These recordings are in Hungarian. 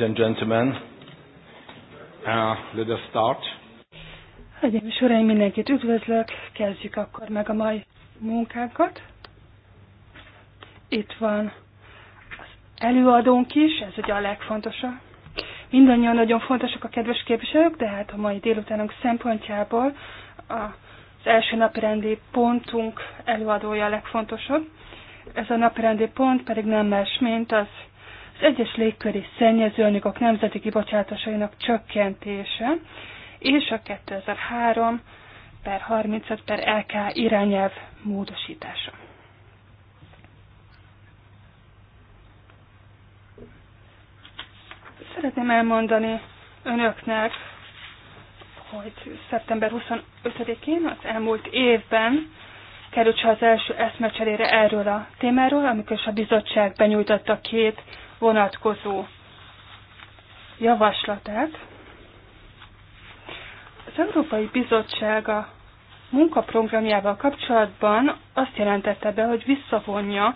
Ladies and gentlemen, uh, let us start. Hölgyeim és uraim, mindenkit üdvözlök, kezdjük akkor meg a mai munkánkat. Itt van az előadónk is, ez ugye a legfontosabb. Mindannyian nagyon fontosak a kedves képviselők, de hát a mai délutánunk szempontjából az első napirendi pontunk előadója a legfontosabb. Ez a napirendi pont pedig nem más, mint az egyes légköri szennyezőanyagok nemzeti kibocsátásainak csökkentése és a 2003 per 35 per LK irányelv módosítása. Szeretném elmondani önöknek, hogy szeptember 25-én az elmúlt évben került az első eszmecserére erről a témáról, amikor is a bizottság benyújtotta két vonatkozó javaslatát. Az Európai Bizottság a munkaprogramjával kapcsolatban azt jelentette be, hogy visszavonja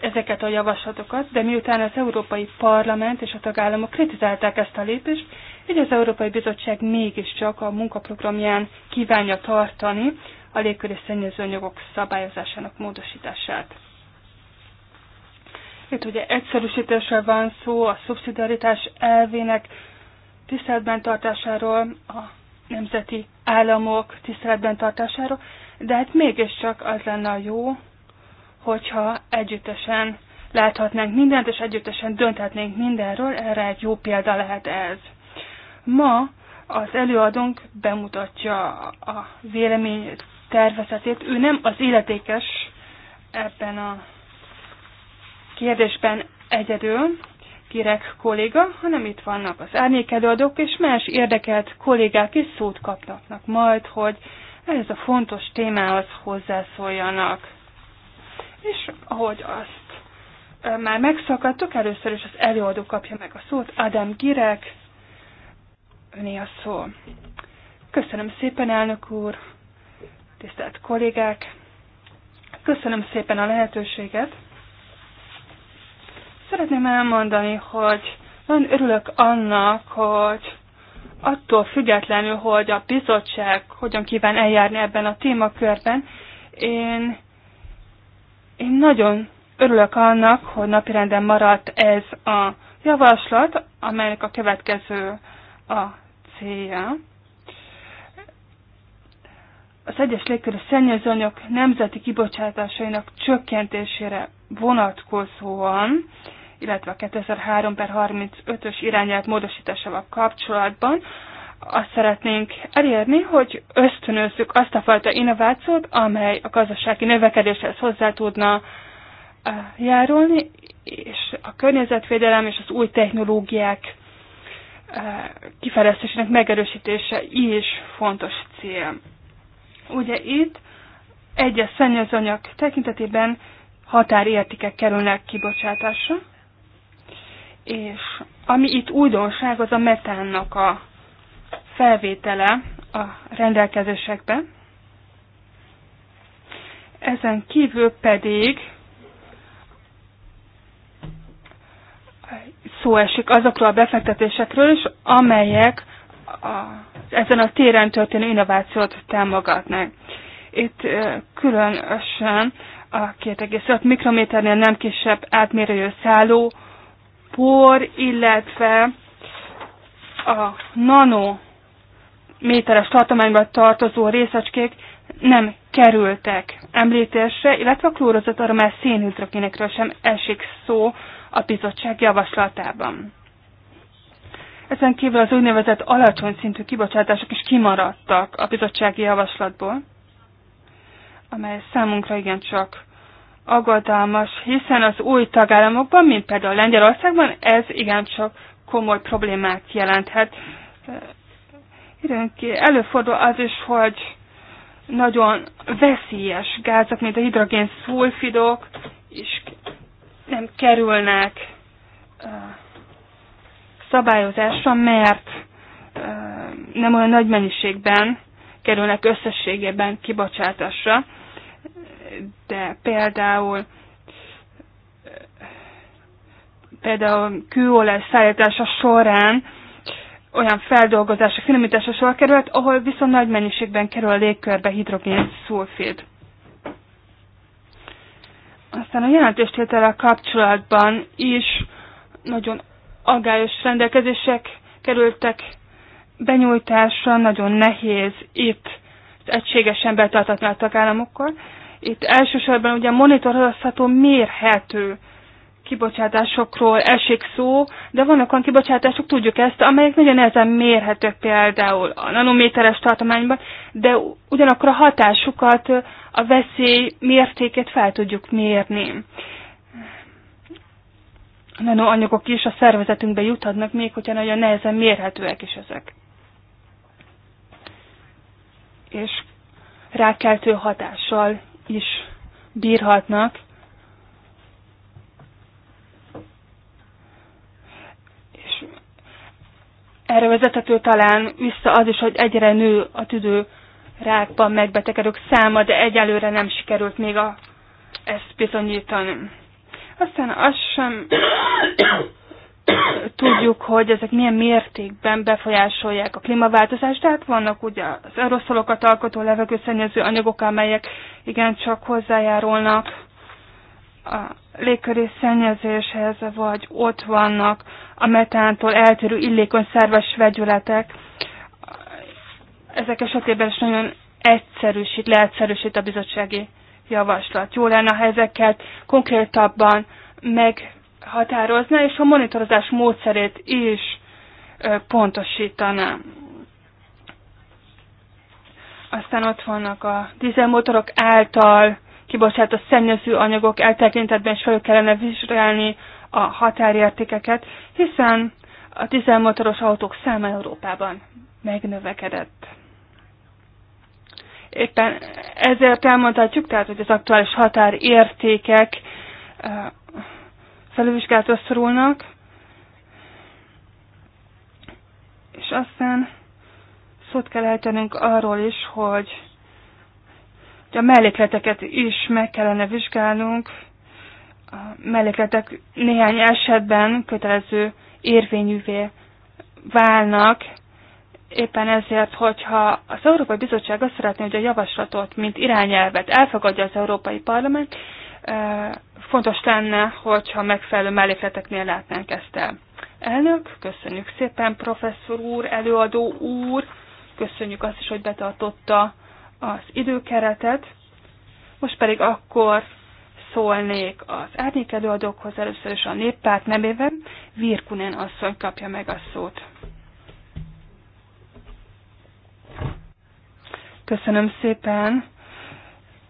ezeket a javaslatokat, de miután az Európai Parlament és a tagállamok kritizálták ezt a lépést, így az Európai Bizottság mégiscsak a munkaprogramján kívánja tartani a légköri anyagok szabályozásának módosítását. Itt ugye egyszerűsítésre van szó, a szubszidiaritás elvének tiszteletben tartásáról, a nemzeti államok tiszteletben tartásáról, de hát mégiscsak az lenne a jó, hogyha együttesen láthatnánk mindent, és együttesen dönthetnénk mindenről, erre egy jó példa lehet ez. Ma az előadónk bemutatja a vélemény tervezetét. Ő nem az életékes ebben a kérdésben egyedül Kirek kolléga, hanem itt vannak az árnyékelőadók, és más érdekelt kollégák is szót kapnak majd, hogy ez a fontos témához hozzászóljanak. És ahogy azt már megszakadtuk, először is az előadó kapja meg a szót, Adam Girek, öné a szó. Köszönöm szépen, elnök úr, tisztelt kollégák, köszönöm szépen a lehetőséget, Szeretném elmondani, hogy nagyon örülök annak, hogy attól függetlenül, hogy a bizottság hogyan kíván eljárni ebben a témakörben, én, én nagyon örülök annak, hogy napirenden maradt ez a javaslat, amelynek a következő a célja. Az egyes légkörű szennyezőanyag nemzeti kibocsátásainak csökkentésére vonatkozóan illetve a 2003 per 35-ös irányelv módosításával kapcsolatban azt szeretnénk elérni, hogy ösztönözzük azt a fajta innovációt, amely a gazdasági növekedéshez hozzá tudna eh, járulni, és a környezetvédelem és az új technológiák eh, kifejlesztésének megerősítése is fontos cél. Ugye itt egyes szennyezőanyag tekintetében határértékek kerülnek kibocsátásra, és ami itt újdonság, az a metánnak a felvétele a rendelkezésekbe. Ezen kívül pedig szó esik azokról a befektetésekről is, amelyek a, ezen a téren történő innovációt támogatnak. Itt különösen a 2,5 mikrométernél nem kisebb átmérőjű szálló por, illetve a nano méteres tartományban tartozó részecskék nem kerültek említésre, illetve a klórozott aromás szénhidrogénekről sem esik szó a bizottság javaslatában. Ezen kívül az úgynevezett alacsony szintű kibocsátások is kimaradtak a bizottsági javaslatból, amely számunkra igencsak aggodalmas, hiszen az új tagállamokban, mint például Lengyelországban, ez igencsak komoly problémát jelenthet. Időnként előfordul az is, hogy nagyon veszélyes gázok, mint a hidrogén szulfidok, is nem kerülnek szabályozásra, mert nem olyan nagy mennyiségben kerülnek összességében kibocsátásra de például például kőolaj szállítása során olyan feldolgozása, finomítása sor került, ahol viszont nagy mennyiségben kerül a légkörbe hidrogén szulfid. Aztán a jelentéstétele kapcsolatban is nagyon agályos rendelkezések kerültek benyújtásra, nagyon nehéz itt egységesen betartatni a tagállamokkal. Itt elsősorban ugye monitorozható, mérhető kibocsátásokról esik szó, de vannak olyan kibocsátások, tudjuk ezt, amelyek nagyon nehezen mérhetők például a nanométeres tartományban, de ugyanakkor a hatásukat, a veszély mértékét fel tudjuk mérni. A nanoanyagok is a szervezetünkbe juthatnak, még hogyha nagyon nehezen mérhetőek is ezek. És rákeltő hatással is bírhatnak. És erre vezethető talán vissza az is, hogy egyre nő a tüdő rákban megbetegedők száma, de egyelőre nem sikerült még a, ezt bizonyítani. Aztán az sem tudjuk, hogy ezek milyen mértékben befolyásolják a klímaváltozást. Tehát vannak ugye az aeroszolokat alkotó levegőszennyező anyagok, amelyek igencsak hozzájárulnak a légköri szennyezéshez, vagy ott vannak a metántól eltérő illékony szerves vegyületek. Ezek esetében is nagyon egyszerűsít, leegyszerűsít a bizottsági javaslat. Jó lenne, ha ezeket konkrétabban meg határozna és a monitorozás módszerét is pontosítaná. Aztán ott vannak a dízelmotorok által kibocsátott szennyező anyagok eltekintetben is fel kellene vizsgálni a határértékeket, hiszen a dízelmotoros autók száma Európában megnövekedett. Éppen ezért elmondhatjuk, tehát, hogy az aktuális határértékek felülvizsgálatra szorulnak, és aztán szót kell eltenünk arról is, hogy, hogy a mellékleteket is meg kellene vizsgálnunk. A mellékletek néhány esetben kötelező érvényűvé válnak, éppen ezért, hogyha az Európai Bizottság azt szeretné, hogy a javaslatot, mint irányelvet elfogadja az Európai Parlament, fontos lenne, hogyha megfelelő mellékleteknél látnánk ezt el. Elnök, köszönjük szépen, professzor úr, előadó úr, köszönjük azt is, hogy betartotta az időkeretet. Most pedig akkor szólnék az árnyék előadókhoz, először is a néppárt nevében, Virkunen asszony kapja meg a szót. Köszönöm szépen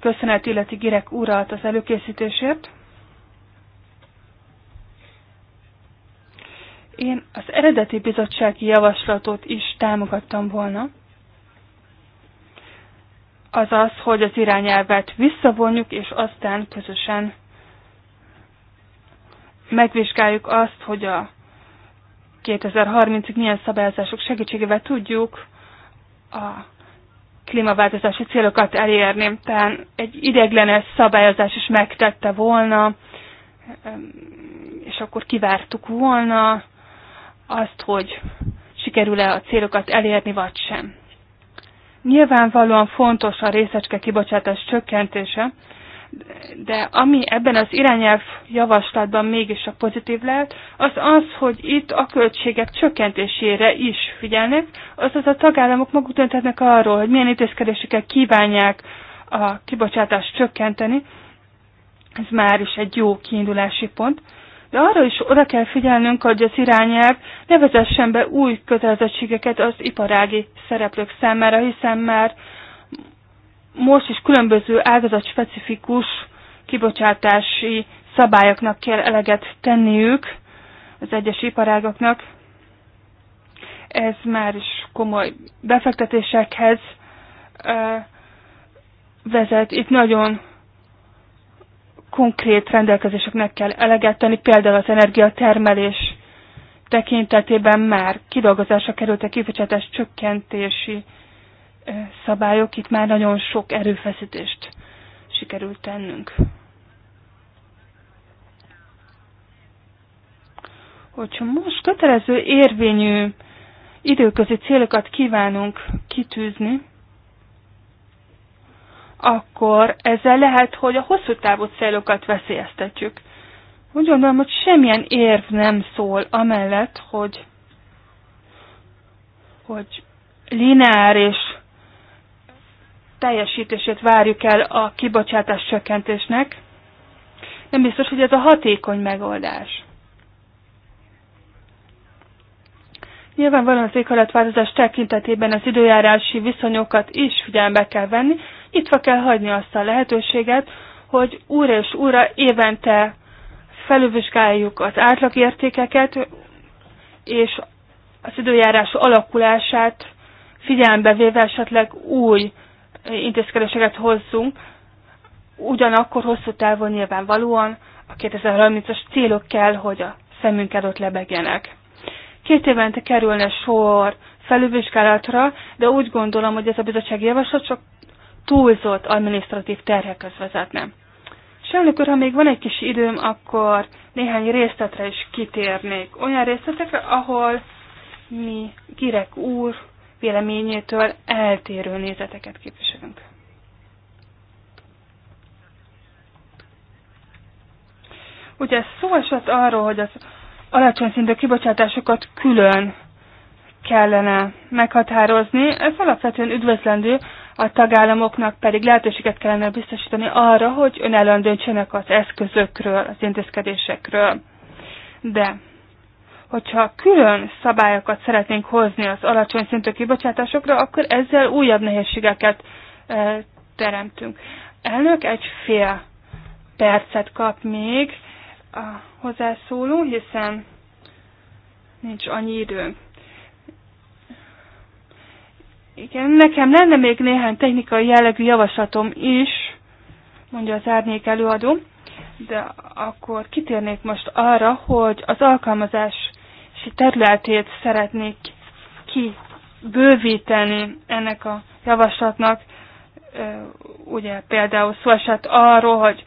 köszönet illeti Girek úrát az előkészítésért. Én az eredeti bizottsági javaslatot is támogattam volna. Azaz, hogy az irányelvet visszavonjuk, és aztán közösen megvizsgáljuk azt, hogy a 2030-ig milyen szabályozások segítségével tudjuk a klímaváltozási célokat elérni. Tehát egy ideglenes szabályozás is megtette volna, és akkor kivártuk volna azt, hogy sikerül-e a célokat elérni, vagy sem. Nyilvánvalóan fontos a részecske kibocsátás csökkentése, de ami ebben az irányelv javaslatban mégis a pozitív lehet, az az, hogy itt a költségek csökkentésére is figyelnek, azaz a tagállamok maguk döntetnek arról, hogy milyen intézkedéseket kívánják a kibocsátást csökkenteni. Ez már is egy jó kiindulási pont. De arra is oda kell figyelnünk, hogy az irányelv ne vezessen be új kötelezettségeket az iparági szereplők számára, hiszen már most is különböző ágazatspecifikus kibocsátási szabályoknak kell eleget tenniük az egyes iparágaknak. Ez már is komoly befektetésekhez vezet. Itt nagyon konkrét rendelkezéseknek kell eleget tenni, például az energiatermelés tekintetében már kidolgozásra kerültek a kibocsátás csökkentési szabályok, itt már nagyon sok erőfeszítést sikerült tennünk. Hogyha most kötelező érvényű időközi célokat kívánunk kitűzni, akkor ezzel lehet, hogy a hosszú távú célokat veszélyeztetjük. Úgy gondolom, hogy semmilyen érv nem szól amellett, hogy, hogy lineáris teljesítését várjuk el a kibocsátás csökkentésnek, nem biztos, hogy ez a hatékony megoldás. Nyilvánvalóan az éghajlatváltozás tekintetében az időjárási viszonyokat is figyelme kell venni, nyitva kell hagyni azt a lehetőséget, hogy újra és újra évente felülvizsgáljuk az átlagértékeket, és az időjárás alakulását figyelembe véve esetleg új intézkedéseket hozzunk, ugyanakkor hosszú távon nyilvánvalóan a 2030-as célok kell, hogy a szemünk előtt lebegjenek. Két évente kerülne sor felülvizsgálatra, de úgy gondolom, hogy ez a bizottság javaslat csak túlzott administratív terhekhez vezetne. Sajnálok, ha még van egy kis időm, akkor néhány részletre is kitérnék. Olyan részletekre, ahol mi Girek úr véleményétől eltérő nézeteket képviselünk. Ugye szó esett arról, hogy az alacsony szintű kibocsátásokat külön kellene meghatározni. Ez alapvetően üdvözlendő, a tagállamoknak pedig lehetőséget kellene biztosítani arra, hogy önállóan döntsenek az eszközökről, az intézkedésekről. De hogyha külön szabályokat szeretnénk hozni az alacsony szintű kibocsátásokra, akkor ezzel újabb nehézségeket e, teremtünk. Elnök egy fél percet kap még a hozzászóló, hiszen nincs annyi idő. Igen, nekem lenne még néhány technikai jellegű javaslatom is, mondja az árnyék előadó, de akkor kitérnék most arra, hogy az alkalmazás területét szeretnék kibővíteni ennek a javaslatnak. Ugye például szó esett arról, hogy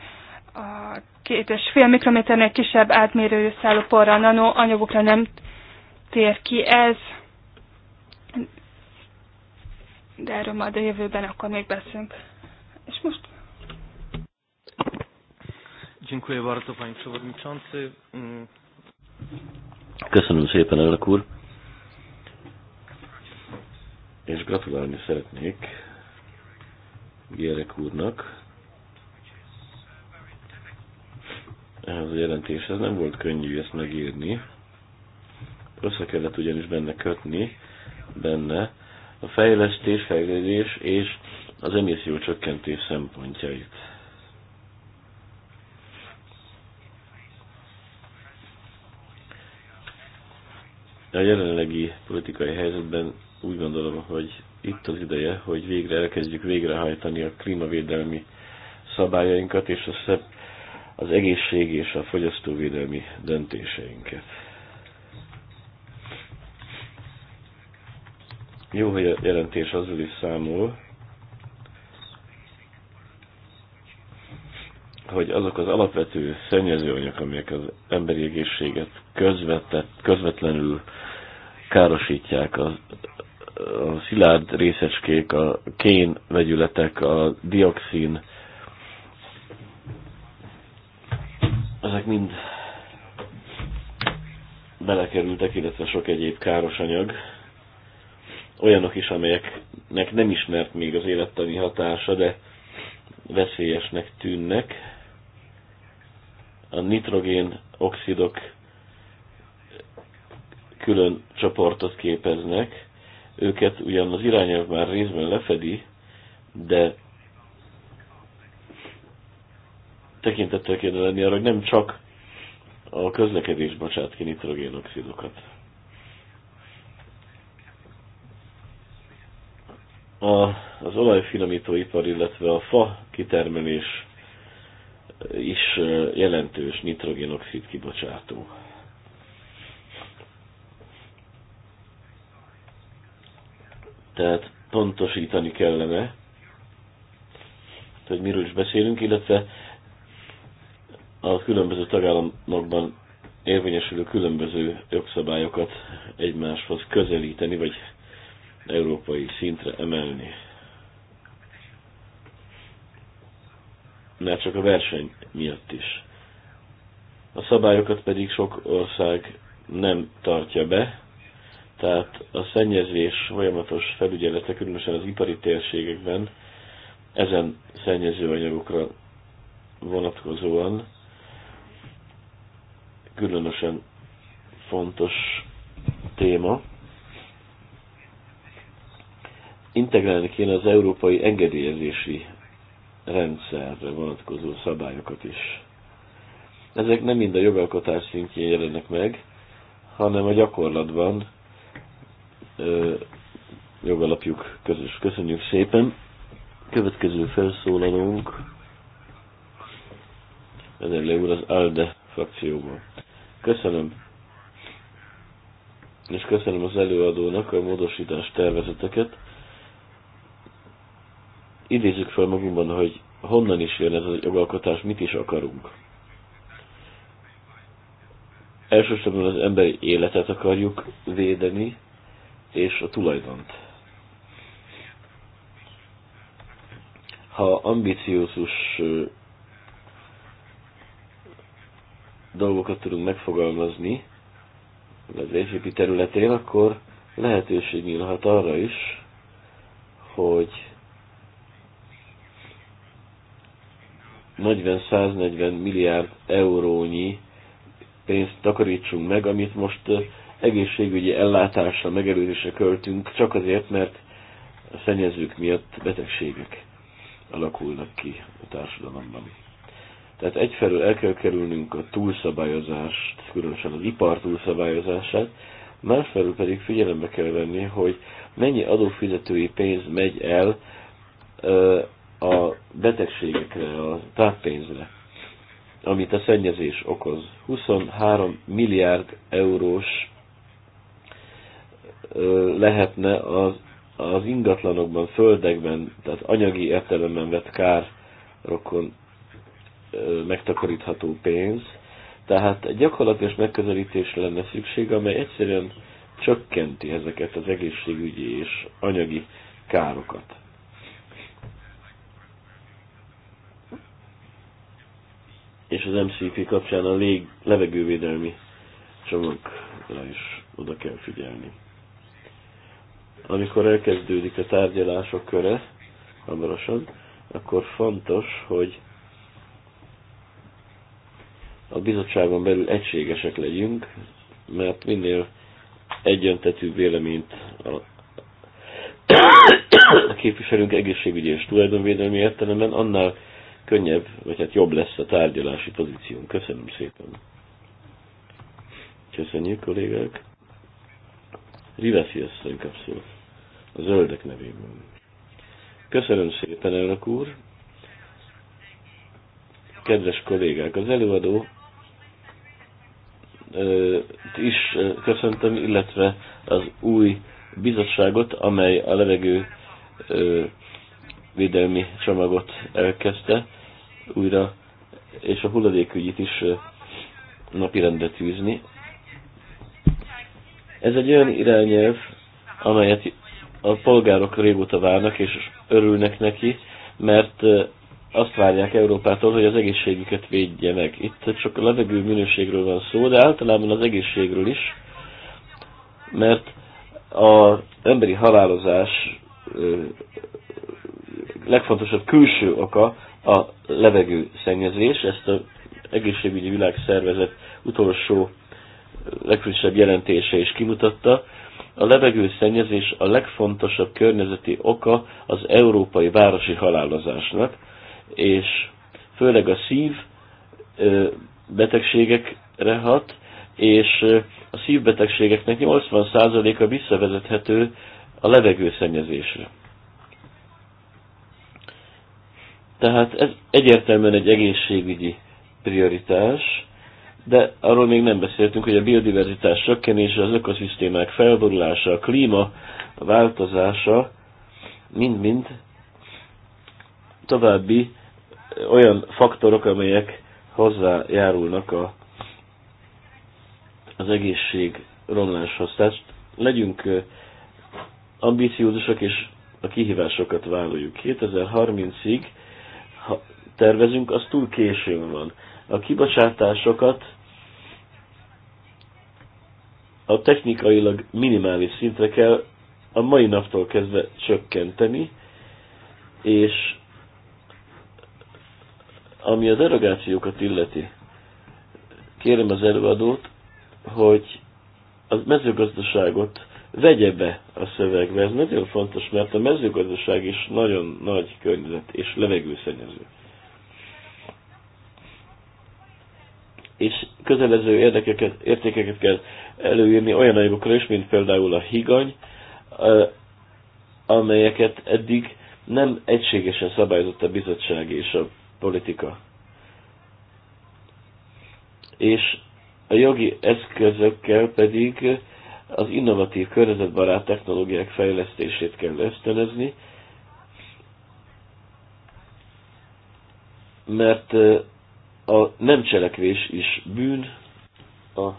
a két és fél mikrométernél kisebb átmérőjű szállóporra, anyagokra nem tér ki ez, de erről majd a jövőben akkor még beszélünk. És most Dziękuję bardzo, panie przewodniczący. Mm. Köszönöm szépen, elnök úr. És gratulálni szeretnék Gyerek úrnak. Ehhez a jelentéshez nem volt könnyű ezt megírni. Össze kellett ugyanis benne kötni, benne a fejlesztés, fejlődés és az emisszió csökkentés szempontjait A jelenlegi politikai helyzetben úgy gondolom, hogy itt az ideje, hogy végre elkezdjük végrehajtani a klímavédelmi szabályainkat és a szebb az egészség és a fogyasztóvédelmi döntéseinket. Jó, hogy a jelentés azzal is számol, hogy azok az alapvető szennyezőanyagok, amelyek az emberi egészséget közvetett, közvetlenül károsítják, a, a szilárd részecskék, a kén vegyületek, a dioxin, ezek mind belekerültek, illetve sok egyéb káros anyag, olyanok is, amelyeknek nem ismert még az élettani hatása, de veszélyesnek tűnnek a nitrogén oxidok külön csoportot képeznek, őket ugyan az irányelv már részben lefedi, de tekintettel kéne lenni arra, hogy nem csak a közlekedés bocsát ki nitrogénoxidokat. A, az olajfinomítóipar, illetve a fa kitermelés is jelentős nitrogénoxid kibocsátó. Tehát pontosítani kellene, hogy miről is beszélünk, illetve a különböző tagállamokban érvényesülő különböző jogszabályokat egymáshoz közelíteni, vagy európai szintre emelni. már csak a verseny miatt is. A szabályokat pedig sok ország nem tartja be, tehát a szennyezés folyamatos felügyelete, különösen az ipari térségekben, ezen szennyezőanyagokra vonatkozóan különösen fontos téma. Integrálni kéne az európai engedélyezési rendszerre vonatkozó szabályokat is. Ezek nem mind a jogalkotás szintjén jelennek meg, hanem a gyakorlatban ö, jogalapjuk közös. Köszönjük szépen! Következő felszólalónk Edelő úr az ALDE frakcióban. Köszönöm! És köszönöm az előadónak a módosítás tervezeteket idézzük fel magunkban, hogy honnan is jön ez a jogalkotás, mit is akarunk. Elsősorban az emberi életet akarjuk védeni, és a tulajdont. Ha ambiciózus dolgokat tudunk megfogalmazni az éjségi területén, akkor lehetőség nyílhat arra is, hogy 40-140 milliárd eurónyi pénzt takarítsunk meg, amit most egészségügyi ellátásra, megelőzésre költünk, csak azért, mert a szennyezők miatt betegségek alakulnak ki a társadalomban. Tehát egyfelől el kell kerülnünk a túlszabályozást, különösen az ipar túlszabályozását, másfelől pedig figyelembe kell venni, hogy mennyi adófizetői pénz megy el a betegségekre, a táppénzre, amit a szennyezés okoz. 23 milliárd eurós lehetne az, az ingatlanokban, földekben, tehát anyagi értelemben vett károkon megtakarítható pénz. Tehát egy gyakorlatilag megközelítésre lenne szükség, amely egyszerűen csökkenti ezeket az egészségügyi és anyagi károkat. és az MCP kapcsán a lég, levegővédelmi csomagra is oda kell figyelni. Amikor elkezdődik a tárgyalások köre, hamarosan, akkor fontos, hogy a bizottságon belül egységesek legyünk, mert minél egyöntetűbb véleményt a, a képviselünk egészségügyi és tulajdonvédelmi értelemben, annál könnyebb, vagy hát jobb lesz a tárgyalási pozíciónk. Köszönöm szépen. Köszönjük, kollégák. Riveszi asszony kapszol. A zöldek nevében. Köszönöm szépen, elnök úr. Kedves kollégák, az előadó is köszöntöm, illetve az új bizottságot, amely a levegő védelmi csomagot elkezdte újra, és a hulladékügyit is napirendre tűzni. Ez egy olyan irányelv, amelyet a polgárok régóta várnak és örülnek neki, mert azt várják Európától, hogy az egészségüket védje meg. Itt csak a levegő minőségről van szó, de általában az egészségről is, mert az emberi halálozás legfontosabb külső oka a levegő szennyezés, ezt az egészségügyi világszervezet utolsó legfrissebb jelentése is kimutatta, a levegő szennyezés a legfontosabb környezeti oka az európai városi halálozásnak, és főleg a szív betegségekre hat, és a szívbetegségeknek 80%-a visszavezethető a levegőszennyezésre. Tehát ez egyértelműen egy egészségügyi prioritás, de arról még nem beszéltünk, hogy a biodiverzitás csökkenése, az ökoszisztémák felborulása, a klíma változása mind-mind további olyan faktorok, amelyek hozzájárulnak a, az egészség romláshoz. Tehát legyünk ambiciózusak és a kihívásokat vállaljuk. 2030-ig ha tervezünk, az túl későn van. A kibocsátásokat a technikailag minimális szintre kell a mai naptól kezdve csökkenteni, és ami az erogációkat illeti, kérem az előadót, hogy a mezőgazdaságot vegye be a szövegbe. Ez nagyon fontos, mert a mezőgazdaság is nagyon nagy környezet és levegőszennyező. És közelező érdekeket, értékeket kell előírni olyan anyagokra is, mint például a higany, amelyeket eddig nem egységesen szabályozott a bizottság és a politika. És a jogi eszközökkel pedig az innovatív környezetbarát technológiák fejlesztését kell ösztönözni, mert a nem cselekvés is bűn, a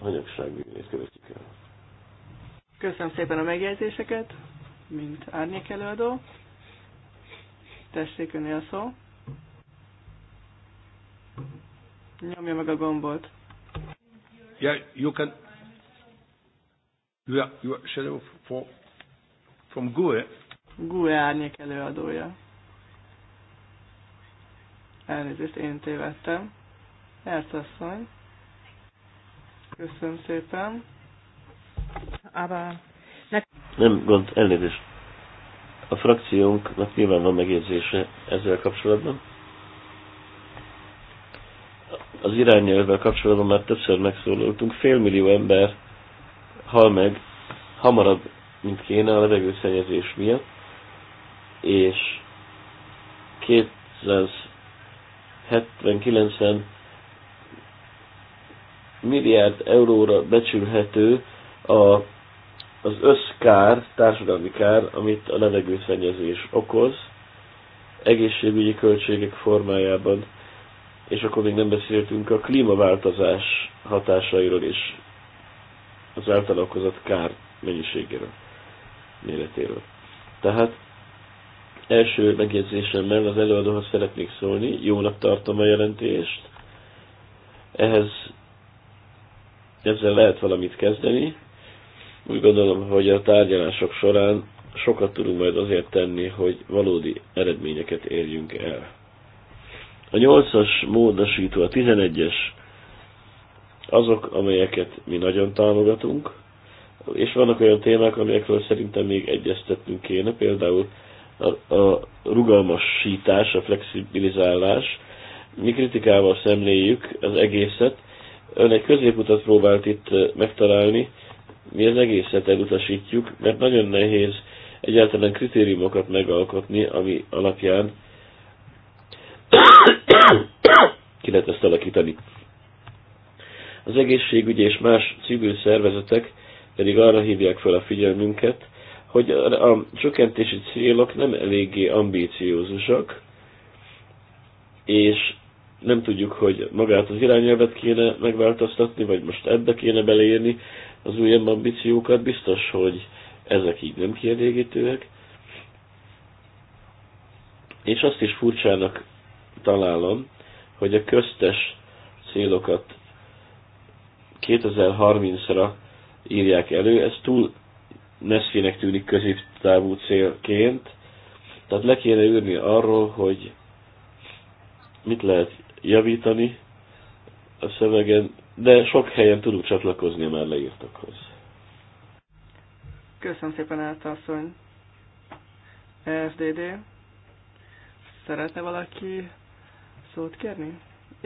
hanyagság bűnét követjük el. Köszönöm szépen a megjegyzéseket, mint árnyék előadó. Tessék önni a szó. Nyomja meg a gombot. Yeah, you can You are, you are shadow for, from GUE. GUE árnyék előadója. Elnézést, én tévedtem. Ercasszony. Köszönöm szépen. Ába. Nem gond, elnézést. A frakciónknak nyilván van megjegyzése ezzel kapcsolatban. Az irányelvvel kapcsolatban már többször megszólaltunk. Félmillió ember hal meg hamarabb, mint kéne a levegőszennyezés miatt, és 279 milliárd euróra becsülhető a, az összkár, társadalmi kár, amit a levegőszennyezés okoz, egészségügyi költségek formájában, és akkor még nem beszéltünk a klímaváltozás hatásairól is az által okozott kár mennyiségéről, méretéről. Tehát első megjegyzésemmel az előadóhoz szeretnék szólni, jónak tartom a jelentést, ehhez ezzel lehet valamit kezdeni. Úgy gondolom, hogy a tárgyalások során sokat tudunk majd azért tenni, hogy valódi eredményeket érjünk el. A nyolcas módosító, a tizenegyes azok, amelyeket mi nagyon támogatunk, és vannak olyan témák, amelyekről szerintem még egyeztetnünk kéne, például a, a rugalmasítás, a flexibilizálás. Mi kritikával szemléljük az egészet. Ön egy középutat próbált itt megtalálni, mi az egészet elutasítjuk, mert nagyon nehéz egyáltalán kritériumokat megalkotni, ami alapján ki lehet ezt alakítani. Az egészségügyi és más civil szervezetek pedig arra hívják fel a figyelmünket, hogy a csökkentési célok nem eléggé ambíciózusak, és nem tudjuk, hogy magát az irányelvet kéne megváltoztatni, vagy most ebbe kéne beleírni az újabb ambíciókat. Biztos, hogy ezek így nem kielégítőek. És azt is furcsának találom, hogy a köztes célokat 2030-ra írják elő, ez túl neszkének tűnik középtávú célként, tehát le kéne írni arról, hogy mit lehet javítani a szövegen, de sok helyen tudunk csatlakozni a már leírtakhoz. Köszönöm szépen, Álta SDD. Szeretne valaki szót kérni?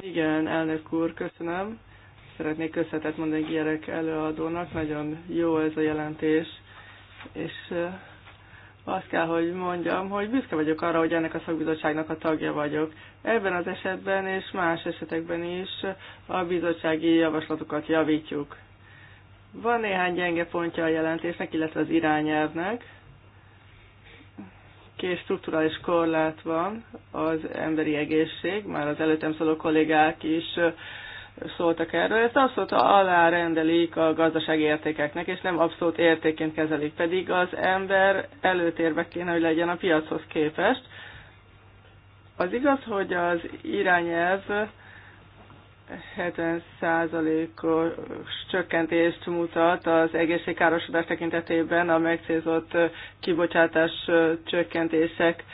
Igen, elnök úr, köszönöm. Szeretnék köszönetet mondani egy gyerek előadónak, nagyon jó ez a jelentés, és azt kell, hogy mondjam, hogy büszke vagyok arra, hogy ennek a szakbizottságnak a tagja vagyok. Ebben az esetben és más esetekben is a bizottsági javaslatokat javítjuk. Van néhány gyenge pontja a jelentésnek, illetve az irányelvnek. Kés strukturális korlát van az emberi egészség, már az előttem szóló kollégák is szóltak erről. Ezt abszolút alárendelik a gazdasági értékeknek, és nem abszolút értéként kezelik, pedig az ember előtérbe kéne, hogy legyen a piachoz képest. Az igaz, hogy az irányelv 70%-os csökkentést mutat az egészségkárosodás tekintetében a megcélzott kibocsátás csökkentések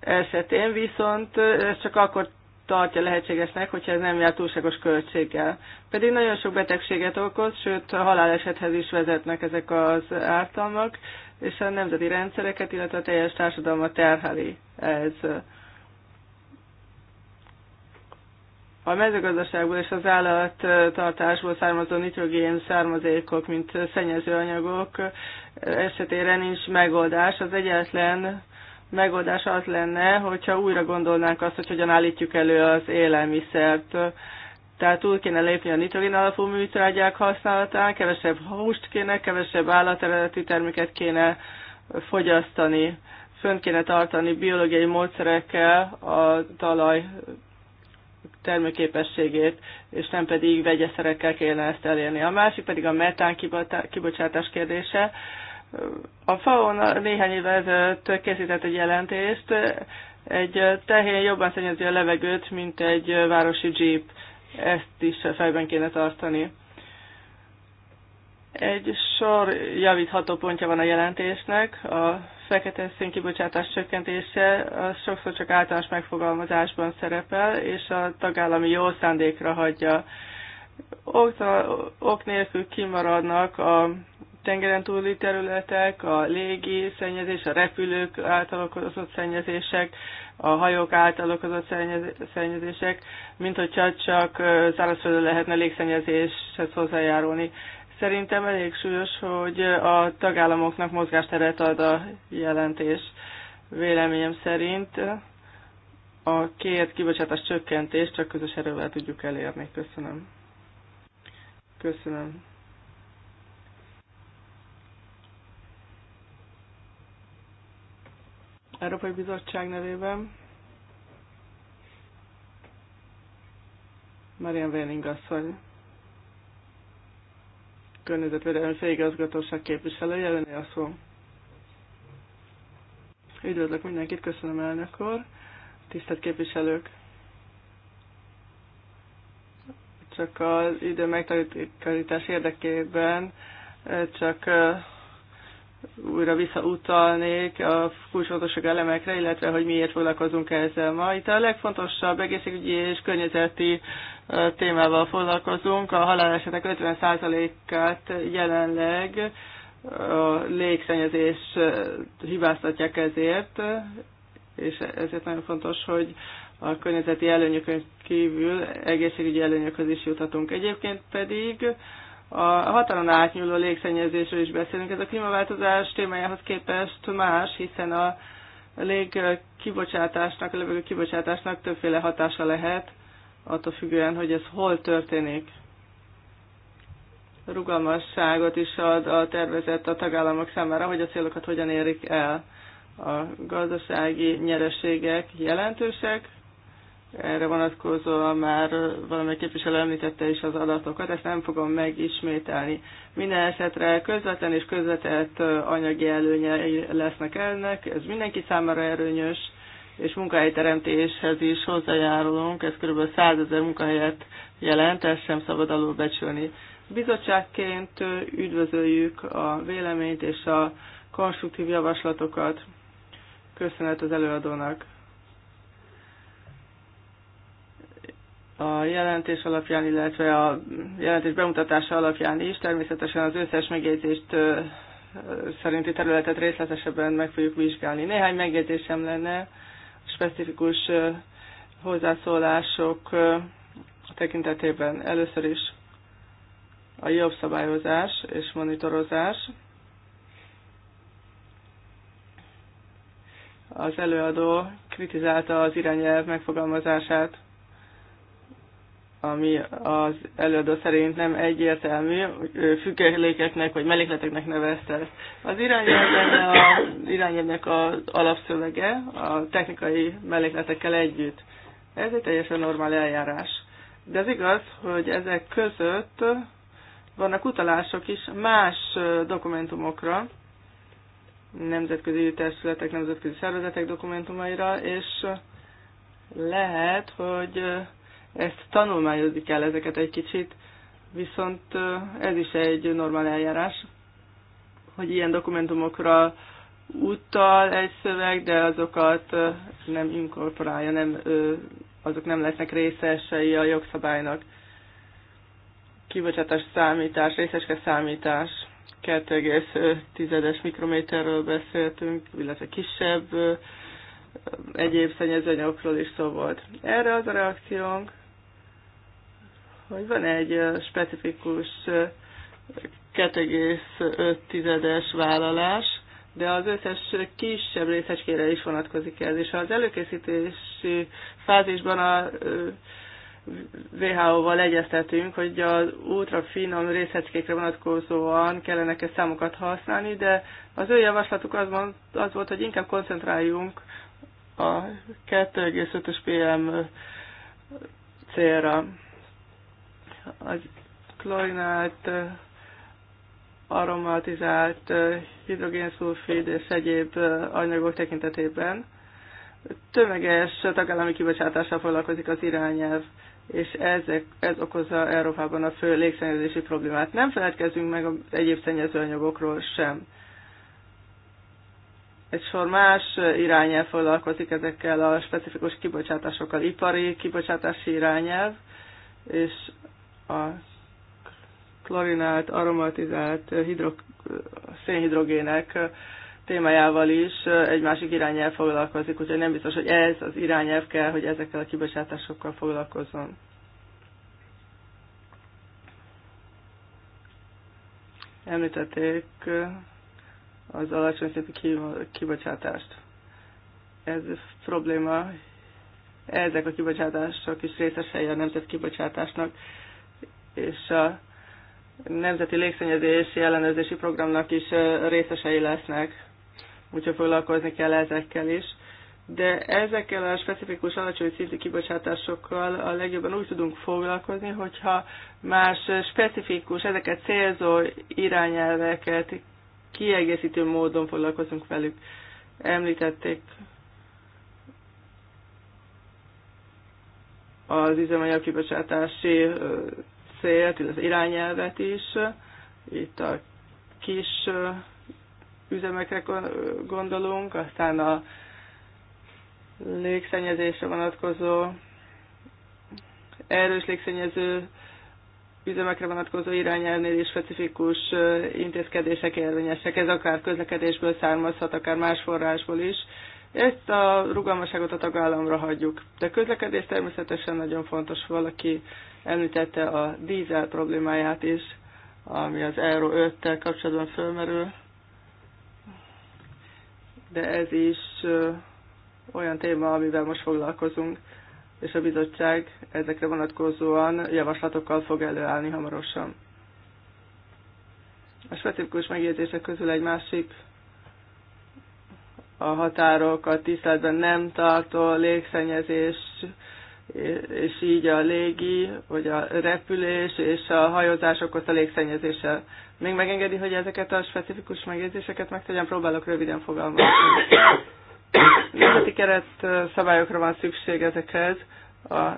esetén, viszont ez csak akkor tartja lehetségesnek, hogyha ez nem jár túlságos költséggel. Pedig nagyon sok betegséget okoz, sőt a halálesethez is vezetnek ezek az ártalmak, és a nemzeti rendszereket, illetve a teljes társadalmat terheli ez. A mezőgazdaságból és az állattartásból származó nitrogén származékok, mint szennyezőanyagok esetére nincs megoldás. Az egyetlen megoldás az lenne, hogyha újra gondolnánk azt, hogy hogyan állítjuk elő az élelmiszert. Tehát túl kéne lépni a nitrogén alapú műtrágyák használatán, kevesebb húst kéne, kevesebb állateredeti terméket kéne fogyasztani. Fönt kéne tartani biológiai módszerekkel a talaj termőképességét, és nem pedig vegyeszerekkel kéne ezt elérni. A másik pedig a metán kibocsátás kérdése. A FAO néhány évvel ezelőtt készített egy jelentést, egy tehén jobban szennyezi a levegőt, mint egy városi jeep. Ezt is fejben kéne tartani. Egy sor javítható pontja van a jelentésnek. A fekete színkibocsátás csökkentése az sokszor csak általános megfogalmazásban szerepel, és a tagállami jó szándékra hagyja. Ok, ok nélkül kimaradnak a tengeren túli területek, a légi szennyezés, a repülők által okozott szennyezések, a hajók által okozott szennyezések, mint hogyha csak szárazföldön lehetne légszennyezéshez hozzájárulni. Szerintem elég súlyos, hogy a tagállamoknak mozgásteret ad a jelentés véleményem szerint. A két kibocsátás csökkentést csak közös erővel tudjuk elérni. Köszönöm. Köszönöm. Európai Bizottság nevében. Marian Véling asszony, környezetvédelmi főigazgatóság képviselője, öné a szó. Üdvözlök mindenkit, köszönöm elnök úr, tisztelt képviselők. Csak az idő megtakarítás érdekében eh, csak eh, újra visszautalnék a kulcsfontosság elemekre, illetve hogy miért foglalkozunk ezzel ma. Itt a legfontosabb egészségügyi és környezeti témával foglalkozunk. A halálesetek 50%-át jelenleg a légszennyezés hibáztatják ezért, és ezért nagyon fontos, hogy a környezeti előnyökön kívül egészségügyi előnyökhöz is juthatunk. Egyébként pedig a határon átnyúló légszennyezésről is beszélünk. Ez a klímaváltozás témájához képest más, hiszen a lég kibocsátásnak, a levegő kibocsátásnak többféle hatása lehet, attól függően, hogy ez hol történik. Rugalmasságot is ad a tervezet a tagállamok számára, hogy a célokat hogyan érik el. A gazdasági nyereségek jelentősek, erre vonatkozóan már valamely képviselő említette is az adatokat, ezt nem fogom megismételni. Minden esetre közvetlen és közvetett anyagi előnyei lesznek ennek, ez mindenki számára erőnyös, és munkahelyteremtéshez is hozzájárulunk, ez kb. 100 ezer munkahelyet jelent, ezt sem szabad alul becsülni. Bizottságként üdvözöljük a véleményt és a konstruktív javaslatokat. Köszönet az előadónak! a jelentés alapján, illetve a jelentés bemutatása alapján is. Természetesen az összes megjegyzést szerinti területet részletesebben meg fogjuk vizsgálni. Néhány megjegyzésem lenne specifikus hozzászólások tekintetében. Először is a jobb szabályozás és monitorozás. Az előadó kritizálta az irányelv megfogalmazását ami az előadó szerint nem egyértelmű, függelékeknek vagy mellékleteknek nevezte ezt. Az irányelvben az irányelvnek az alapszövege a technikai mellékletekkel együtt. Ez egy teljesen normál eljárás. De az igaz, hogy ezek között vannak utalások is más dokumentumokra, nemzetközi testületek, nemzetközi szervezetek dokumentumaira, és lehet, hogy ezt tanulmányozni kell ezeket egy kicsit, viszont ez is egy normál eljárás, hogy ilyen dokumentumokra utal egy szöveg, de azokat nem inkorporálja, nem, azok nem lesznek részesei a jogszabálynak. Kibocsátás számítás, részeske számítás, 2,1-es mikrométerről beszéltünk, illetve kisebb egyéb szennyezőanyagokról is szó volt. Erre az a reakciónk, hogy van egy specifikus 2,5-es vállalás, de az összes kisebb részecskére is vonatkozik ez. És az előkészítési fázisban a WHO-val egyeztetünk, hogy az ultra finom részecskékre vonatkozóan kellene számokat használni, de az ő javaslatuk az, mond, az volt, hogy inkább koncentráljunk a 2,5-ös PM célra az klorinált, aromatizált hidrogénszulfid és egyéb anyagok tekintetében tömeges tagállami kibocsátással foglalkozik az irányelv, és ezek, ez okozza Európában a fő légszennyezési problémát. Nem feledkezünk meg az egyéb szennyezőanyagokról sem. Egy sor más irányelv foglalkozik ezekkel a specifikus kibocsátásokkal, ipari kibocsátási irányelv, és a klorinált, aromatizált hidrok, szénhidrogének témájával is egy másik irányelv foglalkozik, úgyhogy nem biztos, hogy ez az irányelv kell, hogy ezekkel a kibocsátásokkal foglalkozzon. Említették az alacsony szintű kibocsátást. Ez probléma. Ezek a kibocsátások is részesei a nemzet kibocsátásnak és a Nemzeti Légszennyezési Ellenőrzési Programnak is részesei lesznek, úgyhogy foglalkozni kell ezekkel is. De ezekkel a specifikus alacsony szintű kibocsátásokkal a legjobban úgy tudunk foglalkozni, hogyha más specifikus, ezeket célzó irányelveket kiegészítő módon foglalkozunk velük. Említették az üzemanyag kibocsátási célt, az irányelvet is. Itt a kis üzemekre gondolunk, aztán a légszennyezésre vonatkozó, erős légszennyező üzemekre vonatkozó irányelvnél is specifikus intézkedések érvényesek. Ez akár közlekedésből származhat, akár más forrásból is. Ezt a rugalmasságot a tagállamra hagyjuk. De közlekedés természetesen nagyon fontos, valaki Említette a dízel problémáját is, ami az Euro 5-tel kapcsolatban fölmerül, de ez is olyan téma, amivel most foglalkozunk, és a bizottság ezekre vonatkozóan javaslatokkal fog előállni hamarosan. A specifikus megjegyzések közül egy másik a határokat tiszteletben nem tartó légszennyezés és így a légi, vagy a repülés és a hajózás okozta légszennyezéssel. Még megengedi, hogy ezeket a specifikus megjegyzéseket megtegyem, próbálok röviden fogalmazni. Nemzeti keret szabályokra van szükség ezekhez. A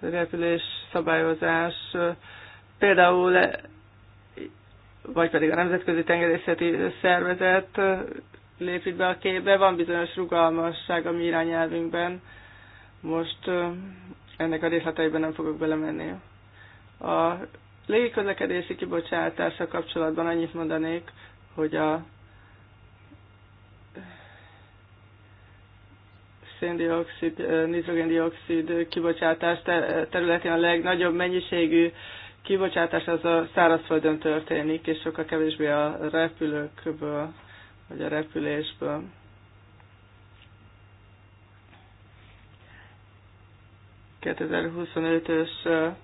repülés szabályozás például e, vagy pedig a Nemzetközi Tengerészeti Szervezet lép itt be a képbe, van bizonyos rugalmasság a mi irányelvünkben, most ennek a részleteiben nem fogok belemenni. A légiközlekedési kibocsátással kapcsolatban annyit mondanék, hogy a széndiokszid, nitrogéndiokszid kibocsátás területén a legnagyobb mennyiségű kibocsátás az a szárazföldön történik, és sokkal kevésbé a repülőkből, vagy a repülésből. 2025-ös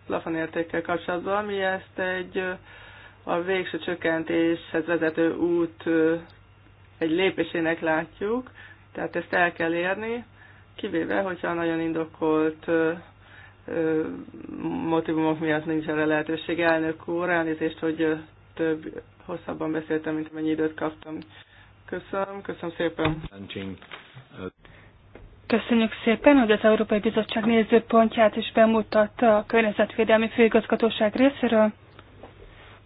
plafonértékkel kapcsolatban. Mi ezt egy a végső csökkentéshez vezető út egy lépésének látjuk, tehát ezt el kell érni, kivéve, hogyha nagyon indokolt motivumok miatt nincs erre lehetőség. Elnök úr, elnézést, hogy több, hosszabban beszéltem, mint mennyi időt kaptam. Köszönöm, köszönöm szépen. Köszönjük szépen, hogy az Európai Bizottság nézőpontját is bemutatta a Környezetvédelmi Főigazgatóság részéről.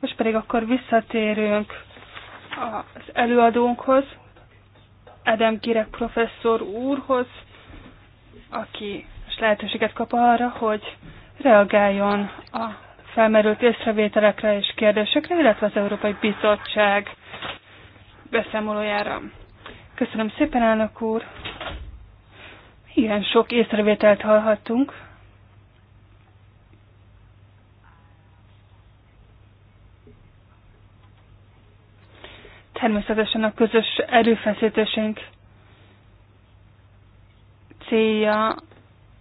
Most pedig akkor visszatérünk az előadónkhoz, Edem Kirek professzor úrhoz, aki most lehetőséget kap arra, hogy reagáljon a felmerült észrevételekre és kérdésekre, illetve az Európai Bizottság beszámolójára. Köszönöm szépen, elnök úr! Igen, sok észrevételt hallhattunk. Természetesen a közös erőfeszítésünk célja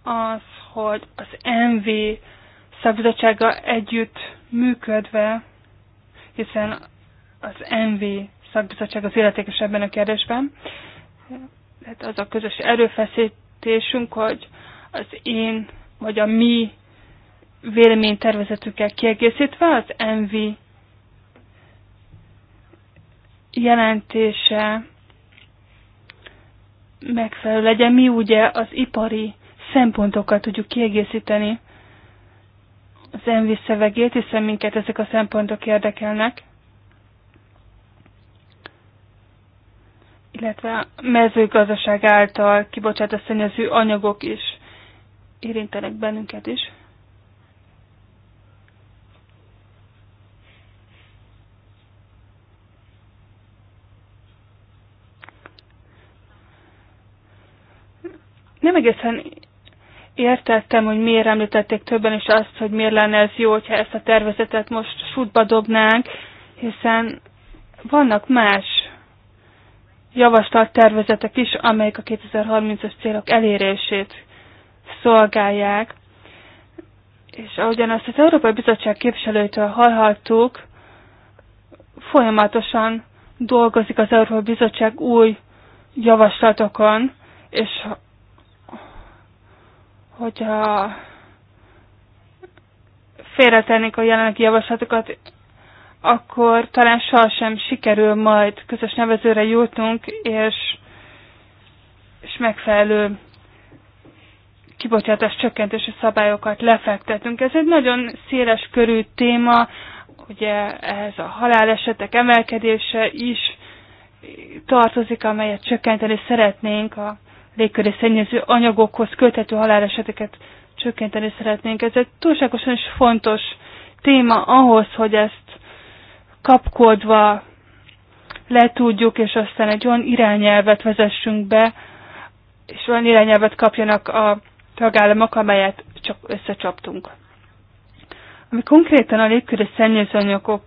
az, hogy az MV szakbizottsága együtt működve, hiszen az MV szakbizottság az életékes ebben a kérdésben, tehát az a közös erőfeszít, megközelítésünk, hogy az én vagy a mi véleménytervezetükkel kiegészítve az MV jelentése megfelelő legyen. Mi ugye az ipari szempontokkal tudjuk kiegészíteni az MV szövegét, hiszen minket ezek a szempontok érdekelnek. illetve mezőgazdaság által kibocsátott szennyező anyagok is érintenek bennünket is. nem egészen értettem, hogy miért említették többen is azt, hogy miért lenne ez jó, hogyha ezt a tervezetet most sútba dobnánk, hiszen vannak más Javaslat tervezetek is, amelyek a 2030-as célok elérését szolgálják. És ahogyan azt az Európai Bizottság képviselőtől hallhattuk, folyamatosan dolgozik az Európai Bizottság új javaslatokon, és hogyha félretennék a jelenlegi javaslatokat, akkor talán sohasem sikerül majd közös nevezőre jutnunk, és, és megfelelő kibocsátás csökkentési szabályokat lefektetünk. Ez egy nagyon széles körű téma, ugye ez a halálesetek emelkedése is tartozik, amelyet csökkenteni szeretnénk, a légköri szennyező anyagokhoz köthető haláleseteket csökkenteni szeretnénk. Ez egy túlságosan is fontos téma ahhoz, hogy ezt kapkodva letudjuk, és aztán egy olyan irányelvet vezessünk be, és olyan irányelvet kapjanak a tagállamok, amelyet csak összecsaptunk. Ami konkrétan a légköri szennyezőanyagok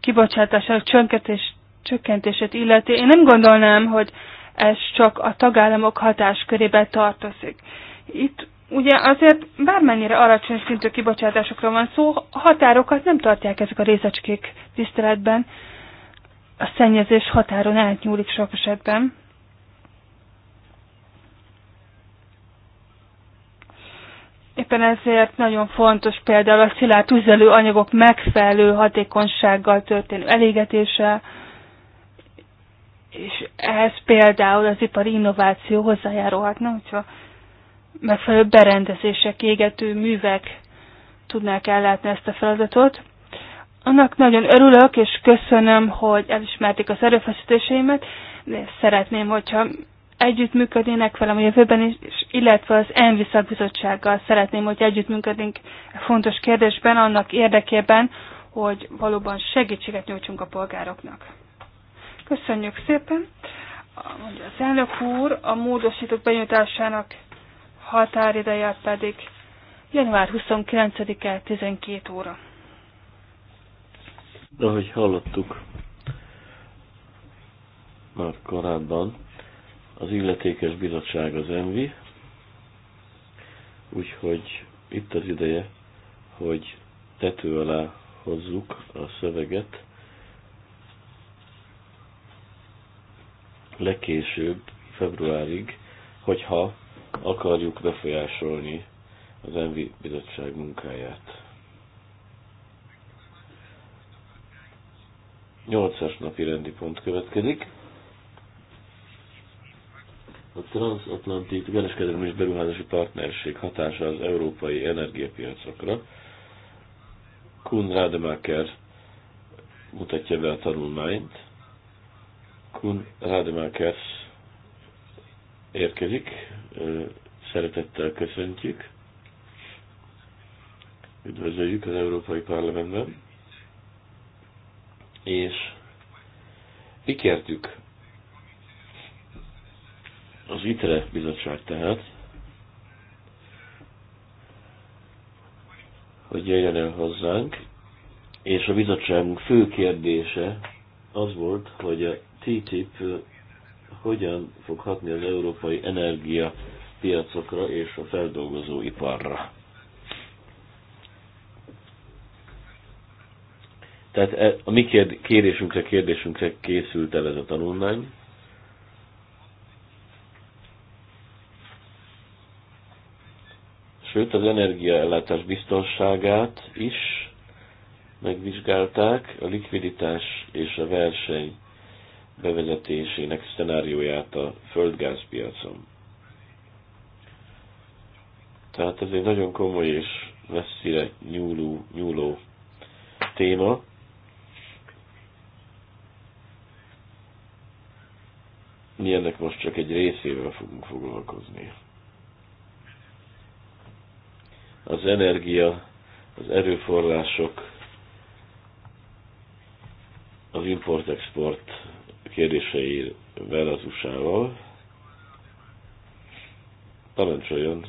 kibocsátásának csönketés, csökkentését illeti, én nem gondolnám, hogy ez csak a tagállamok hatáskörébe tartozik. Itt Ugye azért bármennyire alacsony szintű kibocsátásokra van szó, határokat nem tartják ezek a részecskék tiszteletben. A szennyezés határon átnyúlik sok esetben. Éppen ezért nagyon fontos például a szilárd tüzelő anyagok megfelelő hatékonysággal történő elégetése, és ehhez például az ipari innováció hozzájárulhatna, hogyha megfelelő berendezések, égető művek tudnák ellátni ezt a feladatot. Annak nagyon örülök, és köszönöm, hogy elismerték az erőfeszítéseimet, de szeretném, hogyha együttműködnének velem a jövőben is, illetve az ENVI szakbizottsággal szeretném, hogy együttműködnénk e fontos kérdésben, annak érdekében, hogy valóban segítséget nyújtsunk a polgároknak. Köszönjük szépen! Mondja az elnök úr, a módosítók benyújtásának határideje pedig január 29-e 12 óra. Ahogy hallottuk már korábban, az illetékes bizottság az ENVI, úgyhogy itt az ideje, hogy tető alá hozzuk a szöveget, legkésőbb februárig, hogyha akarjuk befolyásolni az Envi Bizottság munkáját. Nyolcas napi rendi pont következik. A transatlanti kereskedelmi és beruházási partnerség hatása az európai energiapiacokra. Kun Rademacher mutatja be a tanulmányt. Kun Rademacher érkezik. Szeretettel köszöntjük. Üdvözöljük az Európai Parlamentben. És kikértük az ITRE bizottság tehát, hogy jöjjön el hozzánk, és a bizottságunk fő kérdése az volt, hogy a TTIP hogyan fog hatni az európai energia piacokra és a feldolgozó iparra. Tehát e, a mi kérésünkre, kérdésünkre készült el ez a tanulmány. Sőt, az energiaellátás biztonságát is megvizsgálták, a likviditás és a verseny bevezetésének szenárióját a földgázpiacon. Tehát ez egy nagyon komoly és messzire nyúló, nyúló téma. Mi ennek most csak egy részével fogunk foglalkozni. Az energia, az erőforrások, az import-export kérdéseivel az USA-val. Parancsoljon,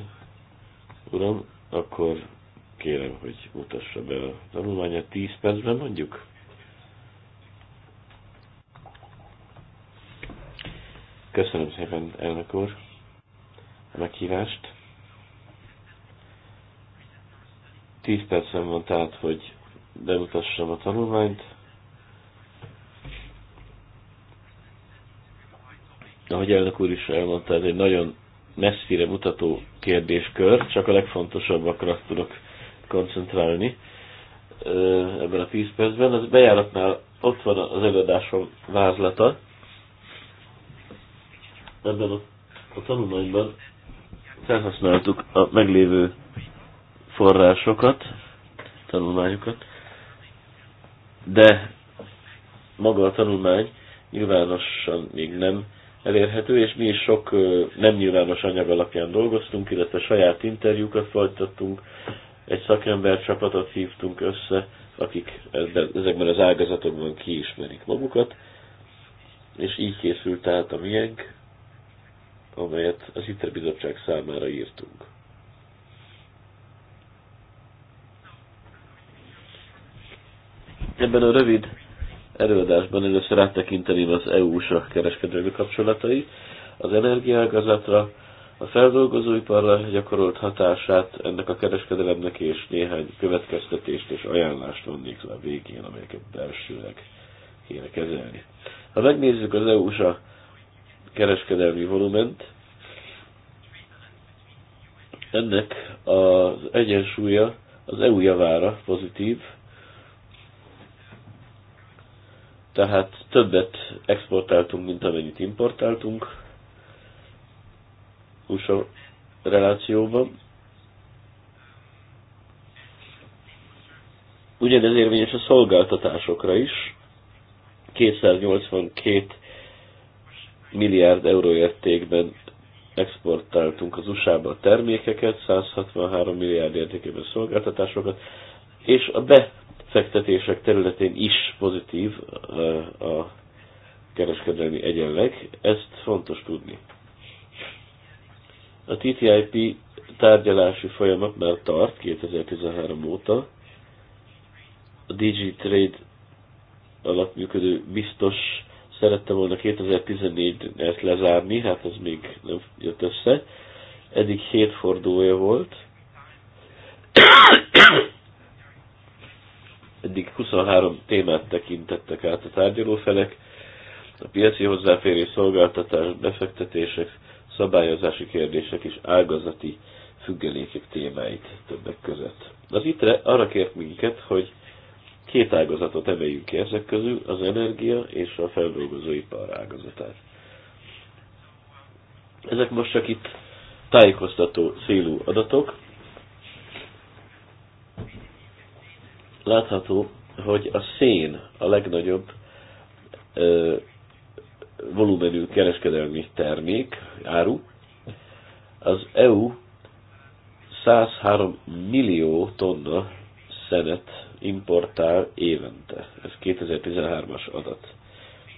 uram, akkor kérem, hogy mutassa be a tanulmányát 10 percben mondjuk. Köszönöm szépen, elnök úr, a meghívást. Tíz percen van tehát, hogy bemutassam a tanulmányt. ahogy elnök úr is elmondta, ez egy nagyon messzire mutató kérdéskör, csak a legfontosabbakra tudok koncentrálni ebben a 10 percben. Az bejáratnál ott van az előadásom vázlata. Ebben a, a tanulmányban felhasználtuk a meglévő forrásokat, tanulmányokat, de maga a tanulmány nyilvánosan még nem elérhető, és mi is sok nem nyilvános anyag alapján dolgoztunk, illetve saját interjúkat folytattunk, egy szakember csapatot hívtunk össze, akik ezekben az ágazatokban kiismerik magukat, és így készült át a miénk, amelyet az ITER számára írtunk. Ebben a rövid előadásban először áttekinteném az eu sra kereskedelmi kapcsolatai, az energiágazatra, a feldolgozóiparra gyakorolt hatását ennek a kereskedelemnek, és néhány következtetést és ajánlást vonnék le a végén, amelyeket belsőleg kéne kezelni. Ha megnézzük az EU-s kereskedelmi volument, ennek az egyensúlya az EU javára pozitív, tehát többet exportáltunk, mint amennyit importáltunk USA relációban. Ugyanez érvényes a szolgáltatásokra is. 282 milliárd euró értékben exportáltunk az USA-ba a termékeket, 163 milliárd értékében szolgáltatásokat, és a be fektetések területén is pozitív a kereskedelmi egyenleg. Ezt fontos tudni. A TTIP tárgyalási folyamat már tart 2013 óta. A DG Trade alatt működő biztos szerette volna 2014-et lezárni, hát ez még nem jött össze. Eddig hét fordulója volt. Eddig 23 témát tekintettek át a tárgyalófelek, a piaci hozzáférés, szolgáltatás, befektetések, szabályozási kérdések és ágazati függelékek témáit többek között. Az ITRE arra kért minket, hogy két ágazatot emeljünk ki ezek közül, az energia és a feldolgozóipar ágazatát. Ezek most csak itt tájékoztató célú adatok, látható, hogy a szén a legnagyobb ö, volumenű kereskedelmi termék, áru. Az EU 103 millió tonna szenet importál évente. Ez 2013-as adat.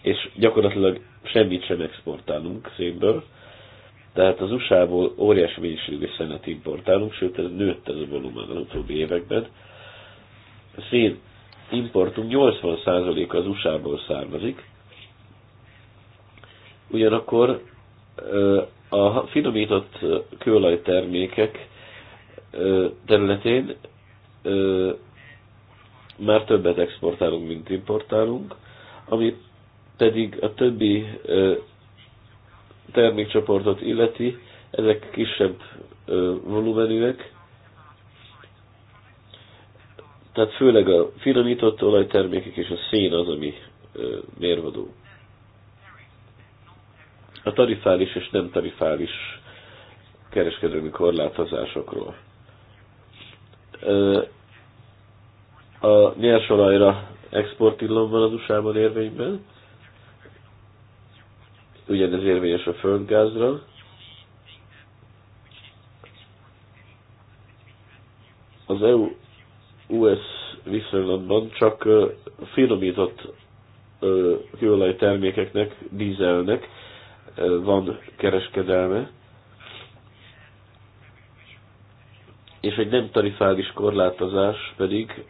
És gyakorlatilag semmit sem exportálunk szénből, tehát az USA-ból óriási mennyiségű szenet importálunk, sőt ez nőtt ez a volumen az utóbbi években szén importunk 80%-a az USA-ból származik, ugyanakkor a finomított kőolaj termékek területén már többet exportálunk, mint importálunk, ami pedig a többi termékcsoportot illeti, ezek kisebb volumenűek, tehát főleg a finomított olajtermékek és a szén az, ami mérvadó. A tarifális és nem tarifális kereskedelmi korlátozásokról. A nyersolajra exportillom van az USA-ban érvényben, ugyanez érvényes a földgázra, az EU US viszonylatban csak finomított kőolaj termékeknek, dízelnek van kereskedelme, és egy nem tarifális korlátozás pedig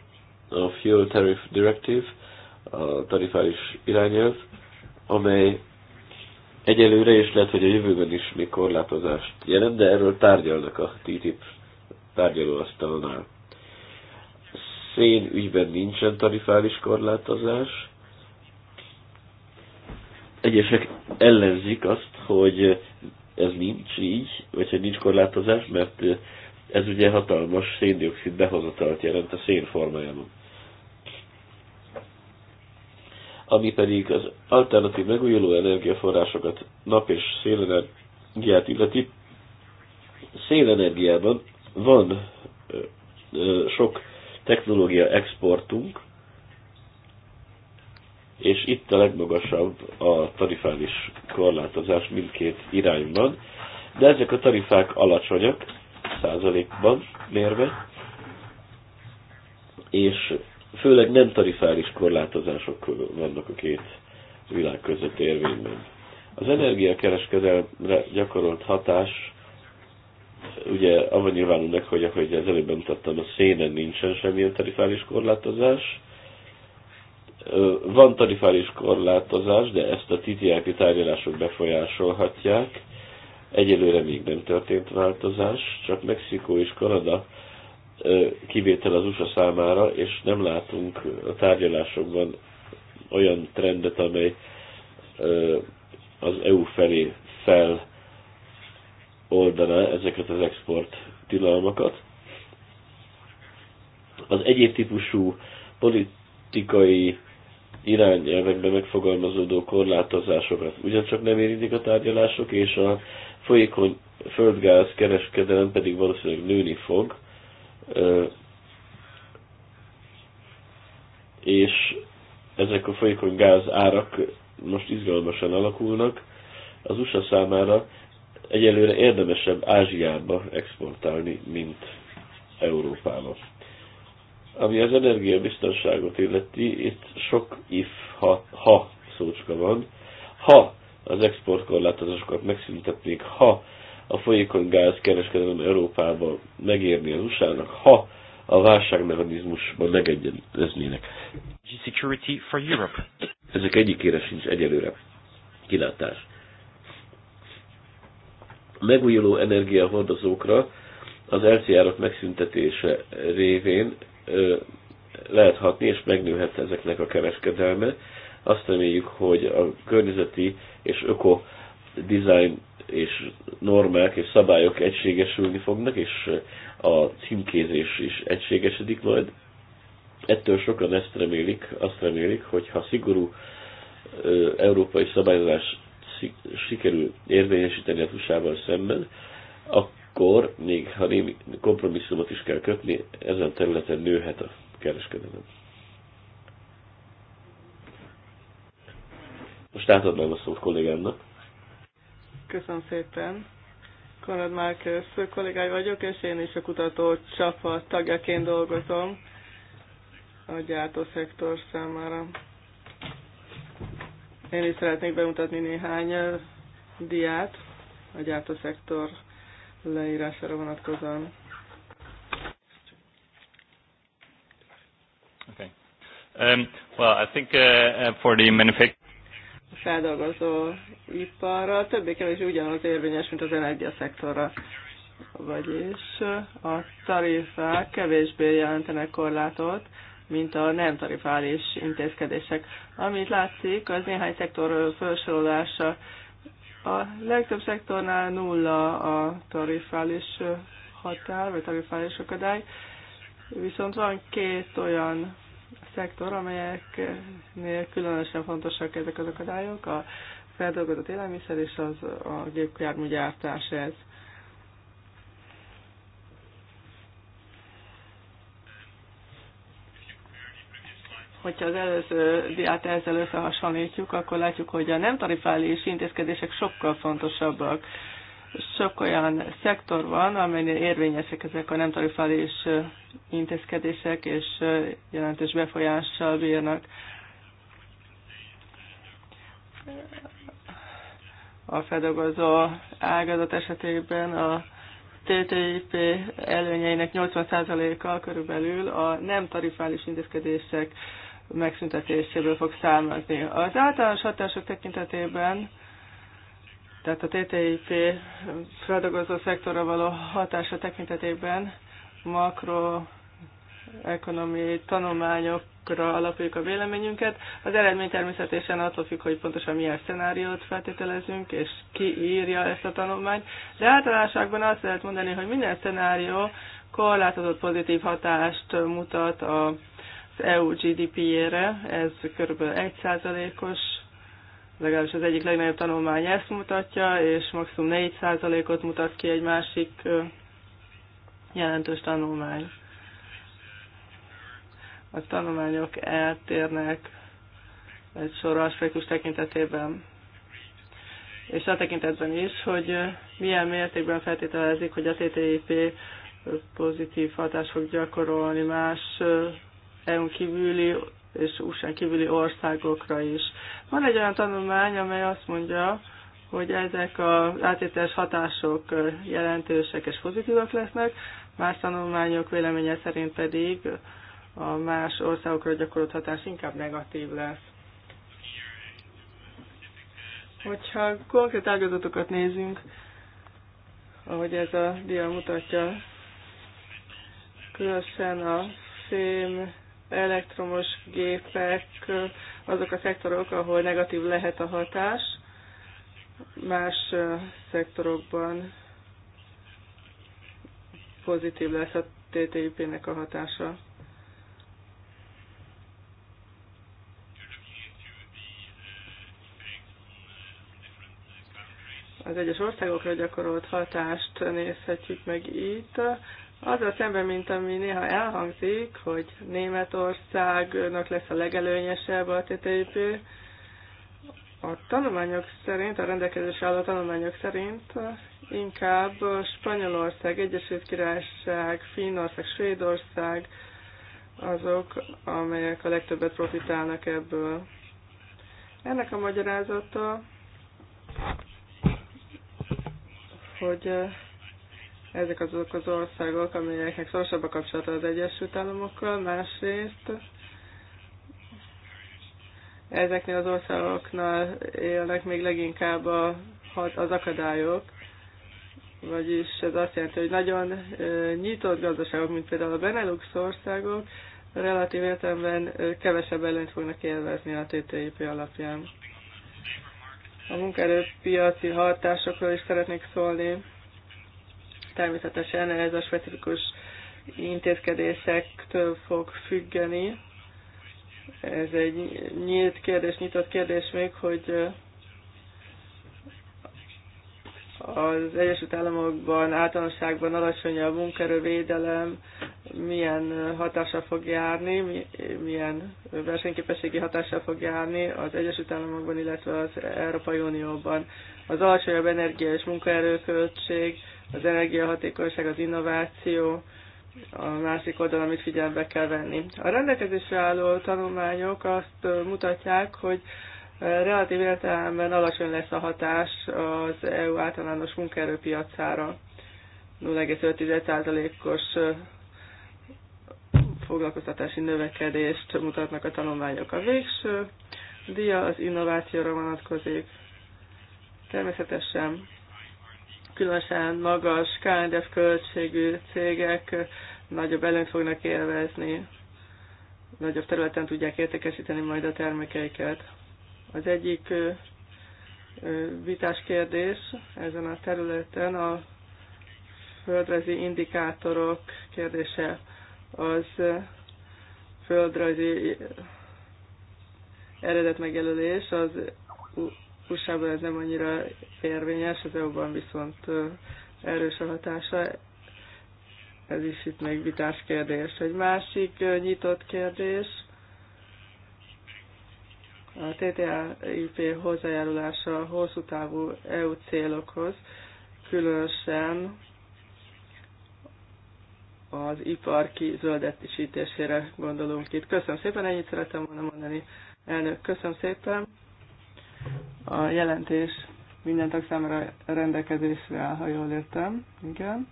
a Fuel Tariff Directive, a tarifális irányelv, amely egyelőre és lehet, hogy a jövőben is még korlátozást jelent, de erről tárgyalnak a TTIP tárgyalóasztalnál szén ügyben nincsen tarifális korlátozás. Egyesek ellenzik azt, hogy ez nincs így, vagy hogy nincs korlátozás, mert ez ugye hatalmas széndiokszid behozatalt jelent a szén formájában. Ami pedig az alternatív megújuló energiaforrásokat, nap és szélenergiát illeti, szélenergiában van ö, ö, sok technológia exportunk, és itt a legmagasabb a tarifális korlátozás mindkét irányban, de ezek a tarifák alacsonyak százalékban mérve, és főleg nem tarifális korlátozások vannak a két világ között érvényben. Az energiakereskedelemre gyakorolt hatás ugye abban nyilvánul meg, hogy ahogy az előbb bemutattam, a szénen nincsen semmilyen tarifális korlátozás. Van tarifális korlátozás, de ezt a TTIP tárgyalások befolyásolhatják. Egyelőre még nem történt változás, csak Mexikó és Kanada kivétel az USA számára, és nem látunk a tárgyalásokban olyan trendet, amely az EU felé fel oldaná ezeket az export tilalmakat. Az egyéb típusú politikai irányelvekben megfogalmazódó korlátozásokat ugyancsak nem érintik a tárgyalások, és a folyékony földgáz kereskedelem pedig valószínűleg nőni fog, és ezek a folyékony gáz árak most izgalmasan alakulnak. Az USA számára egyelőre érdemesebb Ázsiába exportálni, mint Európába. Ami az energiabiztonságot illeti, itt sok if, ha, ha szócska van. Ha az exportkorlátozásokat megszüntetnék, ha a folyékony gáz kereskedelem Európába megérni az usa ha a válságmechanizmusban megegyeznének. Security for Europe. Ezek egyikére sincs egyelőre kilátás megújuló energiahordozókra az LCR-ok megszüntetése révén lehet hatni, és megnőhet ezeknek a kereskedelme. Azt reméljük, hogy a környezeti és öko design és normák és szabályok egységesülni fognak, és a címkézés is egységesedik majd. Ettől sokan ezt remélik, azt remélik, hogy ha szigorú európai szabályozás sikerül érvényesíteni a tusával szemben, akkor még ha némi kompromisszumot is kell kötni, ezen területen nőhet a kereskedelem. Most átadnám a szót kollégámnak. Köszönöm szépen. Konrad Márkősz kollégája vagyok, és én is a kutató csapat tagjaként dolgozom a gyártószektor számára. Én is szeretnék bemutatni néhány diát a gyártószektor leírására vonatkozóan. Okay. Um, well, I think uh, uh for the manufacturing feldolgozó iparra többé-kevésbé ugyanaz érvényes, mint az energiaszektorra. Vagyis a tarifák kevésbé jelentenek korlátot mint a nem tarifális intézkedések. Amit látszik, az néhány szektor felsorolása. A legtöbb szektornál nulla a tarifális határ, vagy tarifális akadály, viszont van két olyan szektor, amelyeknél különösen fontosak ezek az akadályok, a feldolgozott élelmiszer és az a gépjárműgyártás ez. Hogyha az előző diát ezzel összehasonlítjuk, akkor látjuk, hogy a nem tarifális intézkedések sokkal fontosabbak. Sok olyan szektor van, amelyen érvényesek ezek a nem tarifális intézkedések, és jelentős befolyással bírnak a feldolgozó ágazat esetében a TTIP előnyeinek 80%-a körülbelül a nem tarifális intézkedések megszüntetéséből fog származni. Az általános hatások tekintetében tehát a TTIP feldolgozó szektorra való hatása tekintetében ekonomiai tanulmányokra alapuljuk a véleményünket. Az eredmény természetesen attól függ, hogy pontosan milyen szenáriót feltételezünk, és ki írja ezt a tanulmányt. De általánosságban azt lehet mondani, hogy minden szenárió korlátozott pozitív hatást mutat a az EU GDP-jére, ez kb. 1%-os, legalábbis az egyik legnagyobb tanulmány ezt mutatja, és maximum 4%-ot mutat ki egy másik jelentős tanulmány. A tanulmányok eltérnek egy sor aspektus tekintetében. És a tekintetben is, hogy milyen mértékben feltételezik, hogy a TTIP pozitív hatást fog gyakorolni más EU kívüli és USA kívüli országokra is. Van egy olyan tanulmány, amely azt mondja, hogy ezek az átételes hatások jelentősek és pozitívak lesznek, más tanulmányok véleménye szerint pedig a más országokra gyakorolt hatás inkább negatív lesz. Hogyha konkrét ágazatokat nézünk, ahogy ez a dia mutatja, különösen a fém elektromos gépek azok a szektorok, ahol negatív lehet a hatás, más szektorokban pozitív lesz a TTIP-nek a hatása. az egyes országokra gyakorolt hatást nézhetjük meg itt. Azzal szemben, mint ami néha elhangzik, hogy Németországnak lesz a legelőnyesebb a TTIP, a tanulmányok szerint, a rendelkezés álló tanulmányok szerint inkább Spanyolország, Egyesült Királyság, Finnország, Svédország azok, amelyek a legtöbbet profitálnak ebből. Ennek a magyarázata, hogy ezek azok az országok, amelyeknek szorosabb a kapcsolata az Egyesült Államokkal, másrészt ezeknél az országoknál élnek még leginkább a, az akadályok, vagyis ez azt jelenti, hogy nagyon nyitott gazdaságok, mint például a Benelux országok, relatív értelemben kevesebb ellent fognak élvezni a TTIP alapján. A munkaerőpiaci hatásokról is szeretnék szólni természetesen ez a specifikus intézkedésektől fog függeni. Ez egy nyílt kérdés, nyitott kérdés még, hogy eh, az Egyesült Államokban általánosságban alacsonyabb munkerővédelem milyen hatással fog járni, milyen versenyképességi hatással fog járni az Egyesült Államokban, illetve az Európai Unióban. Az alacsonyabb energia és munkaerőköltség az energiahatékonyság, az innováció, a másik oldalon, amit figyelembe kell venni. A rendelkezésre álló tanulmányok azt mutatják, hogy relatív értelemben alacsony lesz a hatás az EU általános munkaerőpiacára. 0,5%-os foglalkoztatási növekedést mutatnak a tanulmányok. A végső díja az innovációra vonatkozik. Természetesen különösen magas KNDF költségű cégek nagyobb előnyt fognak élvezni, nagyobb területen tudják értékesíteni majd a termékeiket. Az egyik vitás kérdés ezen a területen a földrajzi indikátorok kérdése az földrajzi eredetmegjelölés az USA-ban ez nem annyira érvényes, az EU-ban viszont erős a hatása. Ez is itt még vitás kérdés. Egy másik nyitott kérdés, a TTIP hozzájárulása a hosszú távú EU célokhoz, különösen az ipar kizöldetésítésére gondolunk itt. Köszönöm szépen, ennyit szerettem volna mondani. Elnök, köszönöm szépen a jelentés minden tag számára rendelkezésre áll, ha jól értem. Igen.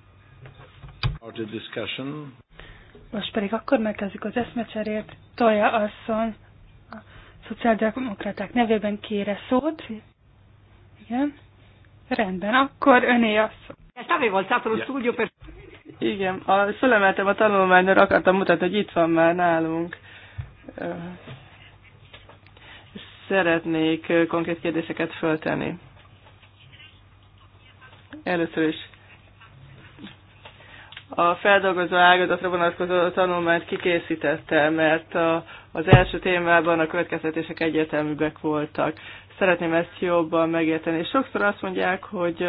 Most pedig akkor megkezdjük az eszmecserét. Tolja asszony a szociáldemokraták nevében kére szót. Igen. Rendben, akkor öné a Igen, a, fölemeltem a tanulmányra, akartam mutatni, hogy itt van már nálunk szeretnék konkrét kérdéseket föltenni. Először is a feldolgozó ágazatra vonatkozó tanulmányt kikészítette, mert a, az első témában a következtetések egyértelműbbek voltak. Szeretném ezt jobban megérteni. És sokszor azt mondják, hogy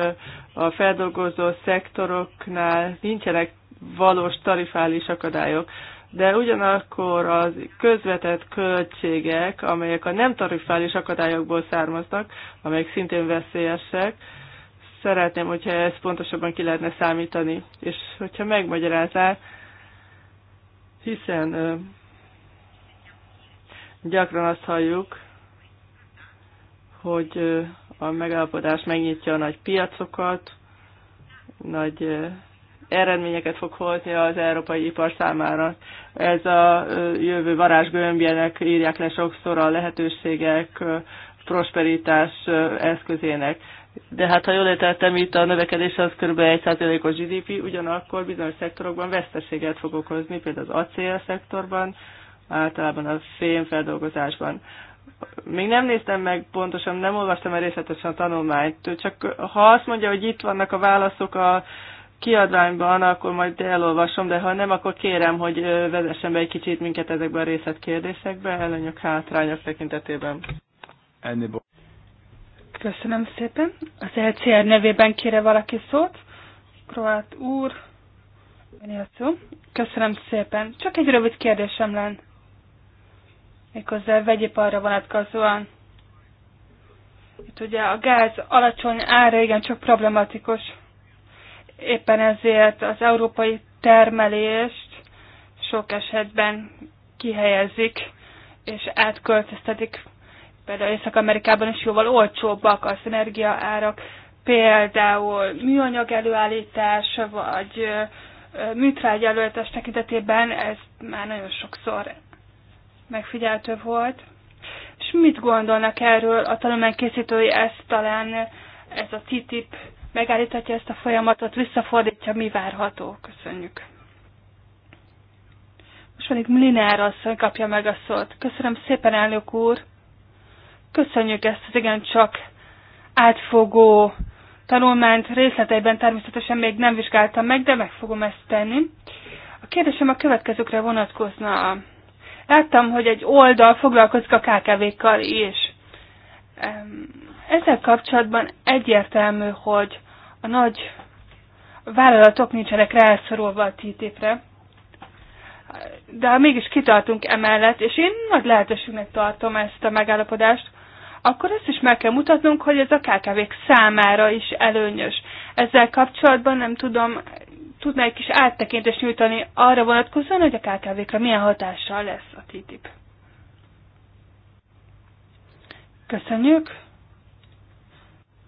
a feldolgozó szektoroknál nincsenek valós tarifális akadályok de ugyanakkor az közvetett költségek, amelyek a nem tarifális akadályokból származnak, amelyek szintén veszélyesek, szeretném, hogyha ezt pontosabban ki lehetne számítani, és hogyha megmagyarázál, hiszen ö, gyakran azt halljuk, hogy ö, a megállapodás megnyitja a nagy piacokat, nagy eredményeket fog hozni az európai ipar számára. Ez a jövő varázsgömbjének írják le sokszor a lehetőségek prosperitás eszközének. De hát ha jól értettem, itt a növekedés az kb. 1%-os GDP, ugyanakkor bizonyos szektorokban veszteséget fog okozni, például az acél szektorban, általában a fémfeldolgozásban. Még nem néztem meg pontosan, nem olvastam el részletesen a tanulmányt, csak ha azt mondja, hogy itt vannak a válaszok a kiadványban, akkor majd elolvasom, de ha nem, akkor kérem, hogy vezessen be egy kicsit minket ezekbe a részletkérdésekbe, előnyök, hátrányok tekintetében. Köszönöm szépen. Az LCR nevében kére valaki szót. Kroát úr, Köszönöm szépen. Csak egy rövid kérdésem lenne. Méghozzá vegyiparra vonatkozóan. Itt ugye a gáz alacsony ára igen csak problematikus Éppen ezért az európai termelést sok esetben kihelyezik és átköltöztetik. Például Észak-Amerikában is jóval olcsóbbak az energiaárak, például műanyag előállítás, vagy műtrágy előállítás tekintetében ez már nagyon sokszor megfigyeltő volt. És mit gondolnak erről a tanulmánykészítői? Ez talán ez a TTIP megállíthatja ezt a folyamatot, visszafordítja, mi várható. Köszönjük. Most itt Mlinár asszony kapja meg a szót. Köszönöm szépen, elnök úr. Köszönjük ezt az igencsak átfogó tanulmányt részleteiben természetesen még nem vizsgáltam meg, de meg fogom ezt tenni. A kérdésem a következőkre vonatkozna. Láttam, hogy egy oldal foglalkozik a KKV-kkal is. Ezzel kapcsolatban egyértelmű, hogy a nagy vállalatok nincsenek rászorulva a TTIP-re. De mégis kitartunk emellett, és én nagy lehetőségnek tartom ezt a megállapodást, akkor ezt is meg kell mutatnunk, hogy ez a kkv számára is előnyös. Ezzel kapcsolatban nem tudom, tudná egy kis áttekintést nyújtani arra vonatkozóan, hogy a KKV-kra milyen hatással lesz a TTIP. Köszönjük!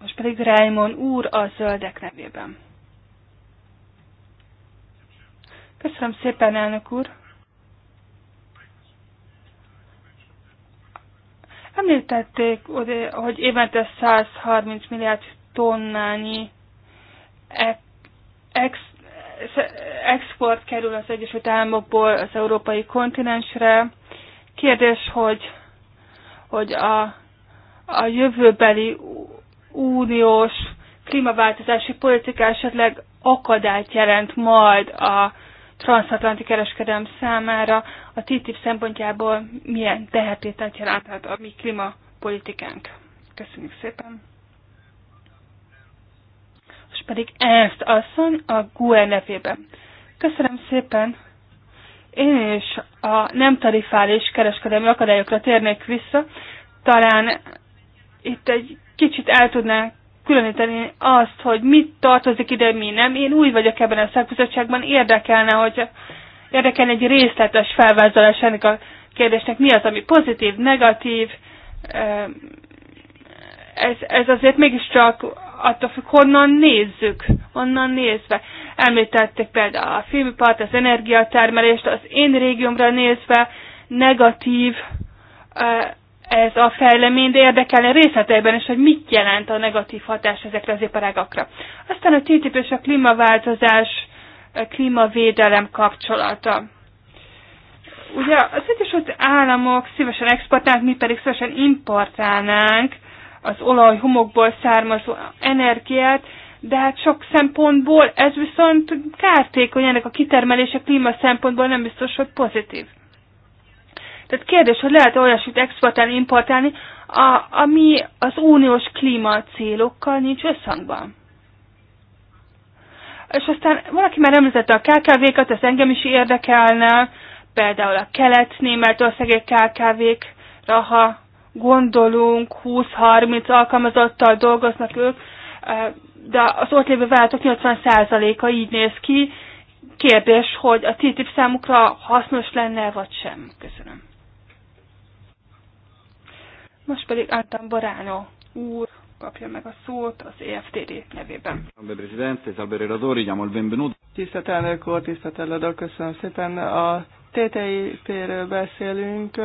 Most pedig Raimon úr a zöldek nevében. Köszönöm szépen, elnök úr! Említették, hogy évente 130 milliárd tonnányi ex, export kerül az Egyesült Államokból az európai kontinensre. Kérdés, hogy, hogy a, a jövőbeli uniós klímaváltozási politika esetleg akadályt jelent majd a transatlanti kereskedelem számára, a TTIP szempontjából milyen tehetétet jelenthet a mi klímapolitikánk. Köszönjük szépen! És pedig Ernst asszony a GUE nevében. Köszönöm szépen! Én is a nem tarifális kereskedelmi akadályokra térnék vissza. Talán itt egy kicsit el tudná különíteni azt, hogy mit tartozik ide, mi nem. Én új vagyok ebben a szakbizottságban, érdekelne, hogy érdekelne egy részletes felvázolás ennek a kérdésnek, mi az, ami pozitív, negatív. Ez, ez azért mégiscsak attól függ, honnan nézzük, honnan nézve. Említették például a filmipart, az energiatermelést, az én régiómra nézve negatív ez a fejlemény, de érdekelne részleteiben is, hogy mit jelent a negatív hatás ezekre az iparágakra. Aztán a TTIP és a klímaváltozás, a eh, klímavédelem kapcsolata. Ugye az Egyesült Államok szívesen exportálnak, mi pedig szívesen importálnánk az olaj homokból származó energiát, de hát sok szempontból ez viszont kártékony, ennek a kitermelése klíma szempontból nem biztos, hogy pozitív. Tehát kérdés, hogy lehet olyasmit exportálni, importálni, a, ami az uniós célokkal nincs összhangban. És aztán valaki már említette a KKV-kat, ez engem is érdekelne, például a kelet-németországi KKV-kra, ha gondolunk, 20-30 alkalmazottal dolgoznak ők, de az ott lévő váltok 80%-a így néz ki. Kérdés, hogy a TTIP számukra hasznos lenne, vagy sem. Köszönöm. Most pedig Antan Barano úr kapja meg a szót az EFTD nevében. Tisztelt elnök úr, tisztelt eladó, köszönöm szépen. A TTIP-ről beszélünk.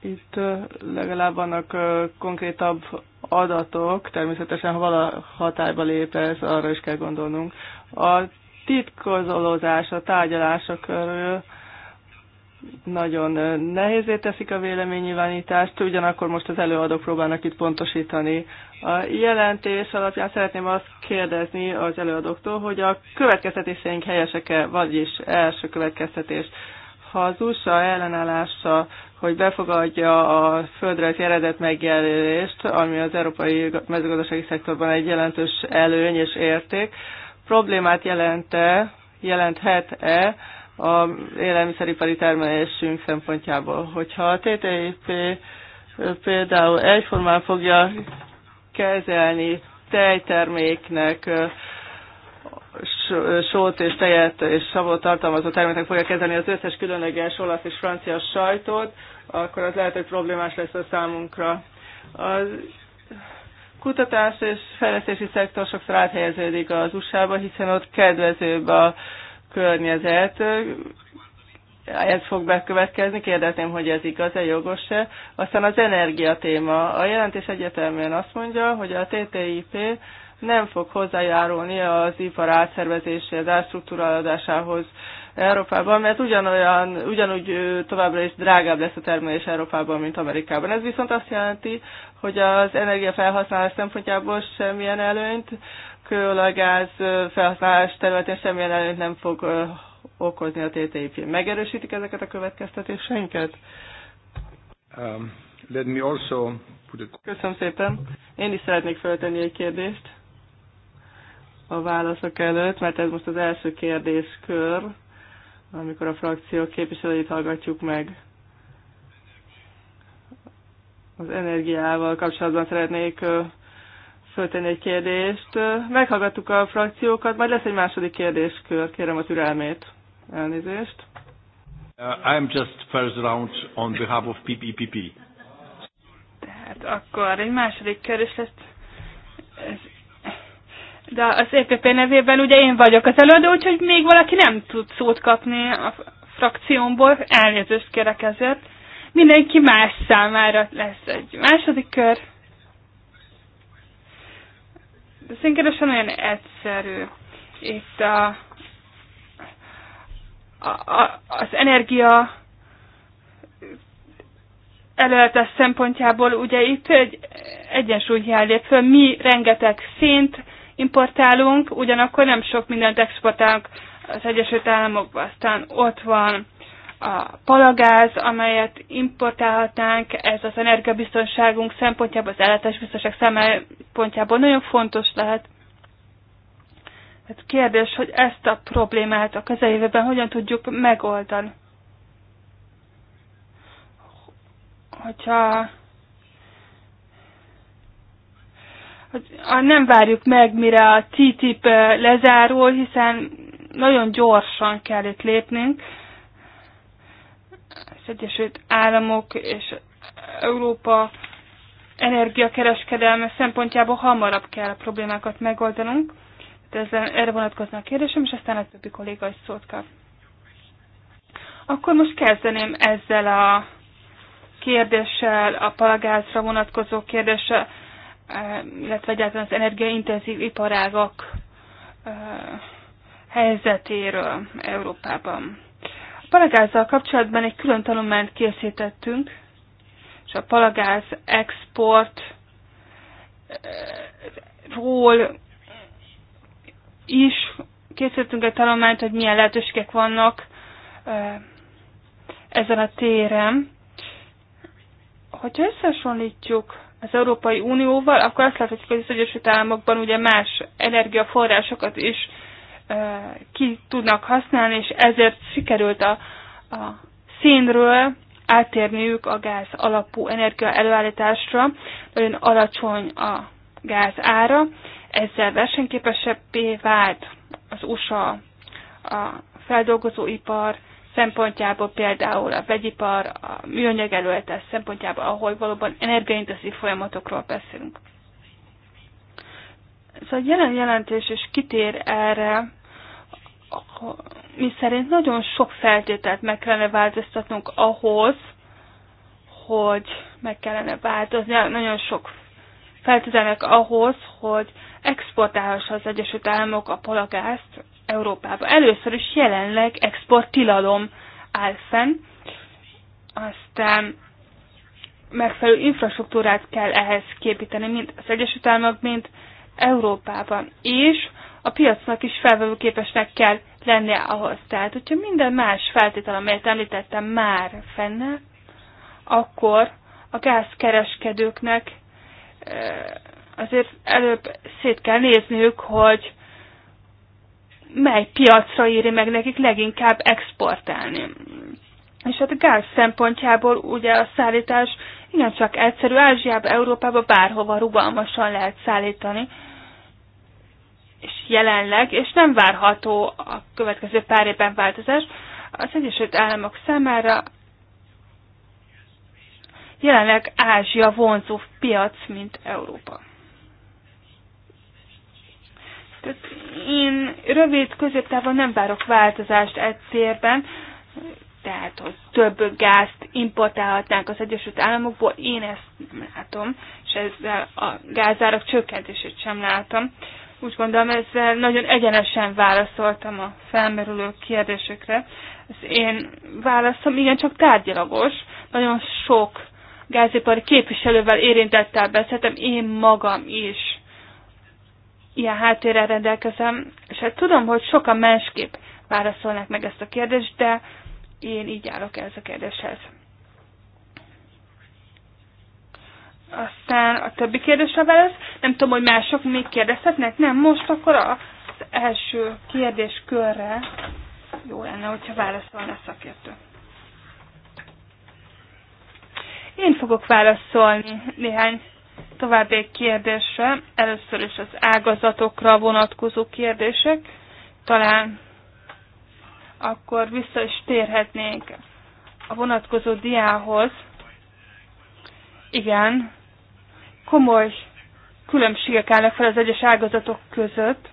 Itt legalább vannak konkrétabb adatok, természetesen ha vala hatályba lép ez, arra is kell gondolnunk. A titkozolózás a tárgyalások körül nagyon nehézé teszik a véleménynyilvánítást, ugyanakkor most az előadók próbálnak itt pontosítani. A jelentés alapján szeretném azt kérdezni az előadóktól, hogy a következtetéseink helyesek-e, vagyis első következtetés. Ha az USA ellenállása, hogy befogadja a földrajzi eredet megjelölést, ami az európai mezőgazdasági szektorban egy jelentős előny és érték, problémát jelente, jelenthet-e, a élelmiszeripari termelésünk szempontjából. Hogyha a TTIP például egyformán fogja kezelni tejterméknek sót és tejet és savot tartalmazó terméknek fogja kezelni az összes különleges olasz és francia sajtot, akkor az lehet, hogy problémás lesz a számunkra. A kutatás és fejlesztési szektor sokszor áthelyeződik az USA-ba, hiszen ott kedvezőbb a környezet, ez fog bekövetkezni, kérdezném, hogy ez igaz-e, jogos-e. Aztán az energia téma. A jelentés egyetemben azt mondja, hogy a TTIP nem fog hozzájárulni az ipar átszervezéséhez, átstruktúrálódásához Európában, mert ugyanolyan, ugyanúgy továbbra is drágább lesz a termelés Európában, mint Amerikában. Ez viszont azt jelenti, hogy az energiafelhasználás szempontjából semmilyen előnyt gáz felhasználás területén semmilyen előtt nem fog okozni a TTIP. Megerősítik ezeket a következtetéseinket? Um, let me also put a... Köszönöm szépen. Én is szeretnék feltenni egy kérdést a válaszok előtt, mert ez most az első kérdéskör, amikor a frakció képviselőit hallgatjuk meg. Az energiával kapcsolatban szeretnék föltenni egy kérdést. Meghallgattuk a frakciókat, majd lesz egy második kérdéskör, kérem a türelmét. Elnézést. Uh, I'm just first round on behalf of PPPP. Tehát akkor egy második kérdés lesz. Ez de az EPP nevében ugye én vagyok az előadó, úgyhogy még valaki nem tud szót kapni a frakciómból, elnézést kérek ezért. Mindenki más számára lesz egy második kör de szinkeresen olyan egyszerű. Itt a, a, a, az energia előletes szempontjából ugye itt egy egyensúly hiány föl. Mi rengeteg szint importálunk, ugyanakkor nem sok mindent exportálunk az Egyesült Államokba. Aztán ott van a palagáz, amelyet importálhatnánk, ez az energiabiztonságunk szempontjából, az ellátásbiztonság szempontjából nagyon fontos lehet. Hát kérdés, hogy ezt a problémát a közeljövőben hogyan tudjuk megoldani. Hogyha hogy nem várjuk meg, mire a TTIP lezárul, hiszen nagyon gyorsan kell itt lépnünk, Egyesült Államok és Európa energiakereskedelme szempontjából hamarabb kell a problémákat megoldanunk. ezzel, erre vonatkozna a kérdésem, és aztán a többi kolléga is szót kap. Akkor most kezdeném ezzel a kérdéssel, a palagázra vonatkozó kérdéssel, eh, illetve egyáltalán az energiaintenzív iparágak eh, helyzetéről Európában palagázzal kapcsolatban egy külön tanulmányt készítettünk, és a palagáz export eh, ról is készítettünk egy tanulmányt, hogy milyen lehetőségek vannak eh, ezen a téren. Hogyha összehasonlítjuk az Európai Unióval, akkor azt láthatjuk, hogy az Egyesült Államokban ugye más energiaforrásokat is ki tudnak használni, és ezért sikerült a, a szénről átérniük a gáz alapú energia előállításra. Nagyon alacsony a gáz ára, ezzel versenyképesebbé vált az USA a feldolgozóipar szempontjából, például a vegyipar, a műanyag előállítás szempontjából, ahol valóban energiaintenzív folyamatokról beszélünk. Szóval jelen jelentés is kitér erre, mi szerint nagyon sok feltételt meg kellene változtatnunk ahhoz, hogy meg kellene változni, nagyon sok feltételnek ahhoz, hogy exportálhassa az Egyesült Államok a polagázt Európába. Először is jelenleg exporttilalom áll fenn, aztán megfelelő infrastruktúrát kell ehhez képíteni, mint az Egyesült Államok, mint Európában. És a piacnak is felvevőképesnek kell lennie ahhoz. Tehát, hogyha minden más feltétel, amelyet említettem, már fenne, akkor a gázkereskedőknek eh, azért előbb szét kell nézniük, hogy mely piacra éri meg nekik leginkább exportálni. És hát a gáz szempontjából ugye a szállítás igencsak egyszerű, Ázsiába, Európába bárhova rugalmasan lehet szállítani és jelenleg, és nem várható a következő pár évben változás, az Egyesült Államok számára jelenleg Ázsia vonzó piac, mint Európa. Tehát én rövid középtávon nem várok változást egy célben, tehát hogy több gázt importálhatnánk az Egyesült Államokból, én ezt nem látom, és ezzel a gázárak csökkentését sem látom. Úgy gondolom, ezzel nagyon egyenesen válaszoltam a felmerülő kérdésekre. Ez én válaszom igen csak tárgyalagos, nagyon sok gázipari képviselővel érintettel beszéltem, én magam is ilyen háttérrel rendelkezem, és hát tudom, hogy sokan másképp válaszolnak meg ezt a kérdést, de én így állok ez a kérdéshez. Aztán a többi kérdésre válasz. Nem tudom, hogy mások még kérdezhetnek. Nem, most akkor az első kérdéskörre jó lenne, hogyha válaszolna a szakértő. Én fogok válaszolni néhány további kérdésre. Először is az ágazatokra vonatkozó kérdések. Talán akkor vissza is térhetnénk a vonatkozó diához. Igen, komoly különbségek állnak fel az egyes ágazatok között,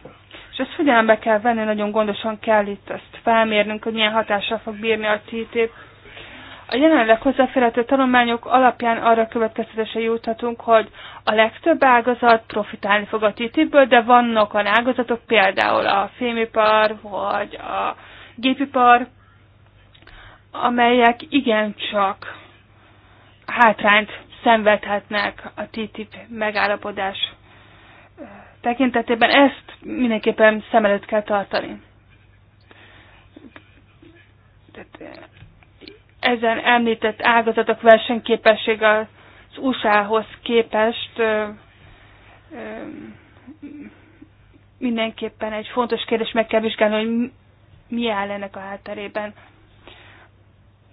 és ezt figyelembe kell venni, nagyon gondosan kell itt ezt felmérnünk, hogy milyen hatással fog bírni a TTIP. A jelenleg hozzáférhető tanulmányok alapján arra következtetésre juthatunk, hogy a legtöbb ágazat profitálni fog a TTIP-ből, de vannak a ágazatok, például a fémipar, vagy a gépipar, amelyek igencsak hátrányt szenvedhetnek a TTIP megállapodás tekintetében. Ezt mindenképpen szem előtt kell tartani. ezen említett ágazatok versenyképessége az USA-hoz képest mindenképpen egy fontos kérdés meg kell vizsgálni, hogy mi áll ennek a hátterében.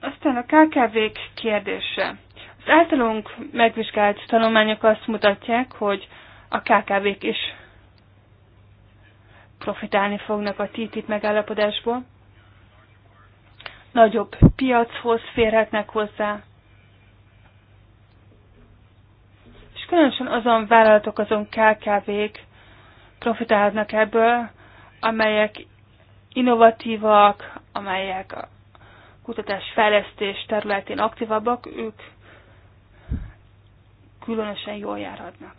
Aztán a KKV-k kérdése. Az általunk megvizsgált tanulmányok azt mutatják, hogy a KKV-k is profitálni fognak a TTIP megállapodásból. Nagyobb piachoz férhetnek hozzá. És különösen azon vállalatok, azon KKV-k profitálhatnak ebből, amelyek innovatívak, amelyek a kutatás-fejlesztés területén aktívabbak, ők különösen jól járhatnak.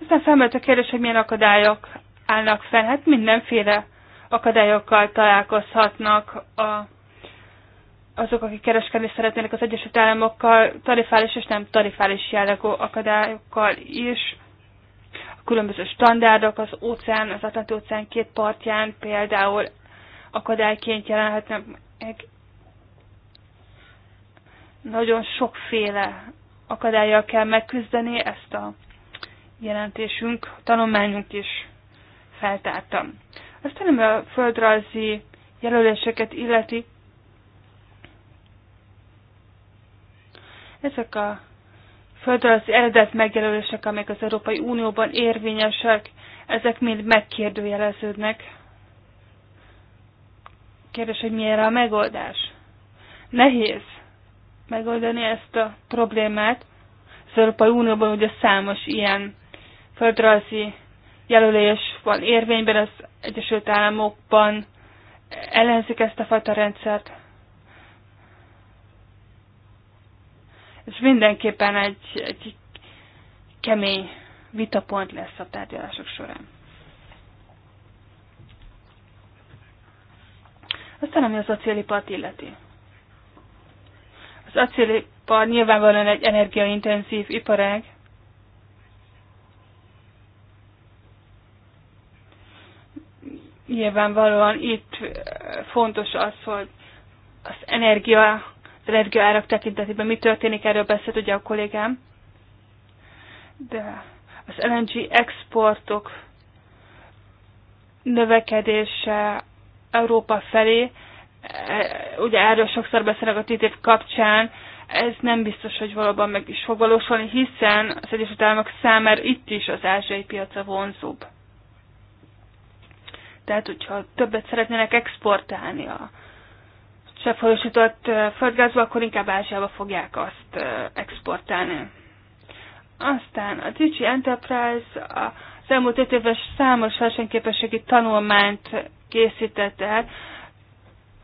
Aztán felmerült a kérdés, hogy milyen akadályok állnak fel. Hát mindenféle akadályokkal találkozhatnak a, azok, akik kereskedni szeretnének az Egyesült Államokkal, tarifális és nem tarifális jellegű akadályokkal is. A különböző standardok az óceán, az Atlanti óceán két partján például akadályként jelenhetnek meg nagyon sokféle akadályjal kell megküzdeni, ezt a jelentésünk, a tanulmányunk is feltártam. Aztán ami a földrajzi jelöléseket illeti, ezek a földrajzi eredet megjelölések, amelyek az Európai Unióban érvényesek, ezek mind megkérdőjeleződnek. Kérdés, hogy milyen a megoldás? Nehéz megoldani ezt a problémát. Az Európai Unióban ugye számos ilyen földrajzi jelölés van érvényben, az Egyesült Államokban ellenzik ezt a fajta rendszert. Ez mindenképpen egy, egy kemény vitapont lesz a tárgyalások során. Aztán ami az acélipart illeti. Az acélipar nyilvánvalóan egy energiaintenzív iparág. Nyilvánvalóan itt eh, fontos az, hogy az energia, az energiaárak tekintetében mi történik, erről beszélt ugye a kollégám. De az LNG exportok növekedése Európa felé Eh, ugye erről sokszor beszélek a TTIP kapcsán, ez nem biztos, hogy valóban meg is fog valósulni, hiszen az Egyesült Államok számára itt is az ázsiai piaca vonzóbb. Tehát, hogyha többet szeretnének exportálni a se folyosított eh, földgázba, akkor inkább Ázsiába fogják azt eh, exportálni. Aztán a Digi Enterprise az elmúlt öt éves számos versenyképességi tanulmányt készített el,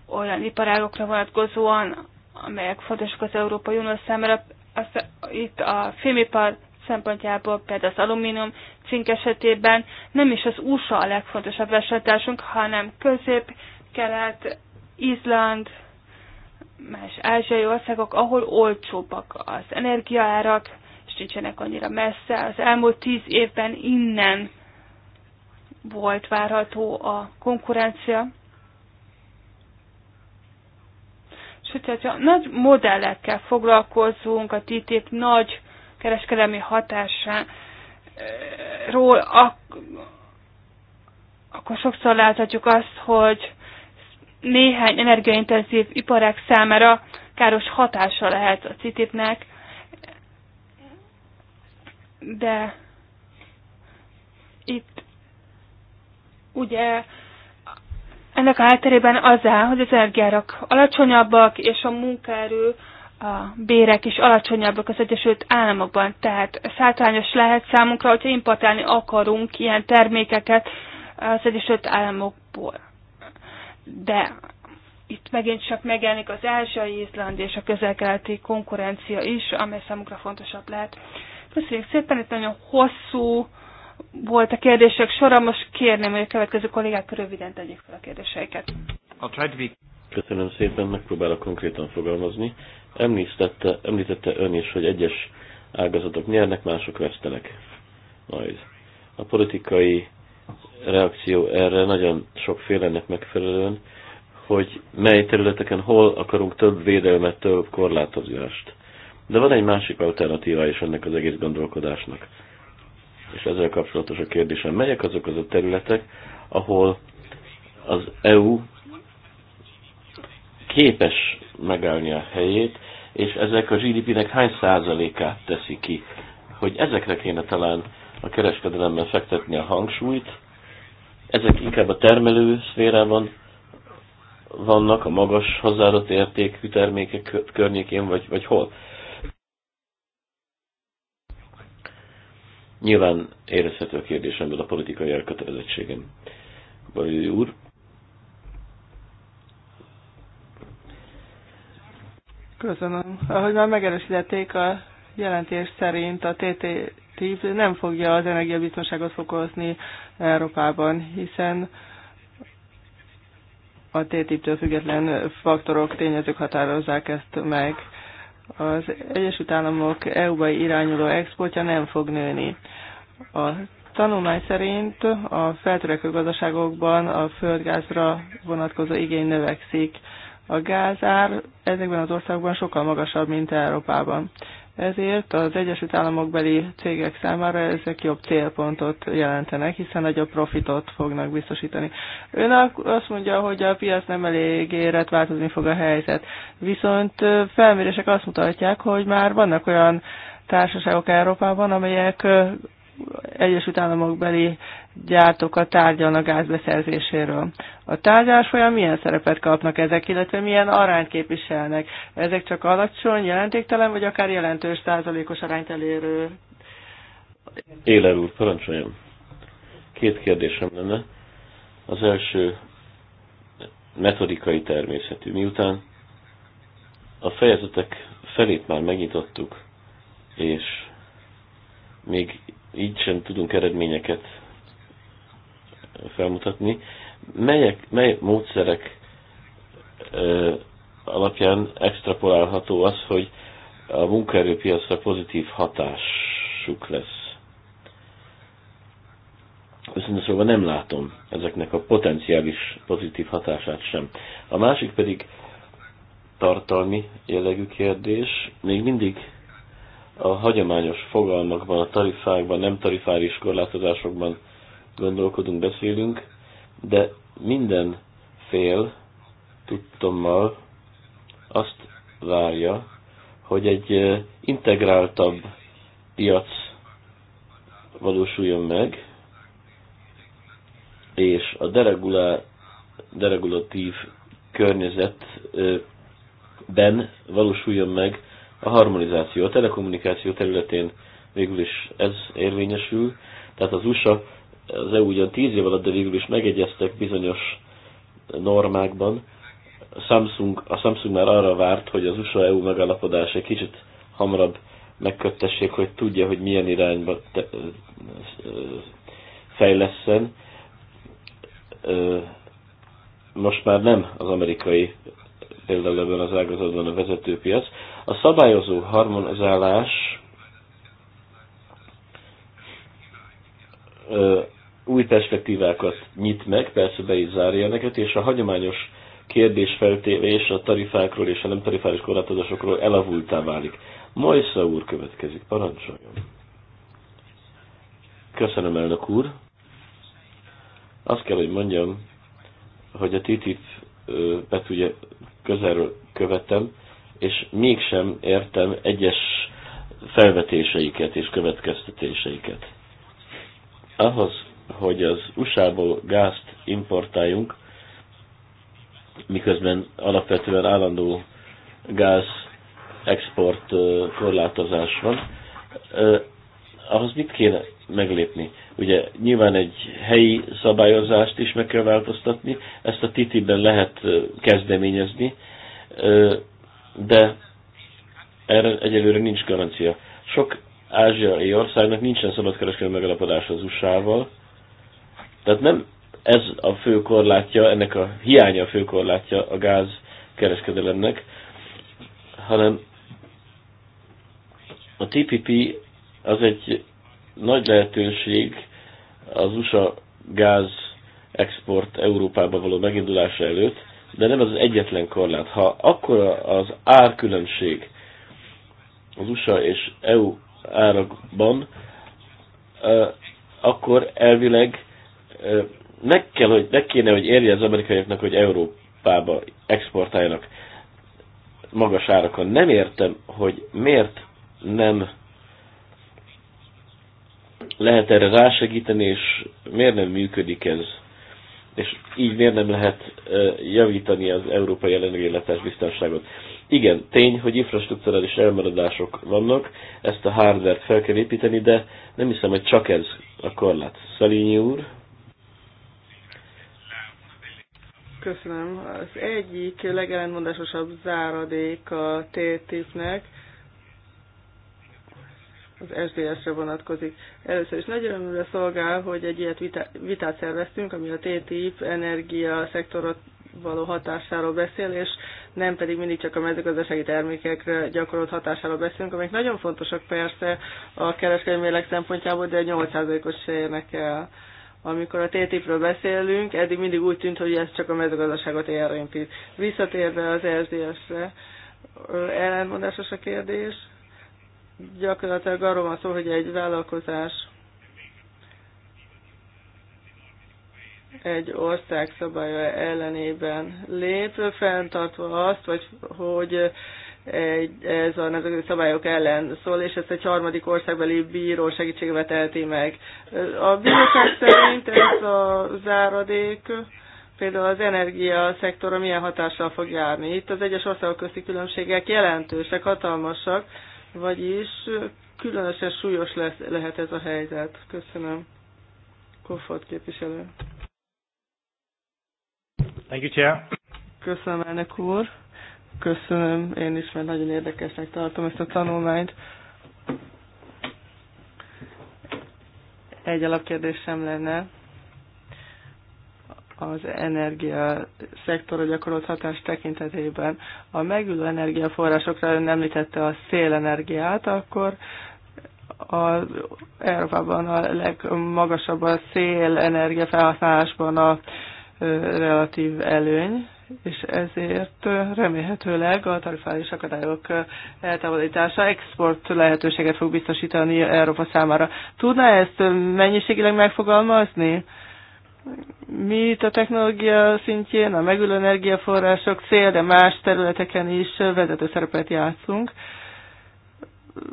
olyan iparágokra vonatkozóan, amelyek fontosak az Európai Unió számára. Azt, itt a filmipar szempontjából, például az alumínium cink esetében nem is az USA a legfontosabb versenytársunk, hanem Közép, Kelet, Izland, más ázsiai országok, ahol olcsóbbak az energiaárak, és nincsenek annyira messze. Az elmúlt tíz évben innen volt várható a konkurencia. Sőt, hogyha hát, nagy modellekkel foglalkozunk, a TTIP nagy kereskedelmi hatásáról, akkor sokszor láthatjuk azt, hogy néhány energiaintenzív iparák számára káros hatása lehet a CITIP-nek, de itt ugye ennek általában hátterében az áll, hogy az energiárak alacsonyabbak, és a munkaerő a bérek is alacsonyabbak az Egyesült Államokban. Tehát ez lehet számunkra, hogyha importálni akarunk ilyen termékeket az Egyesült Államokból. De itt megint csak megjelenik az ázsiai, izlandi és a közelkeleti konkurencia is, amely számunkra fontosabb lehet. Köszönjük szépen, itt nagyon hosszú volt a kérdések sora, most kérném, hogy a következő kollégák röviden tegyék fel a kérdéseiket. Köszönöm szépen, megpróbálok konkrétan fogalmazni. Említette, említette ön is, hogy egyes ágazatok nyernek, mások vesztenek. Majd. A politikai reakció erre nagyon sokfélenek megfelelően, hogy mely területeken hol akarunk több védelmet, több korlátozást. De van egy másik alternatíva is ennek az egész gondolkodásnak és ezzel kapcsolatos a kérdésem, melyek azok az a területek, ahol az EU képes megállni a helyét, és ezek a GDP-nek hány százalékát teszi ki, hogy ezekre kéne talán a kereskedelemmel fektetni a hangsúlyt, ezek inkább a termelő szférában vannak, a magas hozzáadott értékű termékek környékén, vagy, vagy hol. Nyilván érezhető a kérdésemből a politikai elkötelezettségem. Bajai úr. Köszönöm. Ahogy már megerősítették, a jelentés szerint a TTIP nem fogja az energiabiztonságot fokozni Európában, hiszen a TTIP-től független faktorok, tényezők határozzák ezt meg az Egyesült Államok EU-ba irányuló exportja nem fog nőni. A tanulmány szerint a feltörekvő gazdaságokban a földgázra vonatkozó igény növekszik. A gázár ezekben az országokban sokkal magasabb, mint Európában. Ezért az Egyesült Államok beli cégek számára ezek jobb célpontot jelentenek, hiszen nagyobb profitot fognak biztosítani. Ön azt mondja, hogy a piac nem elég érett, változni fog a helyzet. Viszont felmérések azt mutatják, hogy már vannak olyan társaságok Európában, amelyek Egyesült Államok beli tárgyal a gázbeszerzéséről. A tárgyalás folyamán milyen szerepet kapnak ezek, illetve milyen arányt képviselnek? Ezek csak alacsony, jelentéktelen, vagy akár jelentős százalékos arányt elérő? Éler úr, parancsoljon. Két kérdésem lenne. Az első metodikai természetű. Miután a fejezetek felét már megnyitottuk, és még így sem tudunk eredményeket felmutatni. Melyek, mely módszerek ö, alapján extrapolálható az, hogy a munkaerőpiacra pozitív hatásuk lesz? Őszintén szóval nem látom ezeknek a potenciális pozitív hatását sem. A másik pedig tartalmi jellegű kérdés. Még mindig a hagyományos fogalmakban, a tarifákban, nem tarifáris korlátozásokban gondolkodunk, beszélünk, de minden fél tudtommal azt várja, hogy egy integráltabb piac valósuljon meg, és a deregulá, deregulatív környezetben valósuljon meg a harmonizáció. A telekommunikáció területén végül is ez érvényesül, tehát az USA, az EU ugyan tíz év alatt, de végül is megegyeztek bizonyos normákban. A Samsung, a Samsung már arra várt, hogy az USA-EU megállapodás egy kicsit hamarabb megköttessék, hogy tudja, hogy milyen irányba te, fejleszen. Most már nem az amerikai például ebben az ágazatban a vezetőpiac. A szabályozó harmonizálás új perspektívákat nyit meg, persze be is zárja neket, és a hagyományos kérdésfeltévés a tarifákról és a nem tarifális korlátozásokról elavultá válik. Majsza úr következik, parancsoljon. Köszönöm, elnök úr. Azt kell, hogy mondjam, hogy a TTIP-et ugye közelről követem, és mégsem értem egyes felvetéseiket és következtetéseiket. Ahhoz, hogy az USA-ból gázt importáljunk, miközben alapvetően állandó gáz export korlátozás van, ahhoz mit kéne meglépni? Ugye nyilván egy helyi szabályozást is meg kell változtatni, ezt a TTIP-ben lehet kezdeményezni, de erre egyelőre nincs garancia. Sok ázsiai országnak nincsen szabadkereskedelmi megalapodás az USA-val, tehát nem ez a fő korlátja, ennek a hiánya a fő korlátja a gáz kereskedelemnek, hanem a TPP az egy nagy lehetőség az USA gáz export Európába való megindulása előtt, de nem ez az egyetlen korlát. Ha akkor az árkülönbség az USA és EU árakban, akkor elvileg meg, kell, hogy, meg kéne, hogy érje az amerikaiaknak, hogy Európába exportáljanak magas árakon. Nem értem, hogy miért nem lehet erre rásegíteni, és miért nem működik ez és így miért nem lehet javítani az európai ellenőrjelentás biztonságot. Igen, tény, hogy infrastruktúrális elmaradások vannak, ezt a hardware fel kell építeni, de nem hiszem, hogy csak ez a korlát. Szalini úr? Köszönöm. Az egyik legellenmondásosabb záradék a TTIP-nek, az SDS-re vonatkozik. Először is nagy örömre szolgál, hogy egy ilyet vitát szerveztünk, ami a TTIP energia szektorot való hatásáról beszél, és nem pedig mindig csak a mezőgazdasági termékekre gyakorolt hatásáról beszélünk, amelyek nagyon fontosak persze a kereskedelmi mérleg szempontjából, de 8%-os se érnek el. Amikor a TTIP-ről beszélünk, eddig mindig úgy tűnt, hogy ez csak a mezőgazdaságot érinti. Visszatérve az sds re ellentmondásos a kérdés Gyakorlatilag arról van szó, hogy egy vállalkozás egy ország szabálya ellenében lép, fenntartva azt, vagy hogy egy, ez a nemzetközi szabályok ellen szól, és ezt egy harmadik országbeli bíró segítségével teheti meg. A bíróság szerint ez a záradék például az energia szektora milyen hatással fog járni. Itt az egyes országok közti különbségek jelentősek, hatalmasak, vagyis különösen súlyos lesz, lehet ez a helyzet. Köszönöm. Koffort képviselő. Thank you, Chair. Köszönöm, elnök úr. Köszönöm, én is, mert nagyon érdekesnek tartom ezt a tanulmányt. Egy sem lenne az energia szektorra gyakorolt hatás tekintetében. A megülő energiaforrásokra ön említette a szélenergiát, akkor a Európában a legmagasabb a szélenergia felhasználásban a relatív előny, és ezért remélhetőleg a tarifális akadályok eltávolítása export lehetőséget fog biztosítani Európa számára. Tudná ezt mennyiségileg megfogalmazni? mi itt a technológia szintjén, a megülő energiaforrások cél, de más területeken is vezető szerepet játszunk.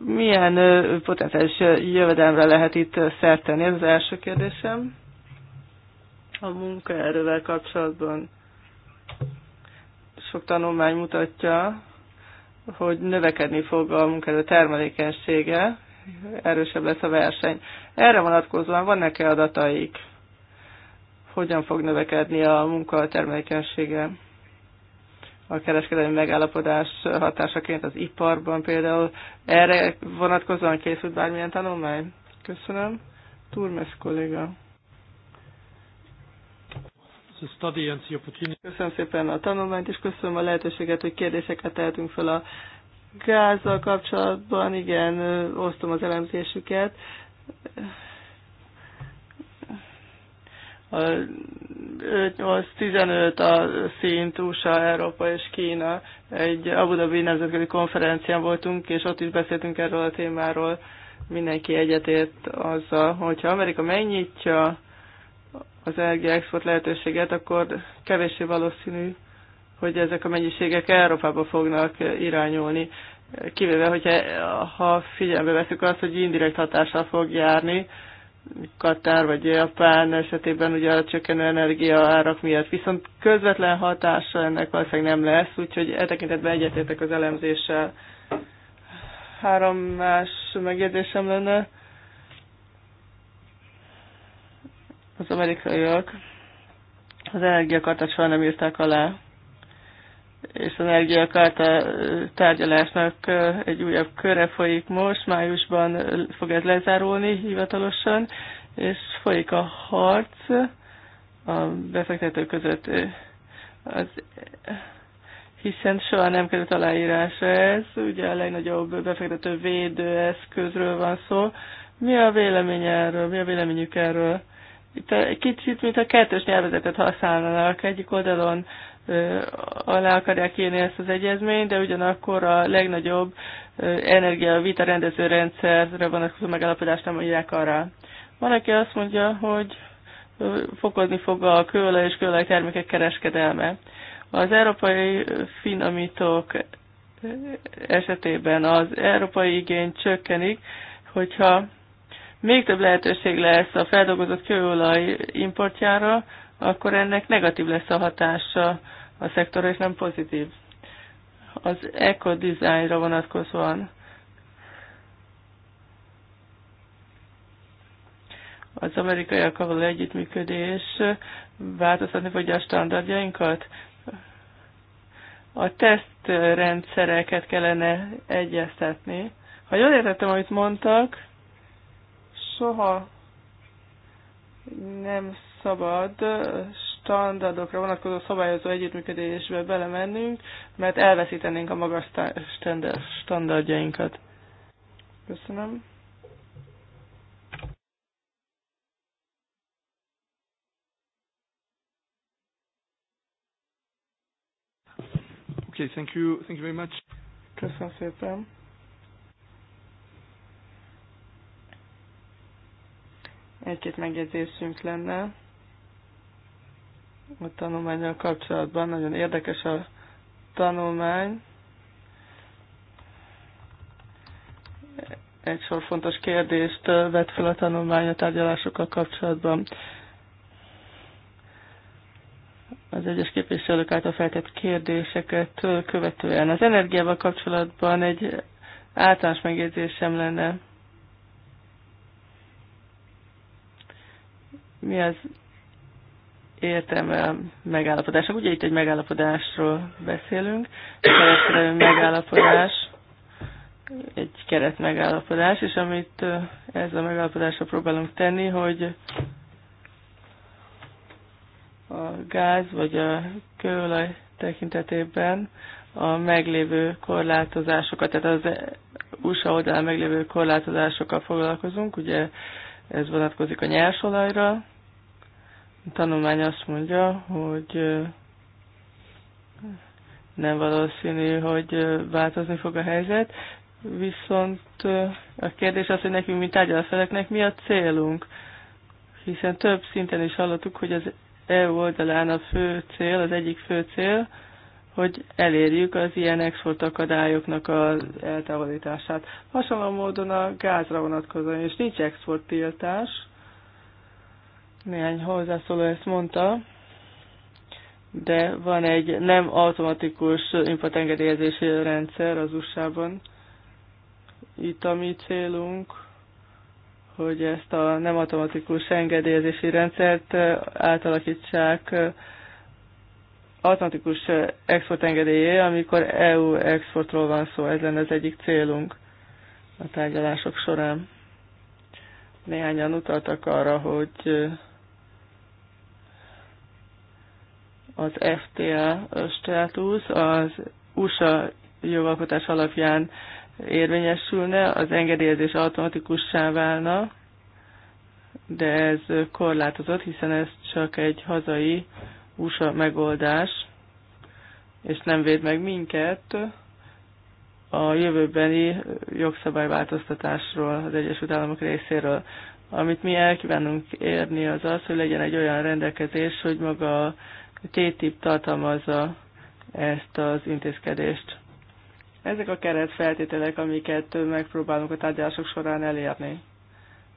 Milyen potenciális jövedelemre lehet itt szerteni? Ez az első kérdésem. A munkaerővel kapcsolatban sok tanulmány mutatja, hogy növekedni fog a munkaerő termelékenysége, erősebb lesz a verseny. Erre vonatkozóan vannak-e adataik? hogyan fog növekedni a munka termelékenysége. A kereskedelmi megállapodás hatásaként az iparban például erre vonatkozóan készült bármilyen tanulmány? Köszönöm. Turmes kolléga. Köszönöm szépen a tanulmányt, és köszönöm a lehetőséget, hogy kérdéseket tehetünk fel a gázzal kapcsolatban. Igen, osztom az elemzésüket a 5-8-15 a szint USA, Európa és Kína. Egy Abu Dhabi nemzetközi konferencián voltunk, és ott is beszéltünk erről a témáról. Mindenki egyetért azzal, hogyha Amerika megnyitja az energiaexport lehetőséget, akkor kevéssé valószínű, hogy ezek a mennyiségek Európába fognak irányulni. Kivéve, hogyha, ha figyelembe veszük azt, hogy indirekt hatással fog járni, Katár vagy Japán esetében ugye a csökkenő árak miatt. Viszont közvetlen hatása ennek valószínűleg nem lesz, úgyhogy e tekintetben egyetértek az elemzéssel. Három más megjegyzésem lenne. Az amerikaiak az energiakartat soha nem írták alá és az energiakárta tárgyalásnak egy újabb körre folyik most, májusban fog ez lezárulni hivatalosan, és folyik a harc a befektetők között. Az, hiszen soha nem került aláírásra ez, ugye a legnagyobb befektető védő eszközről van szó. Mi a vélemény erről, mi a véleményük erről? Itt egy kicsit, mint a kettős nyelvezetet használnának. Egyik oldalon alá akarják írni ezt az egyezményt, de ugyanakkor a legnagyobb energiavita rendező rendszerre vonatkozó megállapodást nem írják arra. Van, aki azt mondja, hogy fokozni fog a kőolaj és kőolaj termékek kereskedelme. Az európai finomítók esetében az európai igény csökkenik, hogyha még több lehetőség lesz a feldolgozott kőolaj importjára, akkor ennek negatív lesz a hatása a szektorra, és nem pozitív. Az eco-designra vonatkozóan az amerikaiakkal való együttműködés változtatni fogja a standardjainkat? A tesztrendszereket kellene egyeztetni. Ha jól értettem, amit mondtak, soha nem szabad standardokra vonatkozó szabályozó együttműködésbe belemennünk, mert elveszítenénk a magas standardjainkat. Köszönöm. Okay, thank you, thank you very much. Köszönöm szépen. Egy-két megjegyzésünk lenne a tanulmányjal kapcsolatban. Nagyon érdekes a tanulmány. Egy sor fontos kérdést vett fel a tanulmány a tárgyalásokkal kapcsolatban. Az egyes képviselők által feltett kérdéseket követően. Az energiával kapcsolatban egy általános megjegyzésem lenne. Mi az értelme a Ugye itt egy megállapodásról beszélünk, egy megállapodás, egy keret megállapodás, és amit ez a megállapodásra próbálunk tenni, hogy a gáz vagy a kőolaj tekintetében a meglévő korlátozásokat, tehát az USA oldalán meglévő korlátozásokkal foglalkozunk, ugye ez vonatkozik a nyersolajra, a tanulmány azt mondja, hogy nem valószínű, hogy változni fog a helyzet, viszont a kérdés az, hogy nekünk, mint tárgyalfeleknek mi a célunk, hiszen több szinten is hallottuk, hogy az EU oldalán a fő cél, az egyik fő cél, hogy elérjük az ilyen export akadályoknak az eltávolítását. Hasonló módon a gázra vonatkozóan, és nincs tiltás, néhány hozzászóló ezt mondta, de van egy nem automatikus importengedélyezési rendszer az USA-ban. Itt a mi célunk, hogy ezt a nem automatikus engedélyezési rendszert átalakítsák automatikus engedélyé, amikor EU exportról van szó, ez lenne az egyik célunk a tárgyalások során. Néhányan utaltak arra, hogy az FTA státusz az USA jogalkotás alapján érvényesülne, az engedélyezés automatikussá válna, de ez korlátozott, hiszen ez csak egy hazai USA megoldás, és nem véd meg minket a jövőbeni jogszabályváltoztatásról az Egyesült Államok részéről. Amit mi elkívánunk érni az az, hogy legyen egy olyan rendelkezés, hogy maga TTIP tartalmazza ezt az intézkedést. Ezek a keretfeltételek, amiket megpróbálunk a tárgyalások során elérni.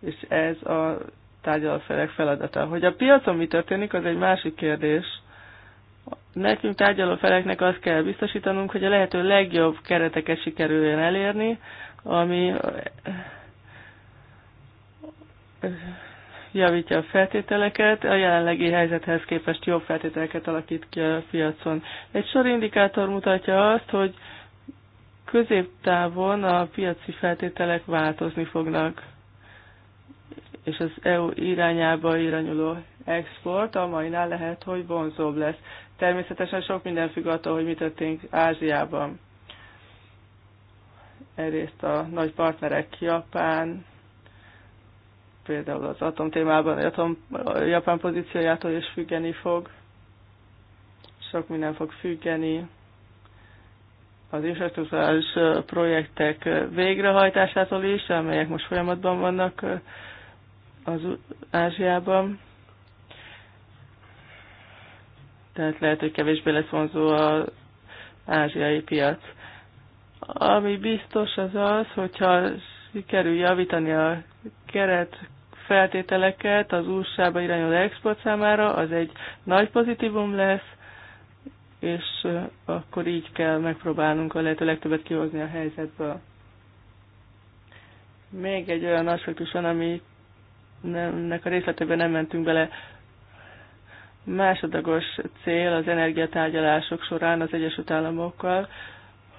És ez a tárgyalófelek feladata. Hogy a piacon mi történik, az egy másik kérdés. Nekünk tárgyalófeleknek azt kell biztosítanunk, hogy a lehető legjobb kereteket sikerüljön elérni, ami javítja a feltételeket, a jelenlegi helyzethez képest jobb feltételeket alakít ki a piacon. Egy sor indikátor mutatja azt, hogy középtávon a piaci feltételek változni fognak, és az EU irányába irányuló export a mainál lehet, hogy vonzóbb lesz. Természetesen sok minden függ attól, hogy mi történik Ázsiában. Erészt a nagy partnerek Japán, például az atomtémában, atom, a japán pozíciójától is függeni fog, sok minden fog függeni az infrastruktúrális projektek végrehajtásától is, amelyek most folyamatban vannak az Ázsiában. Tehát lehet, hogy kevésbé lesz vonzó az ázsiai piac. Ami biztos az az, hogyha sikerül javítani a keret feltételeket az USA-ba irányuló export számára, az egy nagy pozitívum lesz, és akkor így kell megpróbálnunk a lehető legtöbbet kihozni a helyzetből. Még egy olyan aspektus van, ami nek a részletében nem mentünk bele. Másodlagos cél az energiatárgyalások során az Egyesült Államokkal,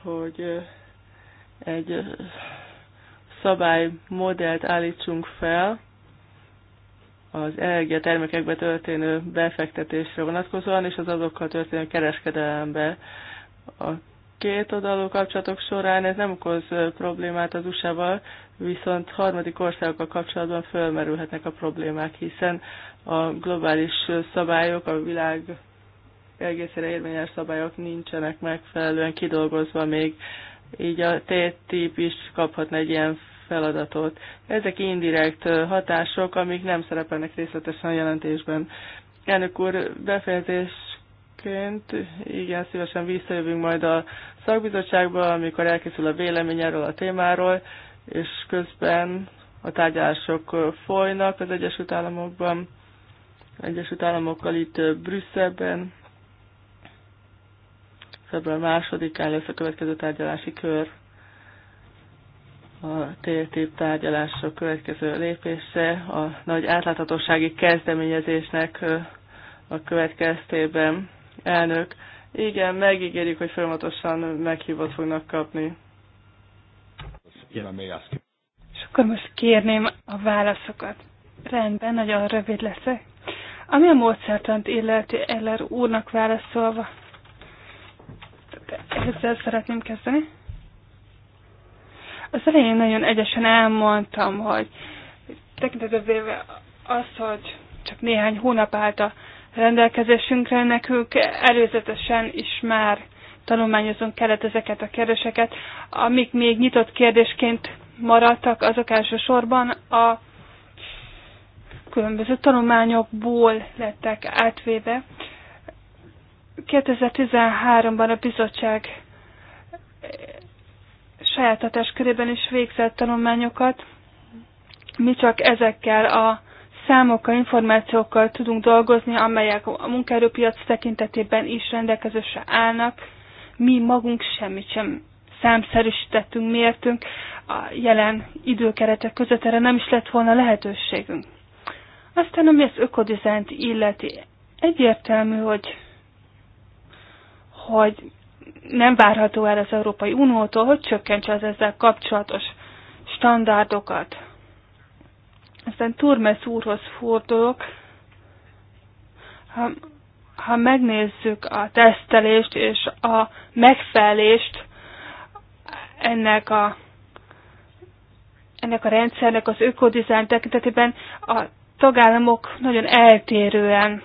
hogy egy szabálymodellt állítsunk fel, az energiatermékekbe történő befektetésre vonatkozóan, és az azokkal történő kereskedelembe. A két oldalú kapcsolatok során ez nem okoz problémát az USA-val, viszont harmadik országokkal kapcsolatban fölmerülhetnek a problémák, hiszen a globális szabályok, a világ egészére érvényes szabályok nincsenek megfelelően kidolgozva még, így a TTIP is kaphatna egy ilyen feladatot. Ezek indirekt hatások, amik nem szerepelnek részletesen a jelentésben. Elnök úr, befejezésként igen, szívesen visszajövünk majd a szakbizottságba, amikor elkészül a vélemény erről a témáról, és közben a tárgyalások folynak az Egyesült Államokban, Egyesült Államokkal itt Brüsszelben. Február másodikán lesz a következő tárgyalási kör a TTIP tárgyalások következő lépése a nagy átláthatósági kezdeményezésnek a következtében. Elnök, igen, megígérjük, hogy folyamatosan meghívott fognak kapni. És akkor most kérném a válaszokat. Rendben, nagyon rövid leszek. Ami a módszertant illeti Eller úrnak válaszolva, ezzel szeretném kezdeni az elején nagyon egyesen elmondtam, hogy tekintetben véve az, hogy csak néhány hónap állt a rendelkezésünkre, nekünk előzetesen is már tanulmányozunk kellett ezeket a kérdéseket, amik még nyitott kérdésként maradtak, azok elsősorban a különböző tanulmányokból lettek átvéve. 2013-ban a bizottság saját hatáskörében is végzett tanulmányokat. Mi csak ezekkel a számokkal, információkkal tudunk dolgozni, amelyek a munkaerőpiac tekintetében is rendelkezésre állnak. Mi magunk semmit sem számszerűsítettünk, mértünk, a jelen időkeretek között erre nem is lett volna lehetőségünk. Aztán ami az ökodizent illeti, egyértelmű, hogy, hogy nem várható el az Európai Uniótól, hogy csökkentse az ezzel kapcsolatos standardokat. Aztán Turmes úrhoz fordulok. Ha, ha megnézzük a tesztelést és a megfelelést ennek a ennek a rendszernek az ökodizájn tekintetében a tagállamok nagyon eltérően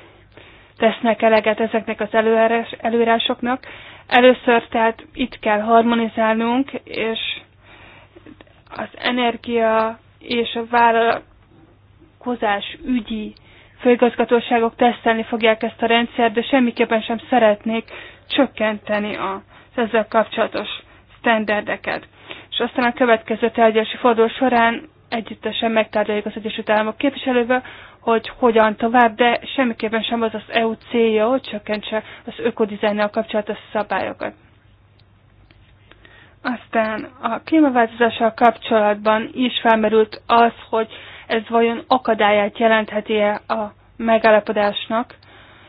tesznek eleget ezeknek az előírás, előírásoknak. Először tehát itt kell harmonizálnunk, és az energia és a vállalkozás ügyi főigazgatóságok tesztelni fogják ezt a rendszert, de semmiképpen sem szeretnék csökkenteni a ezzel kapcsolatos standardeket. És aztán a következő tárgyalási forduló során együttesen megtárgyaljuk az Egyesült Államok képviselővel, hogy hogyan tovább, de semmiképpen sem az az EU célja, hogy csökkentse az ökodizájnnal kapcsolatos szabályokat. Aztán a klímaváltozással kapcsolatban is felmerült az, hogy ez vajon akadályát jelentheti-e a megállapodásnak.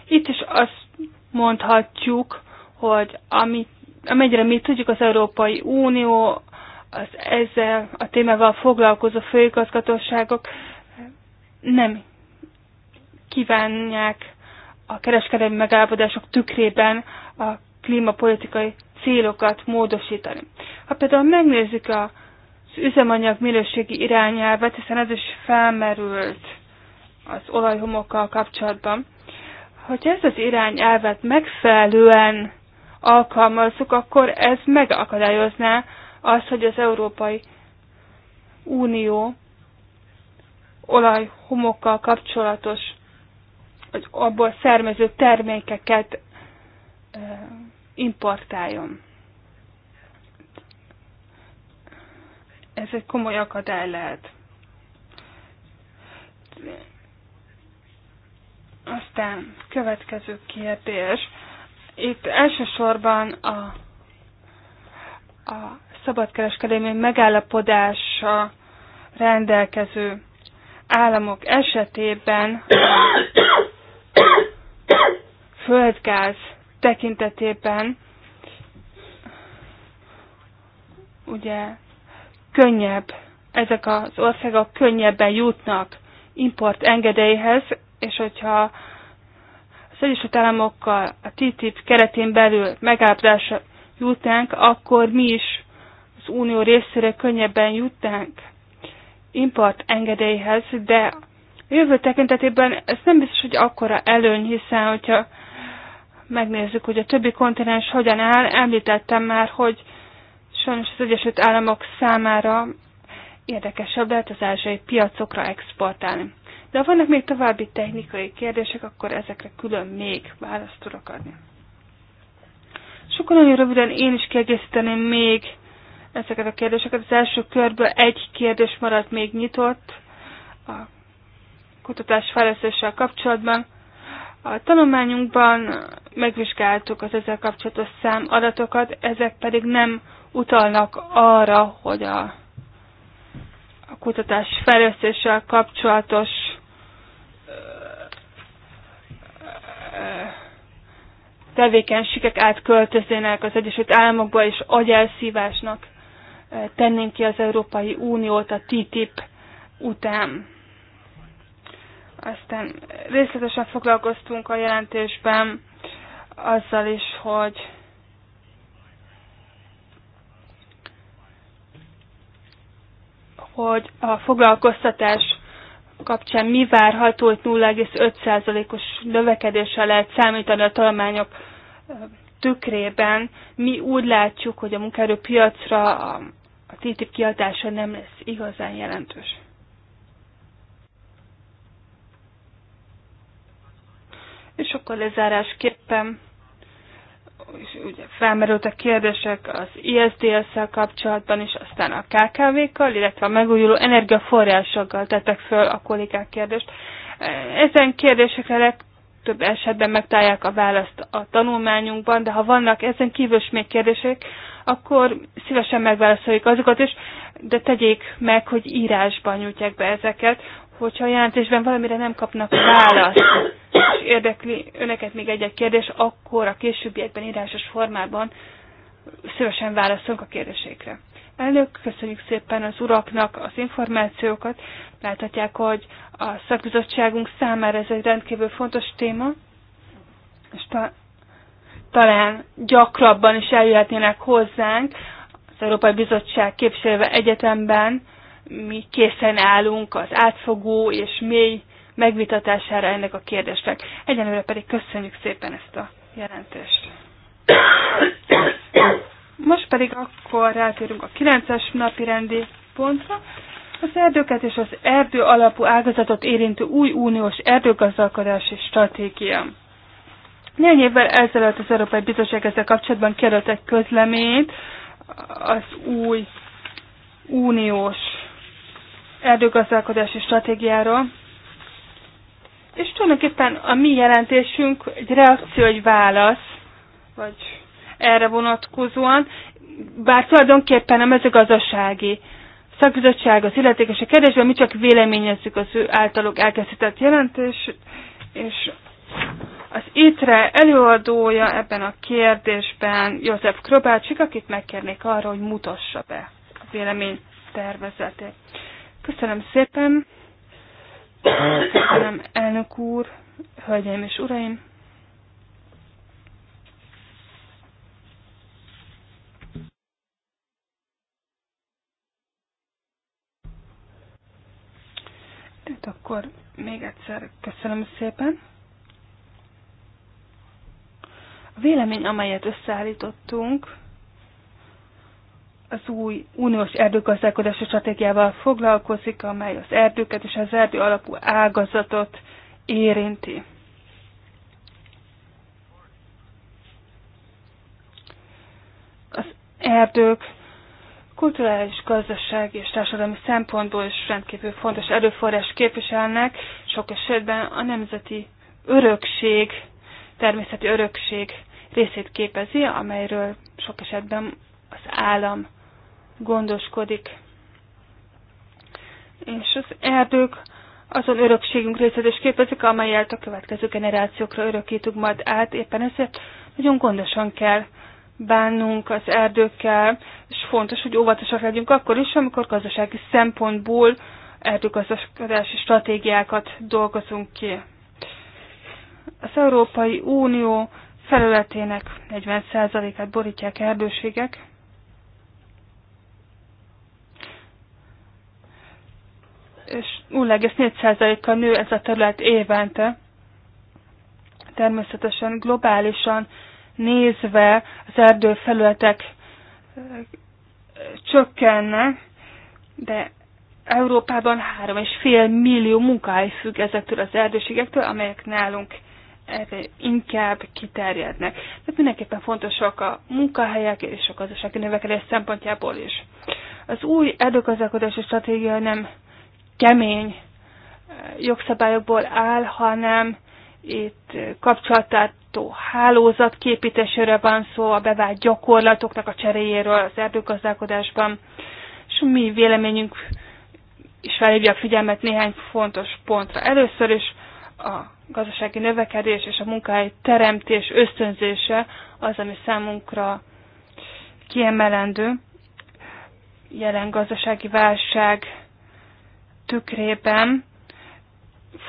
Itt is azt mondhatjuk, hogy amit, amennyire mi tudjuk, az Európai Unió, az ezzel a témával foglalkozó főigazgatóságok nem kívánják a kereskedelmi megállapodások tükrében a klímapolitikai célokat módosítani. Ha például megnézzük a az üzemanyag minőségi irányelvet, hiszen ez is felmerült az olajhomokkal kapcsolatban. Hogyha ez az irányelvet megfelelően alkalmazzuk, akkor ez megakadályozná azt, hogy az Európai Unió olajhomokkal kapcsolatos az abból származó termékeket importáljon. Ez egy komoly akadály lehet. Aztán következő kérdés. Itt elsősorban a, a szabadkereskedelmi megállapodása rendelkező államok esetében földgáz tekintetében ugye könnyebb, ezek az országok könnyebben jutnak import engedélyhez, és hogyha az Egyesült Államokkal a TTIP keretén belül megállapodásra jutnánk, akkor mi is az Unió részére könnyebben jutnánk import engedélyhez, de a jövő tekintetében ez nem biztos, hogy akkora előny, hiszen hogyha megnézzük, hogy a többi kontinens hogyan áll. Említettem már, hogy sajnos az Egyesült Államok számára érdekesebb lehet az ázsiai piacokra exportálni. De ha vannak még további technikai kérdések, akkor ezekre külön még választ tudok adni. Sokan nagyon röviden én is kiegészíteném még ezeket a kérdéseket. Az első körből egy kérdés maradt még nyitott a kutatás fejlesztéssel kapcsolatban. A tanulmányunkban megvizsgáltuk az ezzel kapcsolatos szám adatokat, ezek pedig nem utalnak arra, hogy a, a kutatás fejlesztéssel kapcsolatos tevékenységek átköltöznének az Egyesült Államokba, és agyelszívásnak tennénk ki az Európai Uniót a TTIP után. Aztán részletesen foglalkoztunk a jelentésben azzal is, hogy hogy a foglalkoztatás kapcsán mi várható, hogy 0,5%-os növekedésre lehet számítani a talmányok tükrében. Mi úgy látjuk, hogy a munkaerőpiacra a TTIP kiadása nem lesz igazán jelentős. És akkor lezárásképpen és ugye felmerültek kérdések az ISDS-szel kapcsolatban is, aztán a KKV-kkal, illetve a megújuló energiaforrásokkal tettek föl a kollégák kérdést. Ezen kérdésekre legtöbb esetben megtalálják a választ a tanulmányunkban, de ha vannak ezen kívül is még kérdések, akkor szívesen megválaszoljuk azokat is, de tegyék meg, hogy írásban nyújtják be ezeket, hogyha a jelentésben valamire nem kapnak választ érdekli önöket még egy-egy kérdés, akkor a későbbiekben írásos formában szívesen válaszolunk a kérdésekre. Elnök, köszönjük szépen az uraknak az információkat. Láthatják, hogy a szakbizottságunk számára ez egy rendkívül fontos téma, és ta- talán gyakrabban is eljöhetnének hozzánk az Európai Bizottság képviselve egyetemben, mi készen állunk az átfogó és mély megvitatására ennek a kérdésnek. Egyenlőre pedig köszönjük szépen ezt a jelentést. Most pedig akkor rátérünk a 9-es napi rendi pontra. Az erdőket és az erdő alapú ágazatot érintő új uniós erdőgazdálkodási stratégia. Néhány évvel ezelőtt az Európai Bizottság ezzel kapcsolatban kiadott egy közleményt az új uniós erdőgazdálkodási stratégiáról, és tulajdonképpen a mi jelentésünk egy reakció, egy válasz, vagy erre vonatkozóan, bár tulajdonképpen a mezőgazdasági szakbizottság, az illetékes a kérdésben, mi csak véleményezzük az ő általuk elkészített jelentés, és az ITRE előadója ebben a kérdésben József Krobácsik, akit megkérnék arra, hogy mutassa be a vélemény tervezetét. Köszönöm szépen! Köszönöm, elnök úr, hölgyeim és uraim! Hát akkor még egyszer köszönöm szépen. A vélemény, amelyet összeállítottunk, az új uniós erdőgazdálkodási stratégiával foglalkozik, amely az erdőket és az erdő alapú ágazatot érinti. Az erdők kulturális, gazdaság és társadalmi szempontból is rendkívül fontos erőforrás képviselnek, sok esetben a nemzeti örökség, természeti örökség részét képezi, amelyről sok esetben az állam gondoskodik. És az erdők azon örökségünk részét is képezik, amelyet a következő generációkra örökítünk majd át. Éppen ezért nagyon gondosan kell bánnunk az erdőkkel, és fontos, hogy óvatosak legyünk akkor is, amikor gazdasági szempontból erdőgazdaskodási stratégiákat dolgozunk ki. Az Európai Unió felületének 40%-át borítják erdőségek, és 0,4%-kal nő ez a terület évente. Természetesen globálisan nézve az erdőfelületek eh, csökkennek, de Európában 3,5 millió munkahely függ ezektől az erdőségektől, amelyek nálunk inkább kiterjednek. Tehát mindenképpen fontosak a munkahelyek és a gazdasági növekedés szempontjából is. Az új erdőgazdálkodási stratégia nem kemény eh, jogszabályokból áll, hanem itt kapcsolattartó hálózat képítésére van szó, a bevált gyakorlatoknak a cseréjéről az erdőgazdálkodásban, és mi véleményünk is felhívja a figyelmet néhány fontos pontra. Először is a gazdasági növekedés és a munkahely teremtés ösztönzése az, ami számunkra kiemelendő. Jelen gazdasági válság tükrében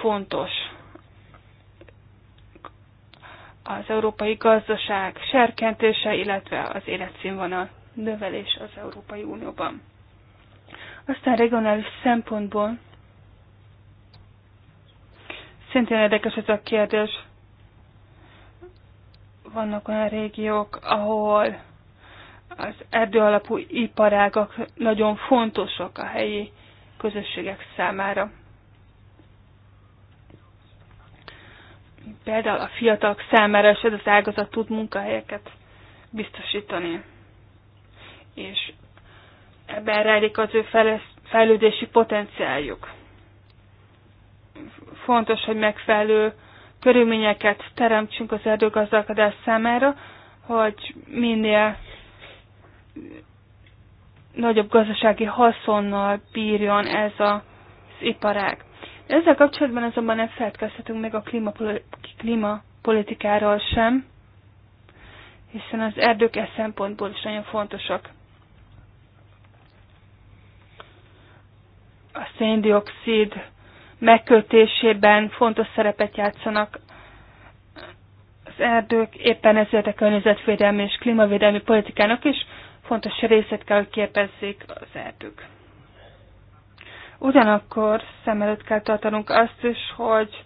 fontos az európai gazdaság serkentése, illetve az életszínvonal növelés az Európai Unióban. Aztán regionális szempontból szintén érdekes ez a kérdés. Vannak olyan régiók, ahol az erdőalapú iparágak nagyon fontosak a helyi közösségek számára. Például a fiatalok számára is ez az ágazat tud munkahelyeket biztosítani. És ebben rejlik az ő fejlődési potenciáljuk. Fontos, hogy megfelelő körülményeket teremtsünk az erdőgazdálkodás számára, hogy minél nagyobb gazdasági haszonnal bírjon ez a, az iparág. De ezzel kapcsolatban azonban nem feltkezhetünk meg a klímapolitikáról sem, hiszen az erdők e szempontból is nagyon fontosak. A széndiokszid megkötésében fontos szerepet játszanak az erdők, éppen ezért a környezetvédelmi és klímavédelmi politikának is fontos részét kell, hogy képezzék az erdők. Ugyanakkor szem előtt kell tartanunk azt is, hogy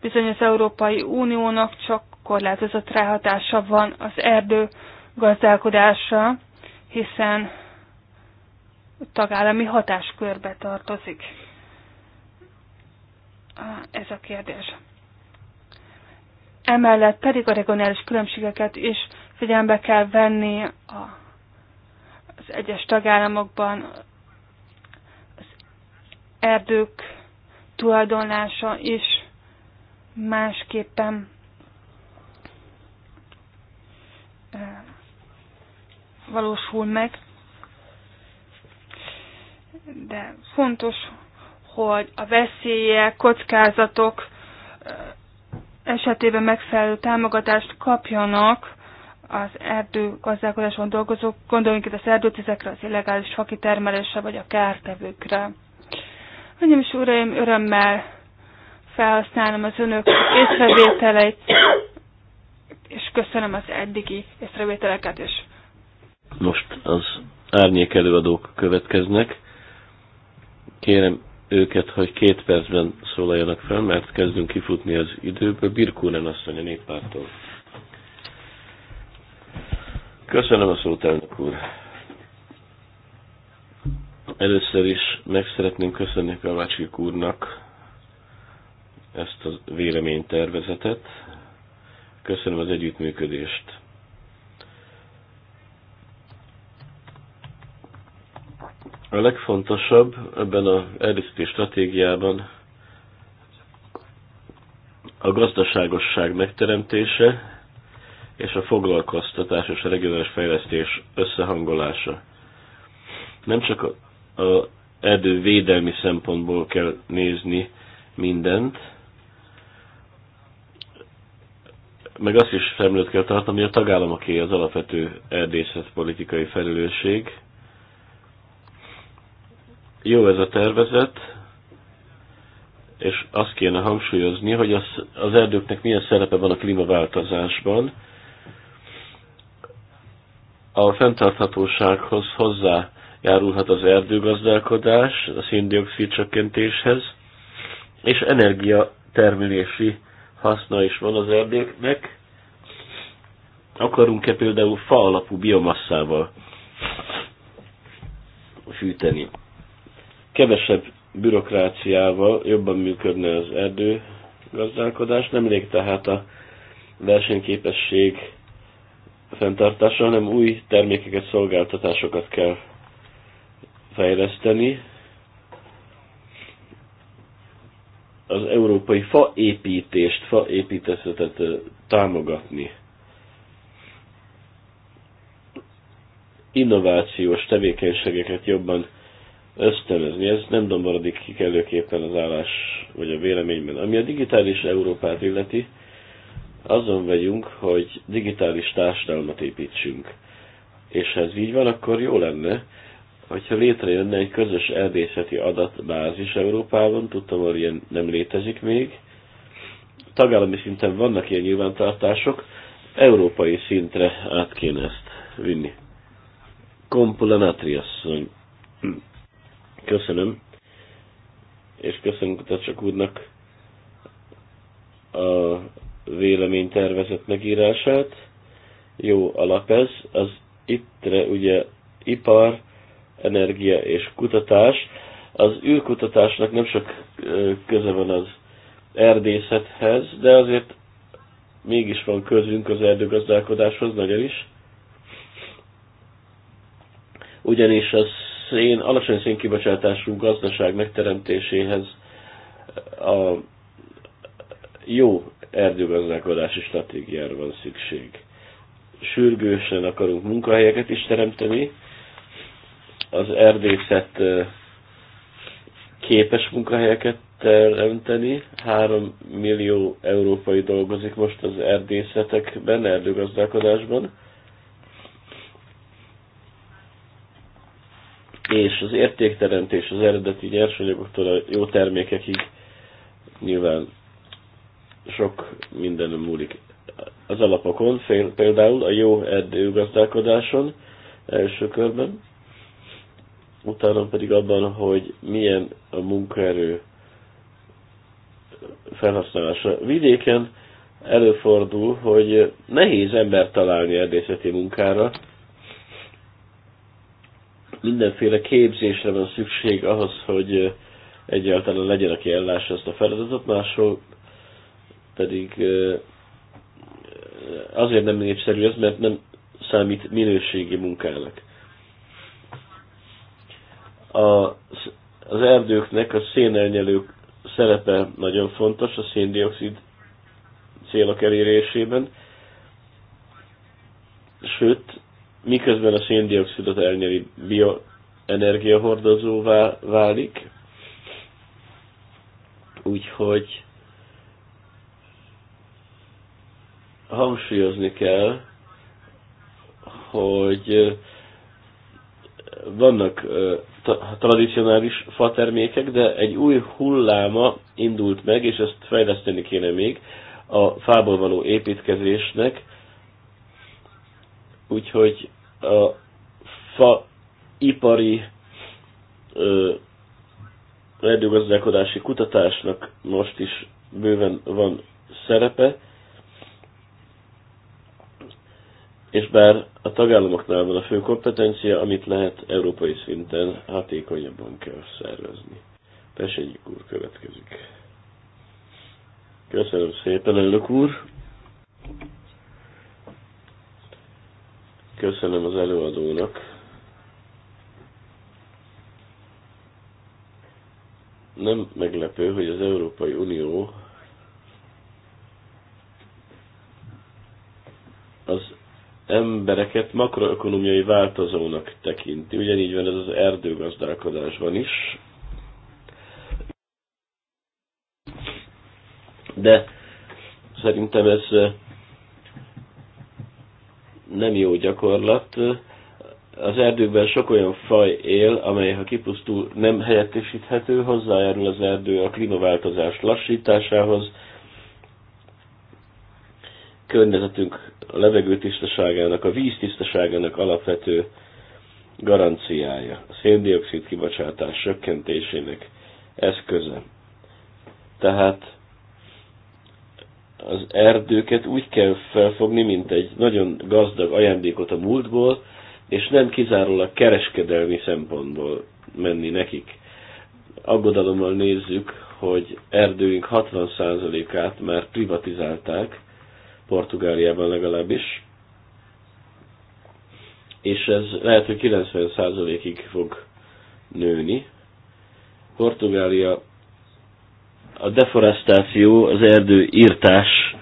bizony az Európai Uniónak csak korlátozott ráhatása van az erdő gazdálkodása, hiszen tagállami hatáskörbe tartozik ah, ez a kérdés. Emellett pedig a regionális különbségeket is figyelembe kell venni a az egyes tagállamokban az erdők tulajdonlása is másképpen eh, valósul meg. De fontos, hogy a veszélyek, kockázatok eh, esetében megfelelő támogatást kapjanak az erdőgazdálkodáson dolgozók, gondoljunk itt az erdőtizekre, az illegális fakitermelésre vagy a kártevőkre. Hölgyeim és uraim, örömmel felhasználom az önök észrevételeit, és köszönöm az eddigi észrevételeket is. Most az árnyék előadók következnek. Kérem őket, hogy két percben szólaljanak fel, mert kezdünk kifutni az időből. Birkúren asszony a néppártól. Köszönöm a szót, elnök úr. Először is meg szeretném köszönni a Vácsik úrnak ezt a véleménytervezetet. Köszönöm az együttműködést. A legfontosabb ebben a erőszítés stratégiában a gazdaságosság megteremtése, és a foglalkoztatás és a regionális fejlesztés összehangolása. Nem csak a, a erdő védelmi szempontból kell nézni mindent, meg azt is szemlőt kell tartani, hogy a tagállamoké az alapvető politikai felelősség. Jó ez a tervezet, és azt kéne hangsúlyozni, hogy az, az erdőknek milyen szerepe van a klímaváltozásban, a fenntarthatósághoz hozzájárulhat az erdőgazdálkodás, a széndiokszid csökkentéshez, és energiatermelési haszna is van az erdőknek. Akarunk-e például fa alapú biomasszával fűteni? Kevesebb bürokráciával jobban működne az erdőgazdálkodás, nemrég tehát a versenyképesség fenntartása, hanem új termékeket, szolgáltatásokat kell fejleszteni. Az európai faépítést, faépítészetet támogatni. Innovációs tevékenységeket jobban ösztönözni. Ez nem domborodik ki kellőképpen az állás vagy a véleményben. Ami a digitális Európát illeti, azon vagyunk, hogy digitális társadalmat építsünk. És ha ez így van, akkor jó lenne, hogyha létrejönne egy közös erdészeti adatbázis Európában, tudtam, hogy ilyen nem létezik még. Tagállami szinten vannak ilyen nyilvántartások, európai szintre át kéne ezt vinni. Kompulanatri Köszönöm. És köszönöm csak úrnak a véleménytervezet megírását. Jó alap ez, az ittre ugye ipar, energia és kutatás. Az űrkutatásnak nem sok köze van az erdészethez, de azért mégis van közünk az erdőgazdálkodáshoz nagyon is. Ugyanis a szén, alacsony szénkibocsátású gazdaság megteremtéséhez a jó erdőgazdálkodási stratégiára van szükség. Sürgősen akarunk munkahelyeket is teremteni, az erdészet képes munkahelyeket teremteni. Három millió európai dolgozik most az erdészetekben, erdőgazdálkodásban. És az értékteremtés az eredeti nyersanyagoktól a jó termékekig nyilván sok mindenem múlik. Az alapokon, fél, például a jó erdőgazdálkodáson első körben, utána pedig abban, hogy milyen a munkaerő felhasználása. Vidéken előfordul, hogy nehéz embert találni erdészeti munkára, mindenféle képzésre van szükség ahhoz, hogy egyáltalán legyen, aki ellássa ezt a feladatot, máshol pedig azért nem népszerű ez, mert nem számít minőségi munkának. A, az erdőknek a szénelnyelők szerepe nagyon fontos a széndiokszid célok elérésében, sőt, miközben a széndiokszidot elnyeli bioenergiahordozóvá válik, úgyhogy hangsúlyozni kell, hogy vannak tradicionális fatermékek, de egy új hulláma indult meg, és ezt fejleszteni kéne még a fából való építkezésnek, úgyhogy a fa ipari erdőgazdálkodási kutatásnak most is bőven van szerepe, és bár a tagállamoknál van a fő kompetencia, amit lehet európai szinten hatékonyabban kell szervezni. Pesényik úr következik. Köszönöm szépen, elnök úr! Köszönöm az előadónak. Nem meglepő, hogy az Európai Unió embereket makroökonomiai változónak tekinti. Ugyanígy van ez az erdőgazdálkodásban is. De szerintem ez eh, nem jó gyakorlat. Az erdőben sok olyan faj él, amely ha kipusztul, nem helyettesíthető, hozzájárul az erdő a klímaváltozás lassításához, környezetünk a levegő tisztaságának, a víz tisztaságának alapvető garanciája, a széndiokszid kibocsátás csökkentésének eszköze. Tehát az erdőket úgy kell felfogni, mint egy nagyon gazdag ajándékot a múltból, és nem kizárólag kereskedelmi szempontból menni nekik. Aggodalommal nézzük, hogy erdőink 60%-át már privatizálták, Portugáliában legalábbis. És ez lehet, hogy 90%-ig fog nőni. Portugália a deforestáció, az erdő írtás